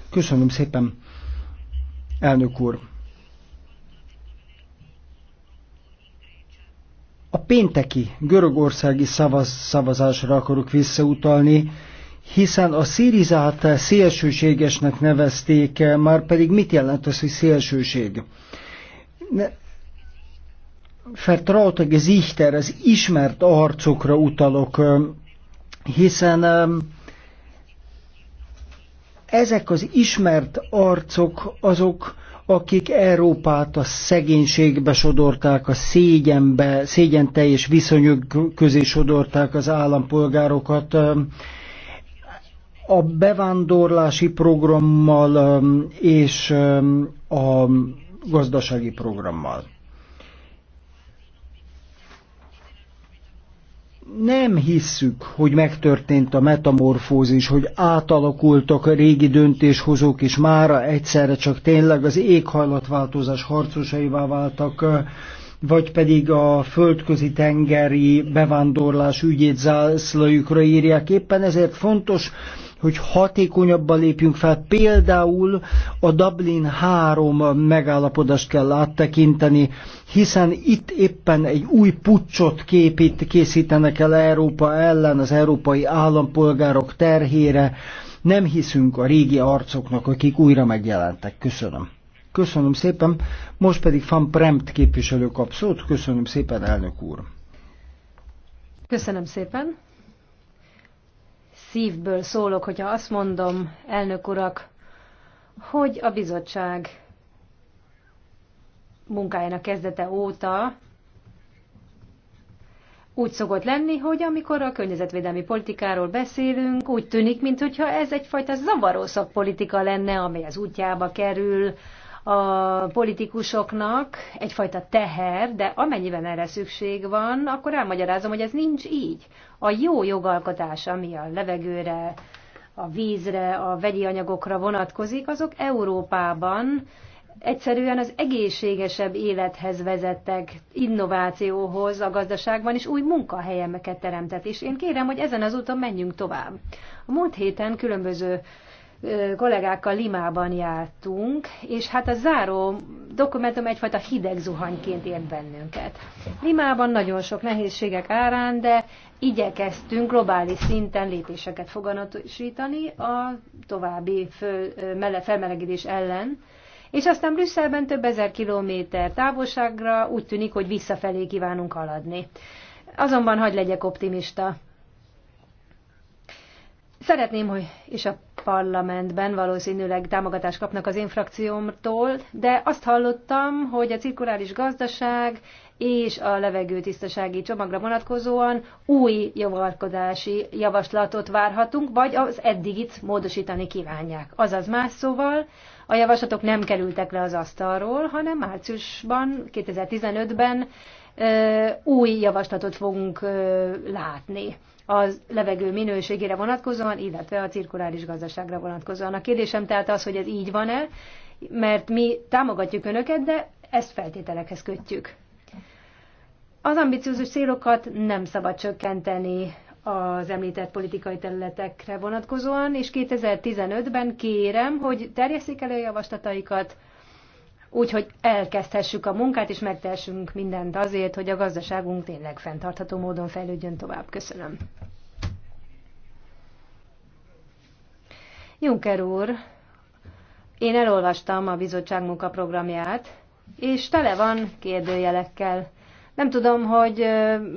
Köszönöm szépen, elnök úr. A pénteki görögországi szavaz, szavazásra akarok visszautalni, hiszen a szírizát szélsőségesnek nevezték, már pedig mit jelent az, hogy szélsőség? Vertraute Gesichter, az ismert arcokra utalok, hiszen ezek az ismert arcok azok, akik Európát a szegénységbe sodorták, a szégyenbe, szégyen teljes viszonyok közé sodorták az állampolgárokat. A bevándorlási programmal és a gazdasági programmal. nem hisszük, hogy megtörtént a metamorfózis, hogy átalakultak a régi döntéshozók, és mára egyszerre csak tényleg az éghajlatváltozás harcosaivá váltak, vagy pedig a földközi tengeri bevándorlás ügyét zászlajukra írják. Éppen ezért fontos, hogy hatékonyabban lépjünk fel. Például a Dublin 3 megállapodást kell áttekinteni, hiszen itt éppen egy új pucsot képít, készítenek el Európa ellen, az európai állampolgárok terhére. Nem hiszünk a régi arcoknak, akik újra megjelentek. Köszönöm. Köszönöm szépen. Most pedig Van Premt képviselő kap szót. Köszönöm szépen, elnök úr. Köszönöm szépen szívből szólok, hogyha azt mondom, elnök urak, hogy a bizottság munkájának kezdete óta úgy szokott lenni, hogy amikor a környezetvédelmi politikáról beszélünk, úgy tűnik, mintha ez egyfajta zavaró szakpolitika lenne, amely az útjába kerül a politikusoknak, egyfajta teher, de amennyiben erre szükség van, akkor elmagyarázom, hogy ez nincs így a jó jogalkotás, ami a levegőre, a vízre, a vegyi anyagokra vonatkozik, azok Európában egyszerűen az egészségesebb élethez vezettek, innovációhoz a gazdaságban, és új munkahelyemeket teremtett. És én kérem, hogy ezen az úton menjünk tovább. A múlt héten különböző kollégákkal Limában jártunk, és hát a záró dokumentum egyfajta hideg zuhanyként ért bennünket. Limában nagyon sok nehézségek árán, de igyekeztünk globális szinten lépéseket foganatosítani a további felmelegedés ellen, és aztán Brüsszelben több ezer kilométer távolságra úgy tűnik, hogy visszafelé kívánunk haladni. Azonban hagy legyek optimista. Szeretném, hogy és a parlamentben valószínűleg támogatást kapnak az én frakciómtól, de azt hallottam, hogy a cirkuláris gazdaság és a levegőtisztasági csomagra vonatkozóan új javarkodási javaslatot várhatunk, vagy az eddigit módosítani kívánják. Azaz más szóval, a javaslatok nem kerültek le az asztalról, hanem márciusban, 2015-ben új javaslatot fogunk látni a levegő minőségére vonatkozóan, illetve a cirkuláris gazdaságra vonatkozóan. A kérdésem tehát az, hogy ez így van-e, mert mi támogatjuk önöket, de ezt feltételekhez kötjük. Az ambiciózus célokat nem szabad csökkenteni az említett politikai területekre vonatkozóan, és 2015-ben kérem, hogy terjesszék elő javaslataikat, úgyhogy elkezdhessük a munkát, és megtehessünk mindent azért, hogy a gazdaságunk tényleg fenntartható módon fejlődjön tovább. Köszönöm. Juncker úr, én elolvastam a bizottság munkaprogramját, és tele van kérdőjelekkel. Nem tudom, hogy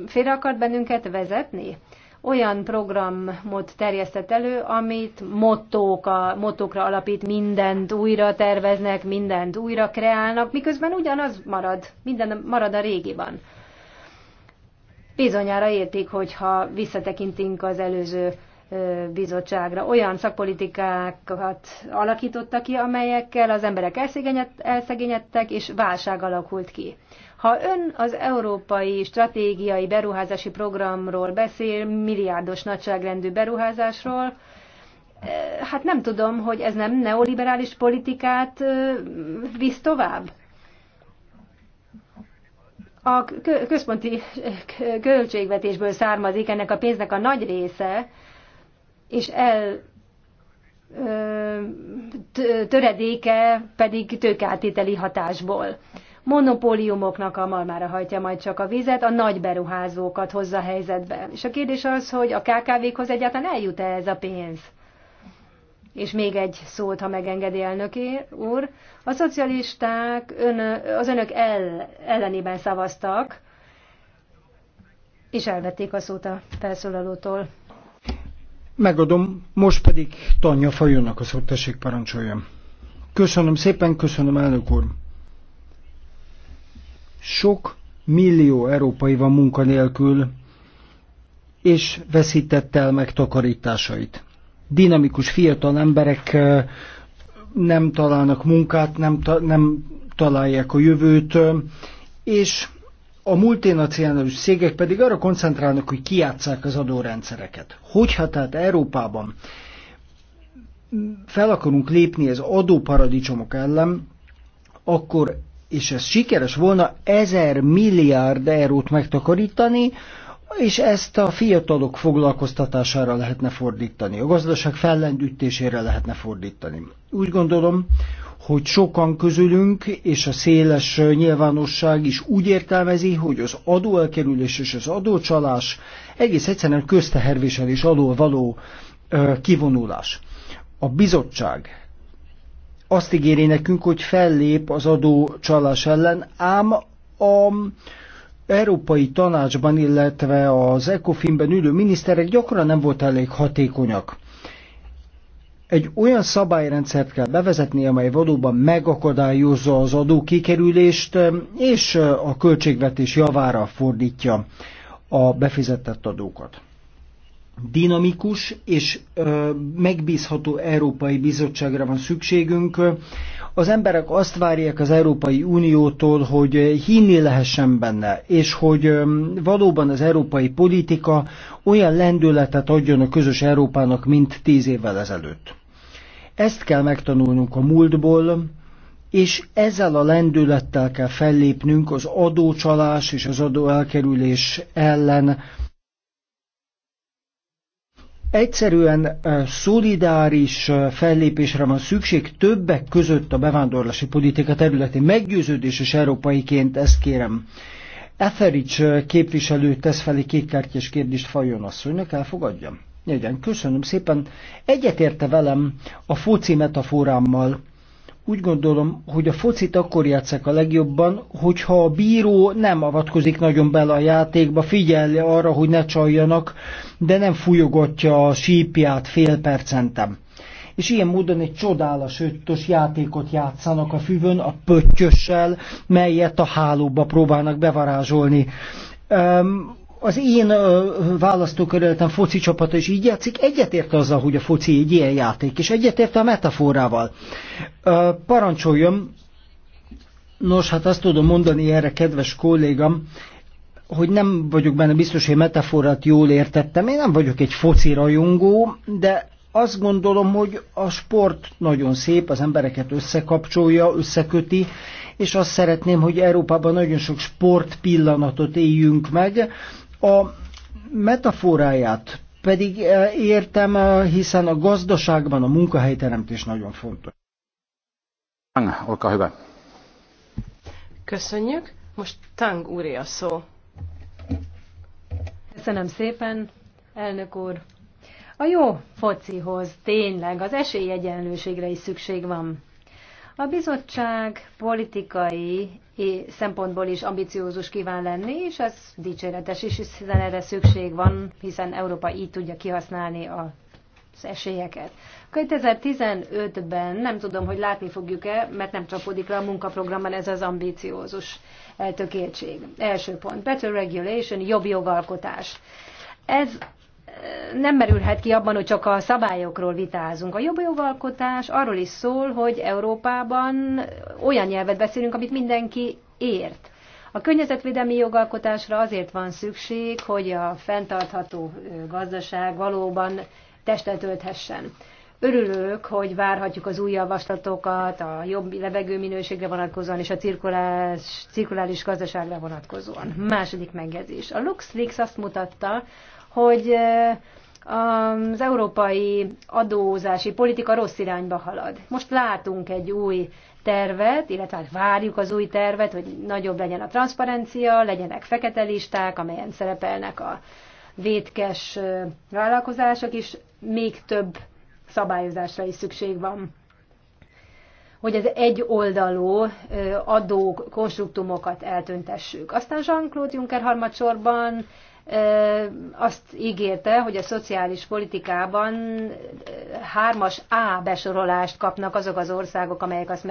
félre akart bennünket vezetni? Olyan programot terjesztett elő, amit motók a, motókra alapít, mindent újra terveznek, mindent újra kreálnak, miközben ugyanaz marad, minden marad a régiban. Bizonyára értik, hogyha visszatekintünk az előző bizottságra. Olyan szakpolitikákat alakítottak ki, amelyekkel az emberek elszegényedtek, és válság alakult ki. Ha ön az európai stratégiai beruházási programról beszél, milliárdos nagyságrendű beruházásról, eh, hát nem tudom, hogy ez nem neoliberális politikát eh, visz tovább. A központi eh, költségvetésből származik ennek a pénznek a nagy része, és el töredéke pedig tőkeáttételi hatásból monopóliumoknak a marmára hajtja majd csak a vizet, a nagy beruházókat hozza a helyzetbe. És a kérdés az, hogy a KKV-khoz egyáltalán eljut-e ez a pénz? És még egy szót, ha megengedi elnök úr. A szocialisták ön, az önök el, ellenében szavaztak, és elvették a szót a felszólalótól. Megadom, most pedig Tanya Fajónak a szót, tessék parancsoljam. Köszönöm szépen, köszönöm elnök úr. Sok millió európai van munkanélkül, és veszítette el megtakarításait. Dinamikus fiatal emberek nem találnak munkát, nem, ta, nem találják a jövőt, és a multinacionális szégek pedig arra koncentrálnak, hogy kiátszák az adórendszereket. Hogyha tehát Európában fel akarunk lépni az adóparadicsomok ellen, akkor és ez sikeres volna, ezer milliárd eurót megtakarítani, és ezt a fiatalok foglalkoztatására lehetne fordítani, a gazdaság fellendítésére lehetne fordítani. Úgy gondolom, hogy sokan közülünk és a széles nyilvánosság is úgy értelmezi, hogy az adóelkerülés és az adócsalás egész egyszerűen közteherviselés alól való kivonulás. A bizottság azt ígéri nekünk, hogy fellép az adó csalás ellen, ám a Európai Tanácsban, illetve az ECOFIN-ben ülő miniszterek gyakran nem volt elég hatékonyak. Egy olyan szabályrendszert kell bevezetni, amely valóban megakadályozza az kikerülést, és a költségvetés javára fordítja a befizetett adókat dinamikus és megbízható Európai Bizottságra van szükségünk. Az emberek azt várják az Európai Uniótól, hogy hinni lehessen benne, és hogy valóban az európai politika olyan lendületet adjon a közös Európának, mint tíz évvel ezelőtt. Ezt kell megtanulnunk a múltból, és ezzel a lendülettel kell fellépnünk az adócsalás és az adóelkerülés ellen, Egyszerűen szolidáris fellépésre van szükség többek között a bevándorlási politika területén. Meggyőződéses európaiként ezt kérem. Eferics képviselő tesz felé kékkártyás kérdést Fajon asszonynak, elfogadjam. Igen, köszönöm szépen. Egyetérte velem a foci metaforámmal, úgy gondolom, hogy a focit akkor játszák a legjobban, hogyha a bíró nem avatkozik nagyon bele a játékba, figyelje arra, hogy ne csaljanak, de nem fújogatja a sípját fél percentem és ilyen módon egy csodálatos ötös játékot játszanak a füvön, a pöttyössel, melyet a hálóba próbálnak bevarázsolni. Um, az én választókerületem foci csapata is így játszik, egyetért azzal, hogy a foci egy ilyen játék, és egyetért a metaforával. Ö, parancsoljon, nos, hát azt tudom mondani erre, kedves kollégam, hogy nem vagyok benne biztos, hogy metaforát jól értettem. Én nem vagyok egy foci rajongó, de azt gondolom, hogy a sport nagyon szép, az embereket összekapcsolja, összeköti, és azt szeretném, hogy Európában nagyon sok sport pillanatot éljünk meg, a metaforáját pedig eh, értem, eh, hiszen a gazdaságban a munkahelyteremtés nagyon fontos. Tang, olka Köszönjük. Most Tang úré a szó. Köszönöm szépen, elnök úr. A jó focihoz tényleg az esélyegyenlőségre is szükség van. A bizottság politikai szempontból is ambiciózus kíván lenni, és ez dicséretes is, hiszen erre szükség van, hiszen Európa így tudja kihasználni a az esélyeket. 2015-ben nem tudom, hogy látni fogjuk-e, mert nem csapódik le a munkaprogramban ez az ambíciózus eltökéltség. Első pont, better regulation, jobb jogalkotás. Ez nem merülhet ki abban, hogy csak a szabályokról vitázunk. A jobb jogalkotás arról is szól, hogy Európában olyan nyelvet beszélünk, amit mindenki ért. A környezetvédelmi jogalkotásra azért van szükség, hogy a fenntartható gazdaság valóban testet ölthessen. Örülök, hogy várhatjuk az új javaslatokat a jobb levegőminőségre vonatkozóan és a cirkulális gazdaságra vonatkozóan. Második megjegyzés. A LuxLeaks azt mutatta, hogy eh, az európai adózási politika rossz irányba halad. Most látunk egy új tervet, illetve hát várjuk az új tervet, hogy nagyobb legyen a transzparencia, legyenek fekete listák, amelyen szerepelnek a vétkes eh, vállalkozások, és még több szabályozásra is szükség van hogy az egyoldalú eh, adó konstruktumokat eltöntessük. Aztán Jean-Claude Juncker harmadsorban azt ígérte, hogy a szociális politikában hármas A besorolást kapnak azok az országok, amelyek azt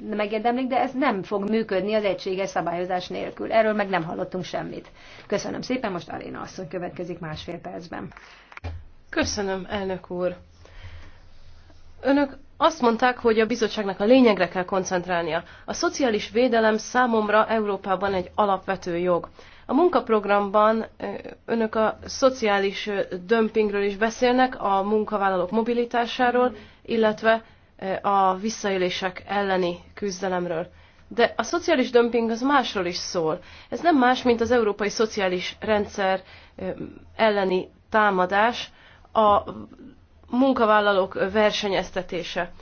megérdemlik, de ez nem fog működni az egységes szabályozás nélkül. Erről meg nem hallottunk semmit. Köszönöm szépen, most Aréna asszony következik másfél percben. Köszönöm, elnök úr. Önök azt mondták, hogy a bizottságnak a lényegre kell koncentrálnia. A szociális védelem számomra Európában egy alapvető jog. A munkaprogramban önök a szociális dömpingről is beszélnek, a munkavállalók mobilitásáról, illetve a visszaélések elleni küzdelemről. De a szociális dömping az másról is szól. Ez nem más, mint az európai szociális rendszer elleni támadás, a munkavállalók versenyeztetése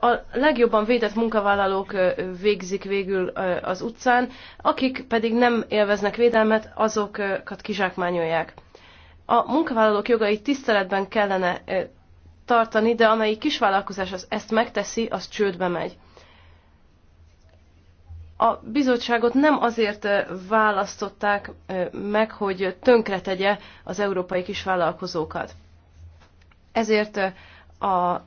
a legjobban védett munkavállalók végzik végül az utcán, akik pedig nem élveznek védelmet, azokat kizsákmányolják. A munkavállalók jogait tiszteletben kellene tartani, de amelyik kisvállalkozás az ezt megteszi, az csődbe megy. A bizottságot nem azért választották meg, hogy tönkretegye az európai kisvállalkozókat. Ezért a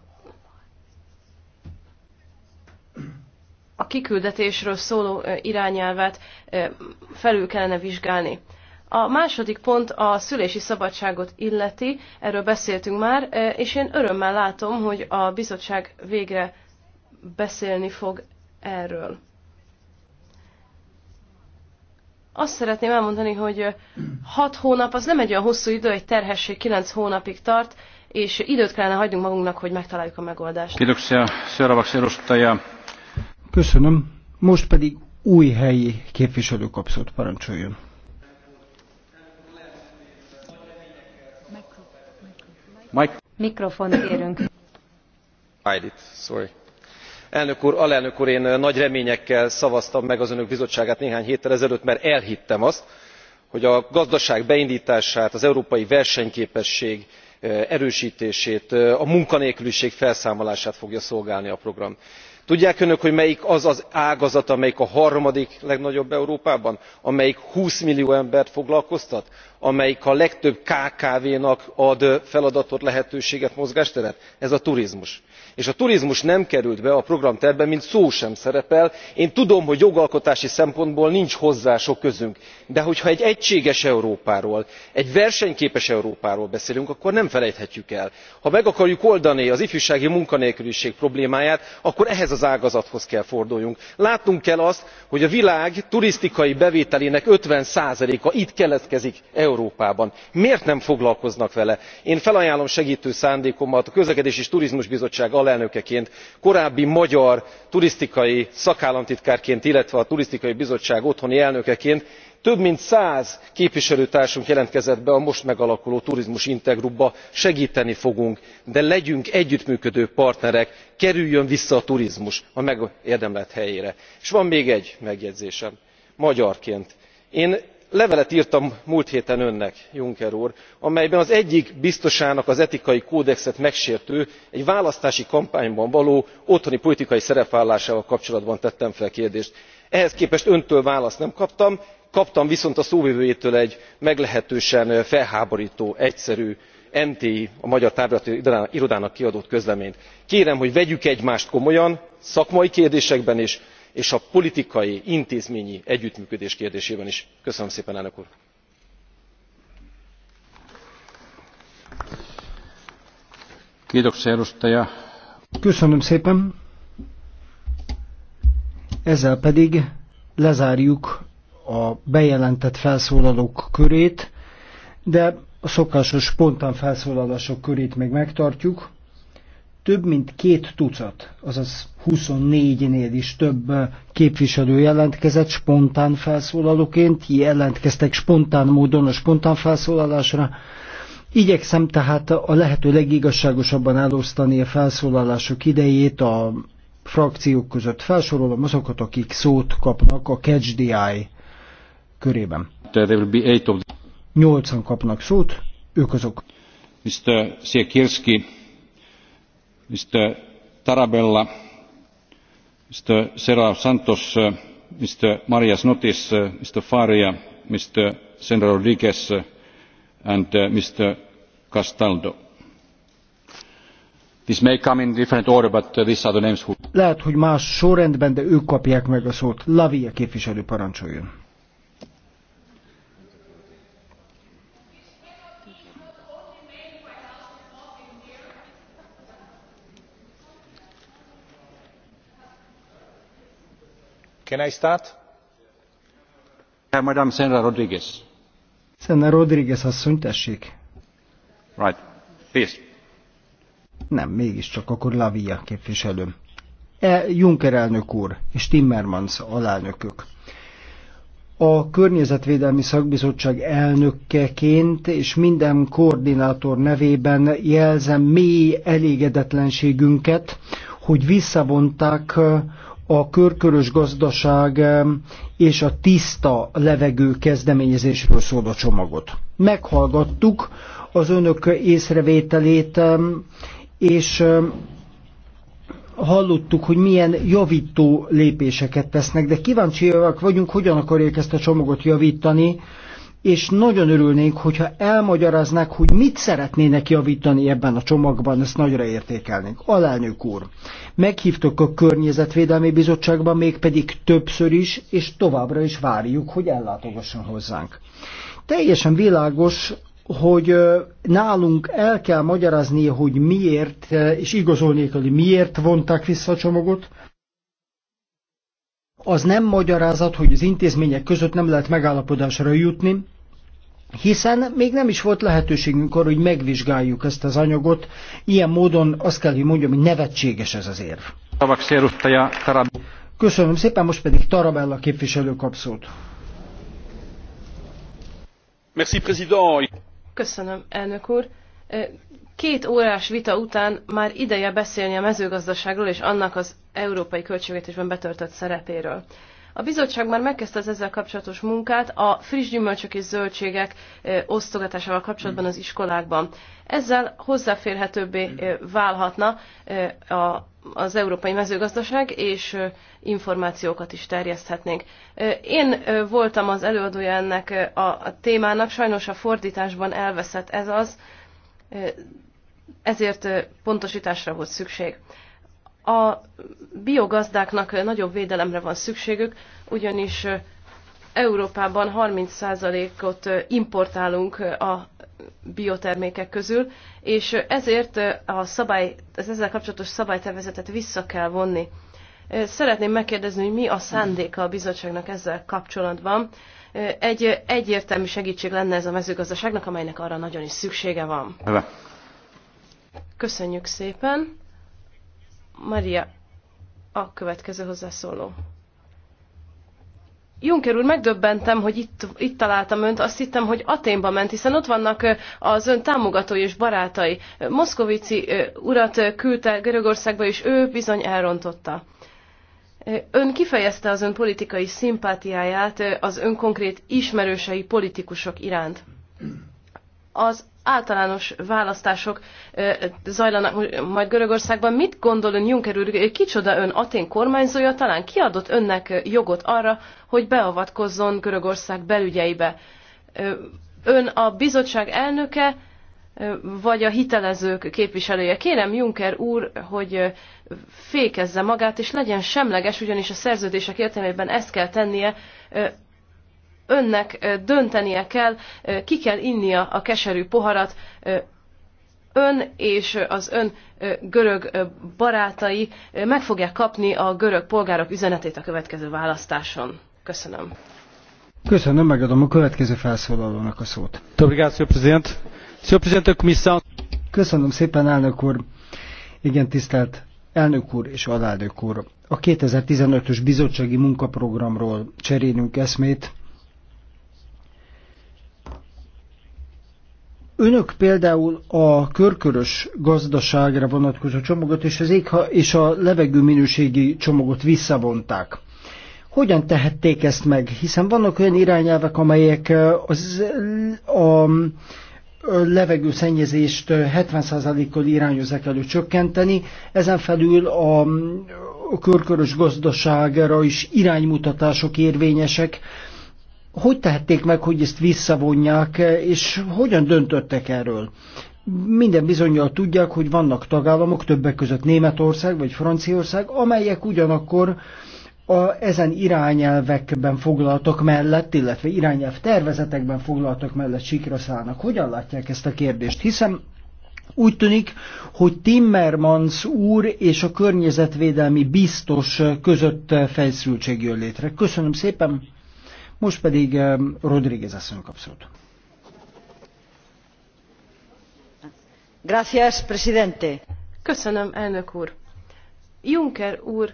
a kiküldetésről szóló irányelvet felül kellene vizsgálni. A második pont a szülési szabadságot illeti, erről beszéltünk már, és én örömmel látom, hogy a bizottság végre beszélni fog erről. Azt szeretném elmondani, hogy 6 hónap az nem egy olyan hosszú idő, egy terhesség 9 hónapig tart, és időt kellene hagynunk magunknak, hogy megtaláljuk a megoldást. Kiitoksia. Seuraavaksi edustaja Köszönöm. Most pedig új helyi képviselő kapszót parancsoljon. Mikrofon kérünk. Sorry. Elnök úr, alelnök úr, én nagy reményekkel szavaztam meg az önök bizottságát néhány héttel ezelőtt, mert elhittem azt, hogy a gazdaság beindtását az európai versenyképesség eh, erőstését eh, a munkanélküliség felszámolását fogja szolgálni a program tudják önök hogy melyik az az ágazat amelyik a harmadik legnagyobb európában amelyik twenty millió embert foglalkoztat? amelyik a legtöbb kkv nak ad feladatot lehetőséget mozgásteret ez a turizmus. és a turizmus nem került be a programtervbe mint szó sem szerepel. én tudom hogy jogalkotási szempontból nincs hozzá sok közünk de hogyha egy egységes európáról egy versenyképes európáról beszélünk akkor nem felejthetjük el ha meg akarjuk oldani az ifjúsági munkanélküliség problémáját akkor ehhez az ágazathoz kell forduljunk. látnunk kell azt hogy a világ turisztikai bevételének fifty a itt keletkezik európában európában miért nem foglalkoznak vele? én felajánlom segtő szándékomat a közlekedési és turizmus bizottság alelnökeként korábbi magyar turisztikai szakállamtitkárként illetve a turisztikai bizottság otthoni elnökeként több mint száz képviselőtársunk jelentkezett be a most megalakuló turizmusintegrumba segteni fogunk de legyünk együttműködő partnerek kerüljön vissza a turizmus a megérdemelt helyére. és van még egy megjegyzésem magyarként én levelet rtam múlt héten önnek juncker úr amelyben az egyik biztosának az etikai kódexet megsértő egy választási kampányban való otthoni politikai szerepvállalásával kapcsolatban tettem fel kérdést. ehhez képest öntől választ nem kaptam kaptam viszont a szóvivőjétől egy meglehetősen felhábortó egyszerű mti a magyar távirati irodának kiadott közleményt. kérem hogy vegyük egymást komolyan szakmai kérdésekben is és a politikai intézményi együttműködés kérdésében is. köszönöm szépen elnök úr! köszönöm szépen ezzel pedig lezárjuk a bejelentett felszólalók körét de a szokásos spontán felszólalások körét még megtartjuk több mint két tucat, azaz 24-nél is több eh, képviselő jelentkezett spontán felszólalóként, jelentkeztek spontán módon a spontán felszólalásra. Igyekszem tehát a lehető legigazságosabban elosztani a felszólalások idejét a frakciók között. Felsorolom azokat, akik szót kapnak a Catch the Eye körében. Nyolcan kapnak szót, ők azok. Mr. Szekirski, mr tarabella mr serra santos eh, mr marias notis eh, mr faria mr senra rodriguez eh, and mr castaldo. This may come in different order, but these are the names who... Lehet, hogy más sorrendben, de ők kapják meg a szót. Lavia képviselő parancsoljon. Can I Rodriguez. Rodriguez asszony, tessék. Right. Please. Nem, mégiscsak akkor Lavia képviselő. E, Juncker elnök úr és Timmermans alelnökök. A Környezetvédelmi Szakbizottság elnökeként és minden koordinátor nevében jelzem mély elégedetlenségünket, hogy visszavonták a körkörös gazdaság és a tiszta levegő kezdeményezésről szóló csomagot. Meghallgattuk az önök észrevételét, és hallottuk, hogy milyen javító lépéseket tesznek, de kíváncsiak vagyunk, hogyan akarják ezt a csomagot javítani, és nagyon örülnénk, hogyha elmagyaráznák, hogy mit szeretnének javítani ebben a csomagban, ezt nagyra értékelnénk. Alelnök úr, meghívtok a Környezetvédelmi Bizottságba, mégpedig többször is, és továbbra is várjuk, hogy ellátogasson hozzánk. Teljesen világos, hogy nálunk el kell magyarázni, hogy miért, és igazolni kell, hogy miért vonták vissza a csomagot, az nem magyarázat, hogy az intézmények között nem lehet megállapodásra jutni, hiszen még nem is volt lehetőségünk arra, hogy megvizsgáljuk ezt az anyagot. Ilyen módon azt kell, hogy mondjam, hogy nevetséges ez az érv. Köszönöm szépen, most pedig Tarabella képviselő kap szót. Köszönöm, elnök úr. Két órás vita után már ideje beszélni a mezőgazdaságról és annak az európai költségvetésben betöltött szerepéről. A bizottság már megkezdte az ezzel kapcsolatos munkát a friss gyümölcsök és zöldségek osztogatásával kapcsolatban az iskolákban. Ezzel hozzáférhetőbbé válhatna az európai mezőgazdaság, és információkat is terjeszthetnénk. Én voltam az előadója ennek a témának, sajnos a fordításban elveszett ez az, ezért pontosításra volt szükség. A biogazdáknak nagyobb védelemre van szükségük, ugyanis Európában 30%-ot importálunk a biotermékek közül, és ezért a szabály, az ezzel kapcsolatos szabálytervezetet vissza kell vonni. Szeretném megkérdezni, hogy mi a szándéka a bizottságnak ezzel kapcsolatban. Egy egyértelmű segítség lenne ez a mezőgazdaságnak, amelynek arra nagyon is szüksége van. Köszönjük szépen! Maria a következő hozzászóló. Juncker úr, megdöbbentem, hogy itt, itt találtam önt, azt hittem, hogy Aténba ment, hiszen ott vannak az ön támogatói és barátai. Moszkovici urat küldte Görögországba, és ő bizony elrontotta. Ön kifejezte az ön politikai szimpátiáját az ön konkrét ismerősei politikusok iránt. Az általános választások zajlanak majd Görögországban. Mit gondol ön, Juncker úr, kicsoda ön Atén kormányzója? Talán kiadott önnek jogot arra, hogy beavatkozzon Görögország belügyeibe. Ön a bizottság elnöke, vagy a hitelezők képviselője. Kérem Juncker úr, hogy fékezze magát, és legyen semleges, ugyanis a szerződések értelmében ezt kell tennie önnek döntenie kell, ki kell innia a keserű poharat, ön és az ön görög barátai meg fogják kapni a görög polgárok üzenetét a következő választáson. Köszönöm. Köszönöm, megadom a következő felszólalónak a szót. Köszönöm szépen, elnök úr. Igen, tisztelt elnök úr és alelnök úr. A 2015-ös bizottsági munkaprogramról cserélünk eszmét, Önök például a körkörös gazdaságra vonatkozó csomagot és, az égha, és a levegő minőségi csomagot visszavonták. Hogyan tehették ezt meg? Hiszen vannak olyan irányelvek, amelyek az, a levegő szennyezést 70%-kal irányozzák elő csökkenteni, ezen felül a körkörös gazdaságra is iránymutatások érvényesek, hogy tehették meg, hogy ezt visszavonják, és hogyan döntöttek erről? Minden bizonyal tudják, hogy vannak tagállamok, többek között Németország vagy Franciaország, amelyek ugyanakkor a, ezen irányelvekben foglaltak mellett, illetve irányelv tervezetekben foglaltak mellett sikra szállnak. Hogyan látják ezt a kérdést? Hiszen úgy tűnik, hogy Timmermans úr és a környezetvédelmi biztos között felszültség jön létre. Köszönöm szépen! Most pedig Rodríguez asszony kap szót. Gracias, presidente. Köszönöm, elnök úr. Juncker úr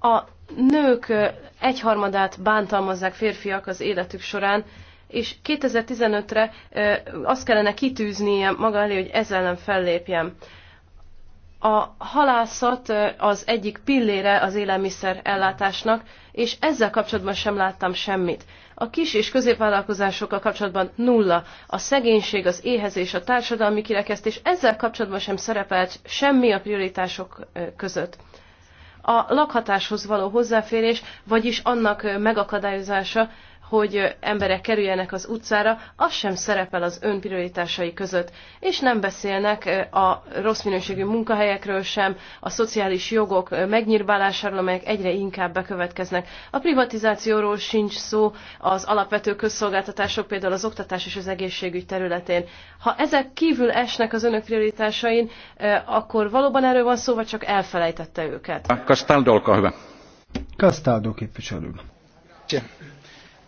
a nők egyharmadát bántalmazzák férfiak az életük során, és 2015-re azt kellene kitűznie maga elé, hogy ezzel nem fellépjem a halászat az egyik pillére az élelmiszer ellátásnak, és ezzel kapcsolatban sem láttam semmit. A kis és középvállalkozásokkal kapcsolatban nulla, a szegénység, az éhezés, a társadalmi kirekesztés, ezzel kapcsolatban sem szerepelt semmi a prioritások között. A lakhatáshoz való hozzáférés, vagyis annak megakadályozása, hogy emberek kerüljenek az utcára, az sem szerepel az ön prioritásai között, és nem beszélnek a rossz minőségű munkahelyekről sem, a szociális jogok megnyírbálásáról, amelyek egyre inkább bekövetkeznek. A privatizációról sincs szó az alapvető közszolgáltatások, például az oktatás és az egészségügy területén. Ha ezek kívül esnek az önök prioritásain, akkor valóban erről van szó, vagy csak elfelejtette őket? Kastáldó képviselő.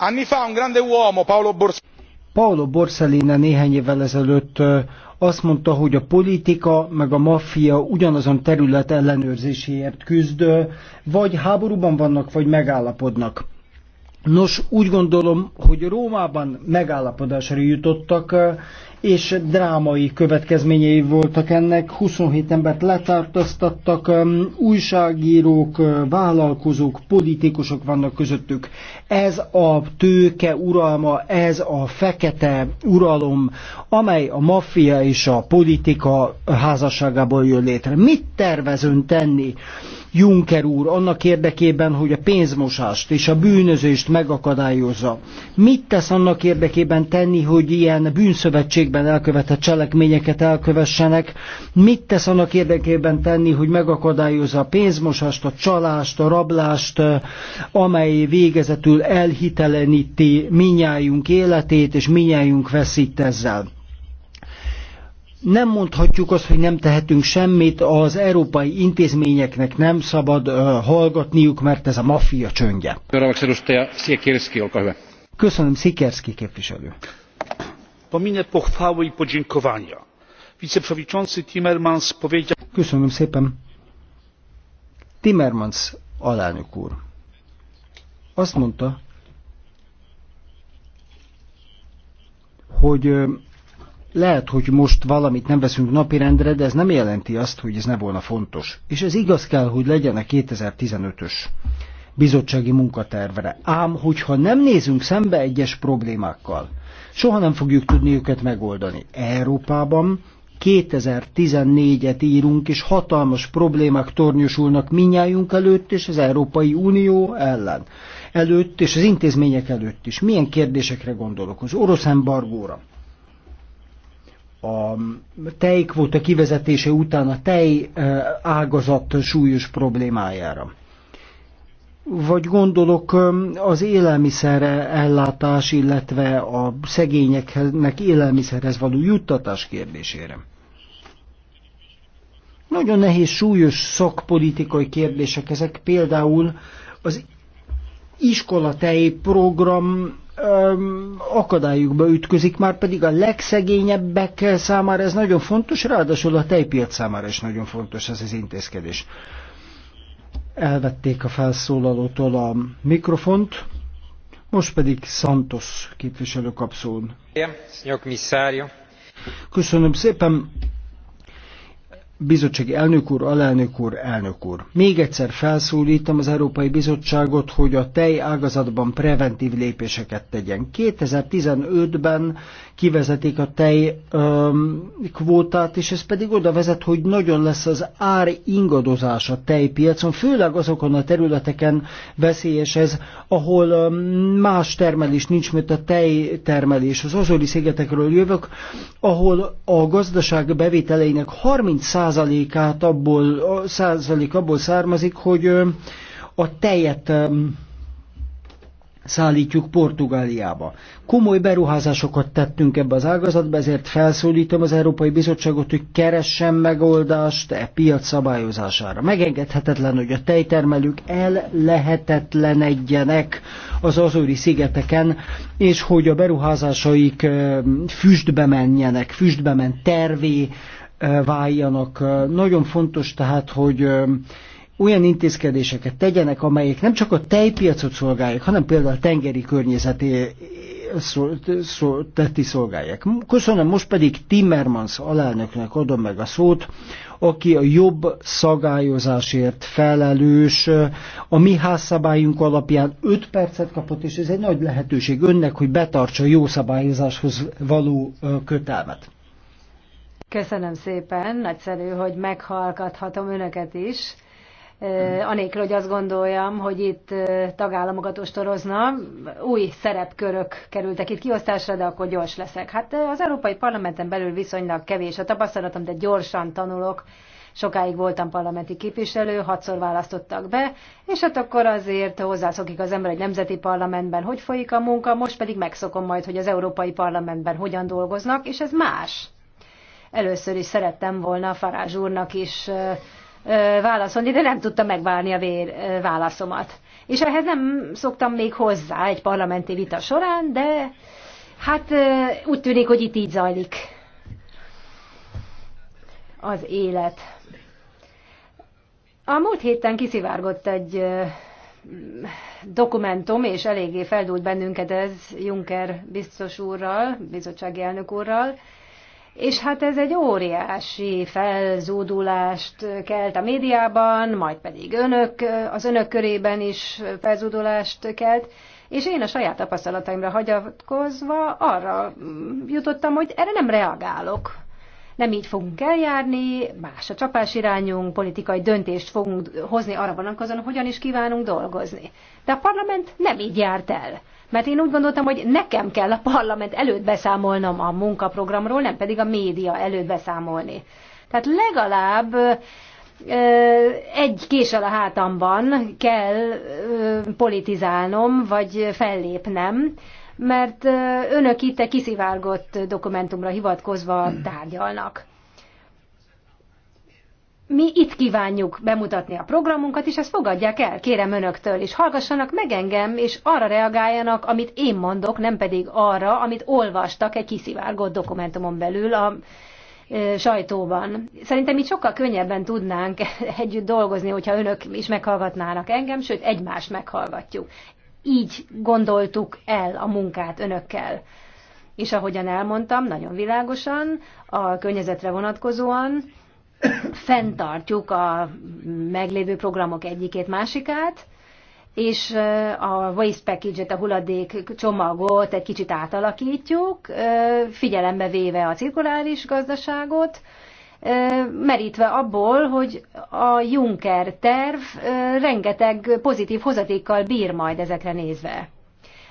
Anni fa un grande uomo, Paolo Borsellino. Paolo Borsellino néhány évvel ezelőtt azt mondta, hogy a politika meg a maffia ugyanazon terület ellenőrzéséért küzd, vagy háborúban vannak, vagy megállapodnak. Nos, úgy gondolom, hogy Rómában megállapodásra jutottak, és drámai következményei voltak ennek. 27 embert letartóztattak, um, újságírók, uh, vállalkozók, politikusok vannak közöttük. Ez a tőke uralma, ez a fekete uralom, amely a maffia és a politika házasságából jön létre. Mit tervezön tenni? Juncker úr annak érdekében, hogy a pénzmosást és a bűnözést megakadályozza. Mit tesz annak érdekében tenni, hogy ilyen bűnszövetség mértékben elkövetett cselekményeket elkövessenek. Mit tesz annak érdekében tenni, hogy megakadályozza a pénzmosást, a csalást, a rablást, amely végezetül elhiteleníti minnyájunk életét, és minnyájunk veszít ezzel? nem mondhatjuk azt, hogy nem tehetünk semmit, az európai intézményeknek nem szabad uh, hallgatniuk, mert ez a maffia csöngye. Köszönöm, Szikerszki képviselő pominę pochwały i podziękowania. wiceprzewodniczący timmermans powiedział Timmermans alelnök úr azt mondta, hogy lehet, hogy most valamit nem veszünk napirendre, de ez nem jelenti azt, hogy ez ne volna fontos. És ez igaz kell, hogy legyen a 2015-ös bizottsági munkatervre. Ám, hogyha nem nézünk szembe egyes problémákkal, Soha nem fogjuk tudni őket megoldani. Európában 2014-et írunk, és hatalmas problémák tornyosulnak minnyájunk előtt, és az Európai Unió ellen előtt, és az intézmények előtt is. Milyen kérdésekre gondolok? Az orosz embargóra. A tejkvóta kivezetése után a tej eh, ágazat súlyos problémájára vagy gondolok az élelmiszer ellátás, illetve a szegényeknek élelmiszerhez való juttatás kérdésére. Nagyon nehéz, súlyos szakpolitikai kérdések ezek, például az iskolatei program akadályukba ütközik, már pedig a legszegényebbek számára ez nagyon fontos, ráadásul a tejpiac számára is nagyon fontos ez az intézkedés. Elvették a felszólalótól a mikrofont, most pedig Santos képviselő kap szól. Köszönöm szépen, bizottsági elnök úr, alelnök úr, elnök úr. Még egyszer felszólítom az Európai Bizottságot, hogy a tej ágazatban preventív lépéseket tegyen. 2015-ben kivezetik a tej öm, kvótát, és ez pedig oda vezet, hogy nagyon lesz az ár ingadozás a tejpiacon, főleg azokon a területeken veszélyes ez, ahol öm, más termelés nincs, mint a tejtermelés. Az azori szigetekről jövök, ahol a gazdaság bevételeinek 30%-át abból, százalék abból származik, hogy öm, a tejet öm, szállítjuk Portugáliába. Komoly beruházásokat tettünk ebbe az ágazatba, ezért felszólítom az Európai Bizottságot, hogy keressen megoldást e piac szabályozására. Megengedhetetlen, hogy a tejtermelők el lehetetlenedjenek az azori szigeteken, és hogy a beruházásaik füstbe menjenek, füstbe ment tervé váljanak. Nagyon fontos tehát, hogy olyan intézkedéseket tegyenek, amelyek nem csak a tejpiacot szolgálják, hanem például a tengeri környezeti eh, tetti szolgálják. Köszönöm, most pedig Timmermans alelnöknek adom meg a szót, aki a jobb szagályozásért felelős. A mi házszabályunk alapján 5 percet kapott, és ez egy nagy lehetőség önnek, hogy betartsa a jó szabályozáshoz való eh, kötelmet. Köszönöm szépen, nagyszerű, hogy meghallgathatom önöket is anélkül, hogy azt gondoljam, hogy itt tagállamokat ostorozna, új szerepkörök kerültek itt kiosztásra, de akkor gyors leszek. Hát az Európai Parlamenten belül viszonylag kevés a tapasztalatom, de gyorsan tanulok. Sokáig voltam parlamenti képviselő, hatszor választottak be, és hát akkor azért hozzászokik az ember, egy nemzeti parlamentben hogy folyik a munka, most pedig megszokom majd, hogy az Európai Parlamentben hogyan dolgoznak, és ez más. Először is szerettem volna Farázs úrnak is válaszolni, de nem tudta megválni a vér, válaszomat. És ehhez nem szoktam még hozzá egy parlamenti vita során, de hát úgy tűnik, hogy itt így zajlik az élet. A múlt héten kiszivárgott egy dokumentum, és eléggé feldúlt bennünket ez Juncker biztos úrral, bizottsági elnök úrral, és hát ez egy óriási felzúdulást kelt a médiában, majd pedig önök, az önök körében is felzúdulást kelt. És én a saját tapasztalataimra hagyatkozva arra jutottam, hogy erre nem reagálok. Nem így fogunk eljárni, más a csapás irányunk, politikai döntést fogunk hozni arra vonatkozóan, hogyan is kívánunk dolgozni. De a parlament nem így járt el. Mert én úgy gondoltam, hogy nekem kell a parlament előtt beszámolnom a munkaprogramról, nem pedig a média előtt beszámolni. Tehát legalább egy késsel a hátamban kell politizálnom, vagy fellépnem, mert önök itt egy kiszivárgott dokumentumra hivatkozva tárgyalnak mi itt kívánjuk bemutatni a programunkat, és ezt fogadják el, kérem önöktől, és hallgassanak meg engem, és arra reagáljanak, amit én mondok, nem pedig arra, amit olvastak egy kiszivárgott dokumentumon belül a e, sajtóban. Szerintem itt sokkal könnyebben tudnánk *laughs* együtt dolgozni, hogyha önök is meghallgatnának engem, sőt, egymást meghallgatjuk. Így gondoltuk el a munkát önökkel. És ahogyan elmondtam, nagyon világosan, a környezetre vonatkozóan, fenntartjuk a meglévő programok egyikét másikát, és a waste package-et, a hulladék csomagot egy kicsit átalakítjuk, figyelembe véve a cirkuláris gazdaságot, merítve abból, hogy a Juncker terv rengeteg pozitív hozatékkal bír majd ezekre nézve.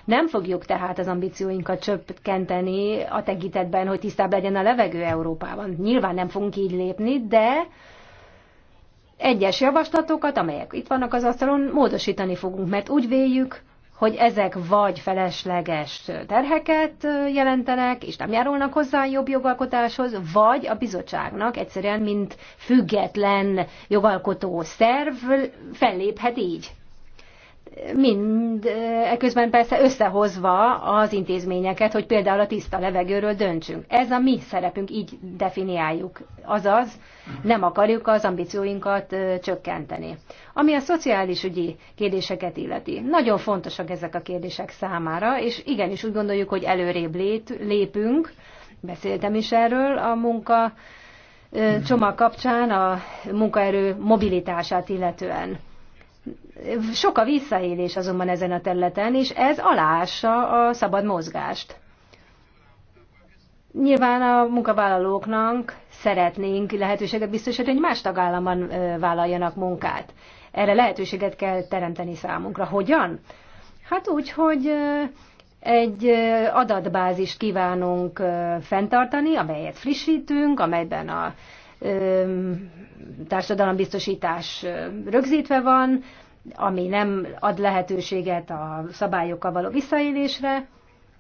Nem fogjuk tehát az ambícióinkat csökkenteni a tekintetben, hogy tisztább legyen a levegő Európában. Nyilván nem fogunk így lépni, de egyes javaslatokat, amelyek itt vannak az asztalon, módosítani fogunk, mert úgy véljük, hogy ezek vagy felesleges terheket jelentenek, és nem járulnak hozzá a jobb jogalkotáshoz, vagy a bizottságnak egyszerűen, mint független jogalkotó szerv felléphet így mind eh, eközben persze összehozva az intézményeket, hogy például a tiszta levegőről döntsünk. Ez a mi szerepünk, így definiáljuk. Azaz, nem akarjuk az ambícióinkat eh, csökkenteni. Ami a szociális ügyi kérdéseket illeti, nagyon fontosak ezek a kérdések számára, és igenis úgy gondoljuk, hogy előrébb lépünk, beszéltem is erről a munka eh, csomag kapcsán, a munkaerő mobilitását illetően sok a visszaélés azonban ezen a területen, és ez aláássa a szabad mozgást. Nyilván a munkavállalóknak szeretnénk lehetőséget biztosítani, hogy más tagállamban vállaljanak munkát. Erre lehetőséget kell teremteni számunkra. Hogyan? Hát úgy, hogy egy adatbázist kívánunk fenntartani, amelyet frissítünk, amelyben a társadalombiztosítás rögzítve van, ami nem ad lehetőséget a szabályokkal való visszaélésre,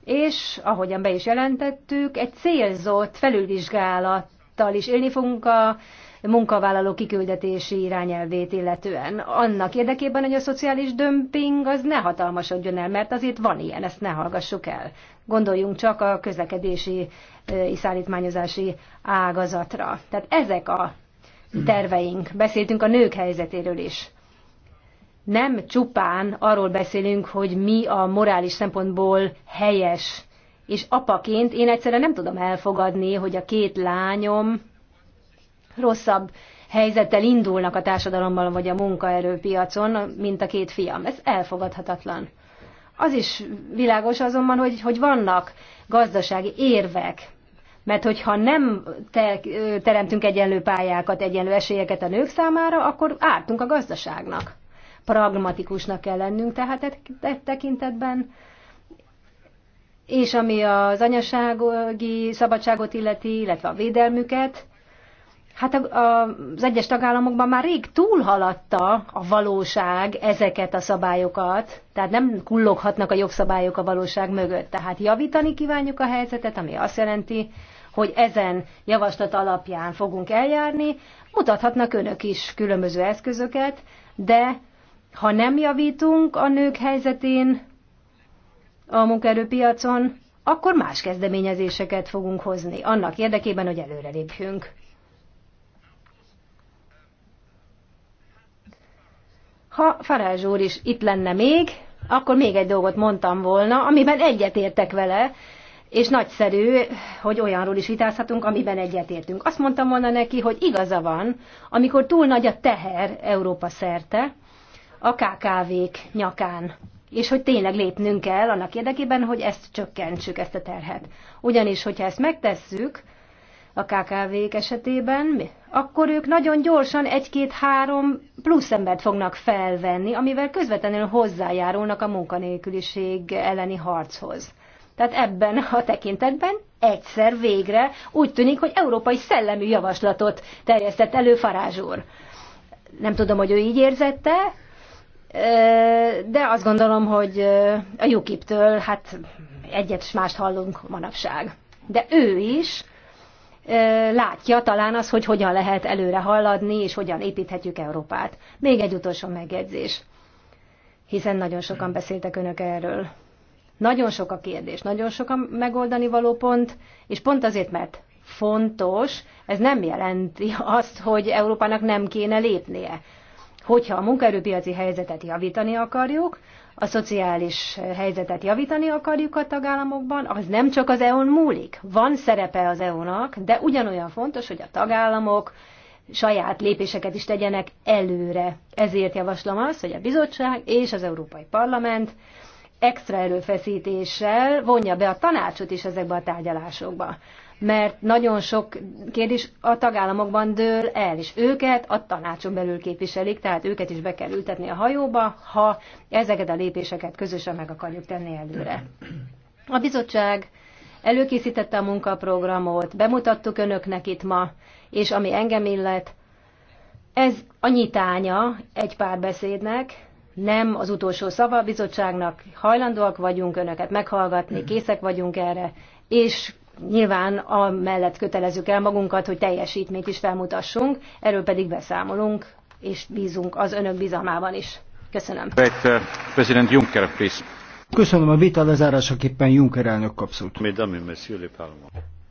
és ahogyan be is jelentettük, egy célzott felülvizsgálattal is élni fogunk a munkavállaló kiküldetési irányelvét illetően. Annak érdekében, hogy a szociális dömping az ne hatalmasodjon el, mert azért van ilyen, ezt ne hallgassuk el. Gondoljunk csak a közlekedési szállítmányozási ágazatra. Tehát ezek a terveink. Beszéltünk a nők helyzetéről is nem csupán arról beszélünk, hogy mi a morális szempontból helyes. És apaként én egyszerűen nem tudom elfogadni, hogy a két lányom rosszabb helyzettel indulnak a társadalomban vagy a munkaerőpiacon, mint a két fiam. Ez elfogadhatatlan. Az is világos azonban, hogy, hogy vannak gazdasági érvek, mert hogyha nem te, teremtünk egyenlő pályákat, egyenlő esélyeket a nők számára, akkor ártunk a gazdaságnak. Pragmatikusnak kell lennünk tehát e, e tekintetben. És ami az anyasági szabadságot illeti, illetve a védelmüket, Hát az egyes tagállamokban már rég túlhaladta a valóság ezeket a szabályokat, tehát nem kulloghatnak a jogszabályok a valóság mögött. Tehát javítani kívánjuk a helyzetet, ami azt jelenti, hogy ezen javaslat alapján fogunk eljárni. Mutathatnak önök is különböző eszközöket, de ha nem javítunk a nők helyzetén a munkaerőpiacon, akkor más kezdeményezéseket fogunk hozni, annak érdekében, hogy előrelépjünk. Ha Farázs úr is itt lenne még, akkor még egy dolgot mondtam volna, amiben egyetértek vele, és nagyszerű, hogy olyanról is vitázhatunk, amiben egyetértünk. Azt mondtam volna neki, hogy igaza van, amikor túl nagy a teher Európa szerte, a KKV-k nyakán és hogy tényleg lépnünk kell annak érdekében, hogy ezt csökkentsük, ezt a terhet. Ugyanis, hogyha ezt megtesszük, a KKV-k esetében, akkor ők nagyon gyorsan egy-két-három plusz embert fognak felvenni, amivel közvetlenül hozzájárulnak a munkanélküliség elleni harchoz. Tehát ebben a tekintetben egyszer végre úgy tűnik, hogy európai szellemű javaslatot terjesztett elő Farázs úr. Nem tudom, hogy ő így érzette, de azt gondolom, hogy a UKIP-től hát egyet s mást hallunk manapság. De ő is látja talán az, hogy hogyan lehet előre haladni, és hogyan építhetjük Európát. Még egy utolsó megjegyzés, hiszen nagyon sokan beszéltek önök erről. Nagyon sok a kérdés, nagyon sok a megoldani való pont, és pont azért, mert fontos, ez nem jelenti azt, hogy Európának nem kéne lépnie. Hogyha a munkaerőpiaci helyzetet javítani akarjuk, a szociális helyzetet javítani akarjuk a tagállamokban, az nem csak az EU-n múlik. Van szerepe az EU-nak, de ugyanolyan fontos, hogy a tagállamok saját lépéseket is tegyenek előre. Ezért javaslom azt, hogy a bizottság és az Európai Parlament extra erőfeszítéssel vonja be a tanácsot is ezekbe a tárgyalásokba mert nagyon sok kérdés a tagállamokban dől el, és őket a tanácson belül képviselik, tehát őket is be kell ültetni a hajóba, ha ezeket a lépéseket közösen meg akarjuk tenni előre. A bizottság előkészítette a munkaprogramot, bemutattuk önöknek itt ma, és ami engem illet, ez a nyitánya egy pár beszédnek, nem az utolsó szava a bizottságnak, hajlandóak vagyunk önöket meghallgatni, készek vagyunk erre, és nyilván amellett kötelezzük el magunkat, hogy teljesítményt is felmutassunk, erről pedig beszámolunk, és bízunk az önök bizalmában is. Köszönöm. Uh, President Juncker, please. Köszönöm a vita lezárásaképpen Juncker elnök kapszult.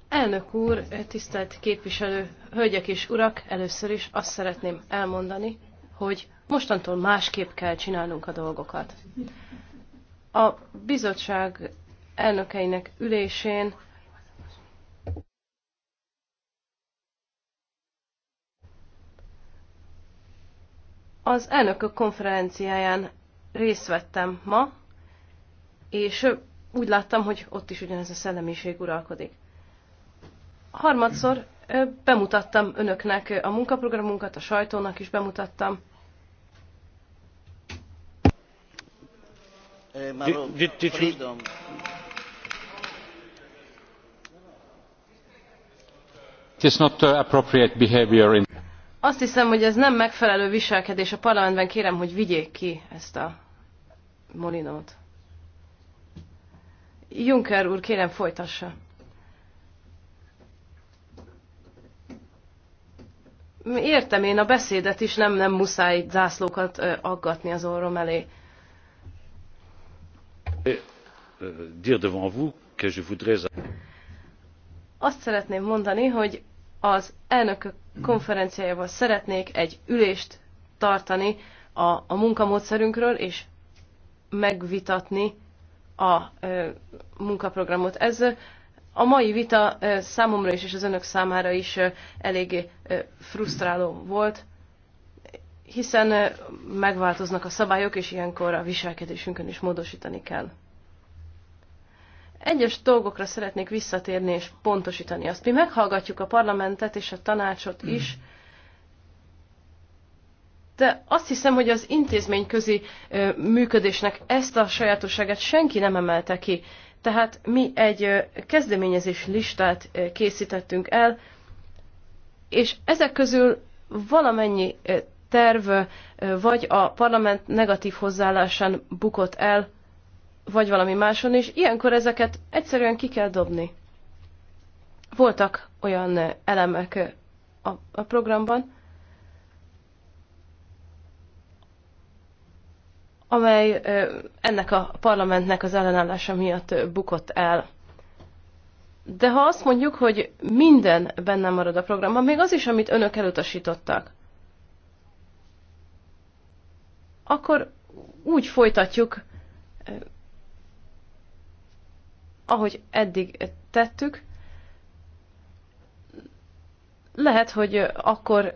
Elnök úr, tisztelt képviselő, hölgyek és urak, először is azt szeretném elmondani, hogy mostantól másképp kell csinálnunk a dolgokat. A bizottság elnökeinek ülésén Az elnökök konferenciáján részt vettem ma, és úgy láttam, hogy ott is ugyanez a szellemiség uralkodik. Harmadszor bemutattam önöknek a munkaprogramunkat, a sajtónak is bemutattam. It is not uh, appropriate behavior in azt hiszem, hogy ez nem megfelelő viselkedés. A parlamentben kérem, hogy vigyék ki ezt a molinót. Juncker úr, kérem, folytassa. Értem én a beszédet is, nem, nem muszáj zászlókat ö, aggatni az orrom elé. Euh, Azt szeretném mondani, hogy az elnökök konferenciájával szeretnék egy ülést tartani a, a munkamódszerünkről, és megvitatni a ö, munkaprogramot. Ez a mai vita ö, számomra is, és az önök számára is ö, eléggé ö, frusztráló volt, hiszen ö, megváltoznak a szabályok, és ilyenkor a viselkedésünkön is módosítani kell. Egyes dolgokra szeretnék visszatérni és pontosítani azt. Mi meghallgatjuk a parlamentet és a tanácsot is, de azt hiszem, hogy az intézményközi működésnek ezt a sajátosságát senki nem emelte ki. Tehát mi egy kezdeményezés listát készítettünk el, és ezek közül valamennyi terv vagy a parlament negatív hozzáállásán bukott el, vagy valami máson is, ilyenkor ezeket egyszerűen ki kell dobni. Voltak olyan elemek a, a programban, amely ennek a parlamentnek az ellenállása miatt bukott el. De ha azt mondjuk, hogy minden benne marad a programban, még az is, amit önök elutasítottak, akkor úgy folytatjuk ahogy eddig tettük, lehet, hogy akkor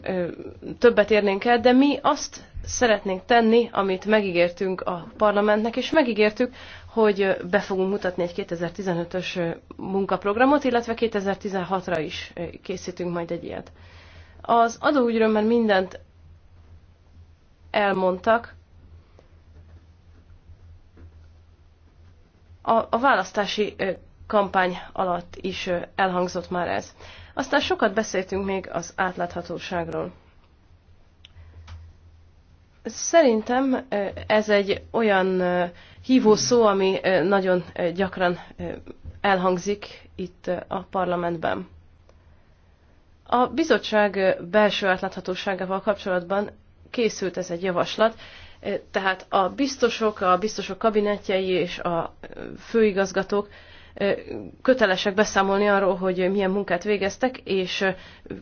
többet érnénk el, de mi azt szeretnénk tenni, amit megígértünk a parlamentnek, és megígértük, hogy be fogunk mutatni egy 2015-ös munkaprogramot, illetve 2016-ra is készítünk majd egy ilyet. Az adóügyről már mindent elmondtak, A, a választási kampány alatt is elhangzott már ez. Aztán sokat beszéltünk még az átláthatóságról. Szerintem ez egy olyan hívó szó, ami nagyon gyakran elhangzik itt a parlamentben. A bizottság belső átláthatóságával kapcsolatban készült ez egy javaslat, tehát a biztosok, a biztosok kabinetjei és a főigazgatók kötelesek beszámolni arról, hogy milyen munkát végeztek, és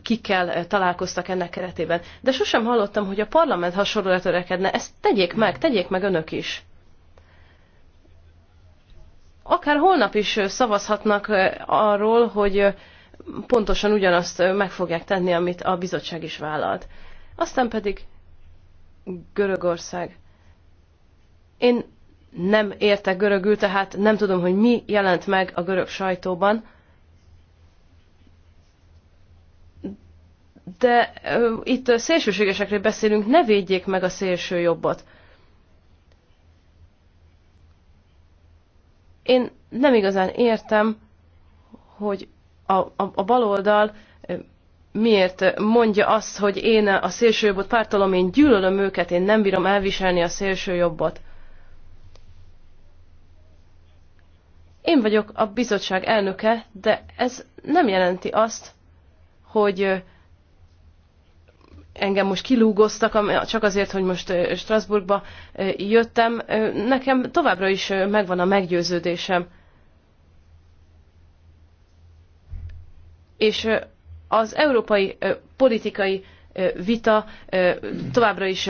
kikkel találkoztak ennek keretében. De sosem hallottam, hogy a parlament hasonlóra törekedne. Ezt tegyék meg, tegyék meg önök is. Akár holnap is szavazhatnak arról, hogy pontosan ugyanazt meg fogják tenni, amit a bizottság is vállalt. Aztán pedig Görögország. Én nem értek görögül, tehát nem tudom, hogy mi jelent meg a görög sajtóban. De uh, itt a szélsőségesekről beszélünk, ne védjék meg a szélső jobbot. Én nem igazán értem, hogy a, a, a baloldal miért mondja azt, hogy én a szélsőjobbot pártolom, én gyűlölöm őket, én nem bírom elviselni a szélsőjobbot. Én vagyok a bizottság elnöke, de ez nem jelenti azt, hogy engem most kilúgoztak, csak azért, hogy most Strasbourgba jöttem. Nekem továbbra is megvan a meggyőződésem. És az európai politikai vita továbbra is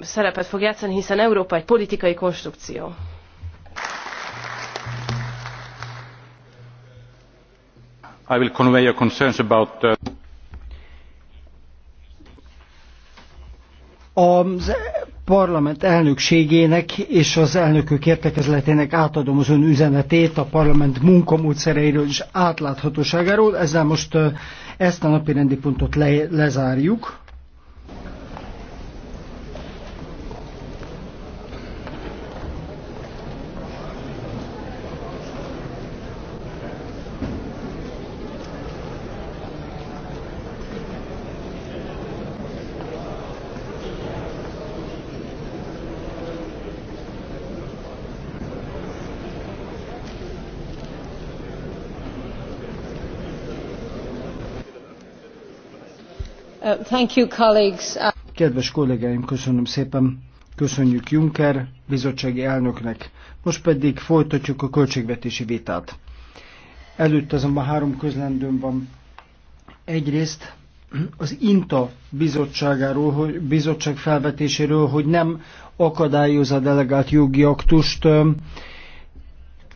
szerepet fog játszani, hiszen Európa egy politikai konstrukció. I will convey your concerns about the... Uh, az parlament elnökségének és az elnökök értekezletének átadom az ön üzenetét a parlament munkamódszereiről és átláthatóságáról. Ezzel most uh, ezt a napi rendi pontot le, lezárjuk. Thank you, colleagues. Kedves kollégáim, köszönöm szépen. Köszönjük Juncker bizottsági elnöknek. Most pedig folytatjuk a költségvetési vitát. Előtt azonban három közlendőm van. Egyrészt az INTA bizottságáról, hogy bizottság felvetéséről, hogy nem akadályoz a delegált jogi aktust,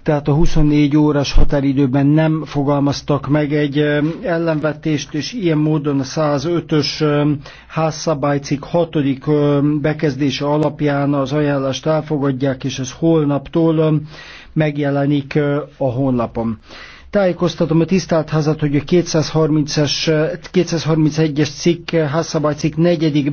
tehát a 24 órás határidőben nem fogalmaztak meg egy eh, ellenvetést, és ilyen módon a 105-ös eh, házszabálycik 6. Eh, bekezdése alapján az ajánlást elfogadják, és ez holnaptól megjelenik a honlapon. Tájékoztatom a tisztelt házat, hogy a 230-es, 231-es cikk, házszabálycikk 4.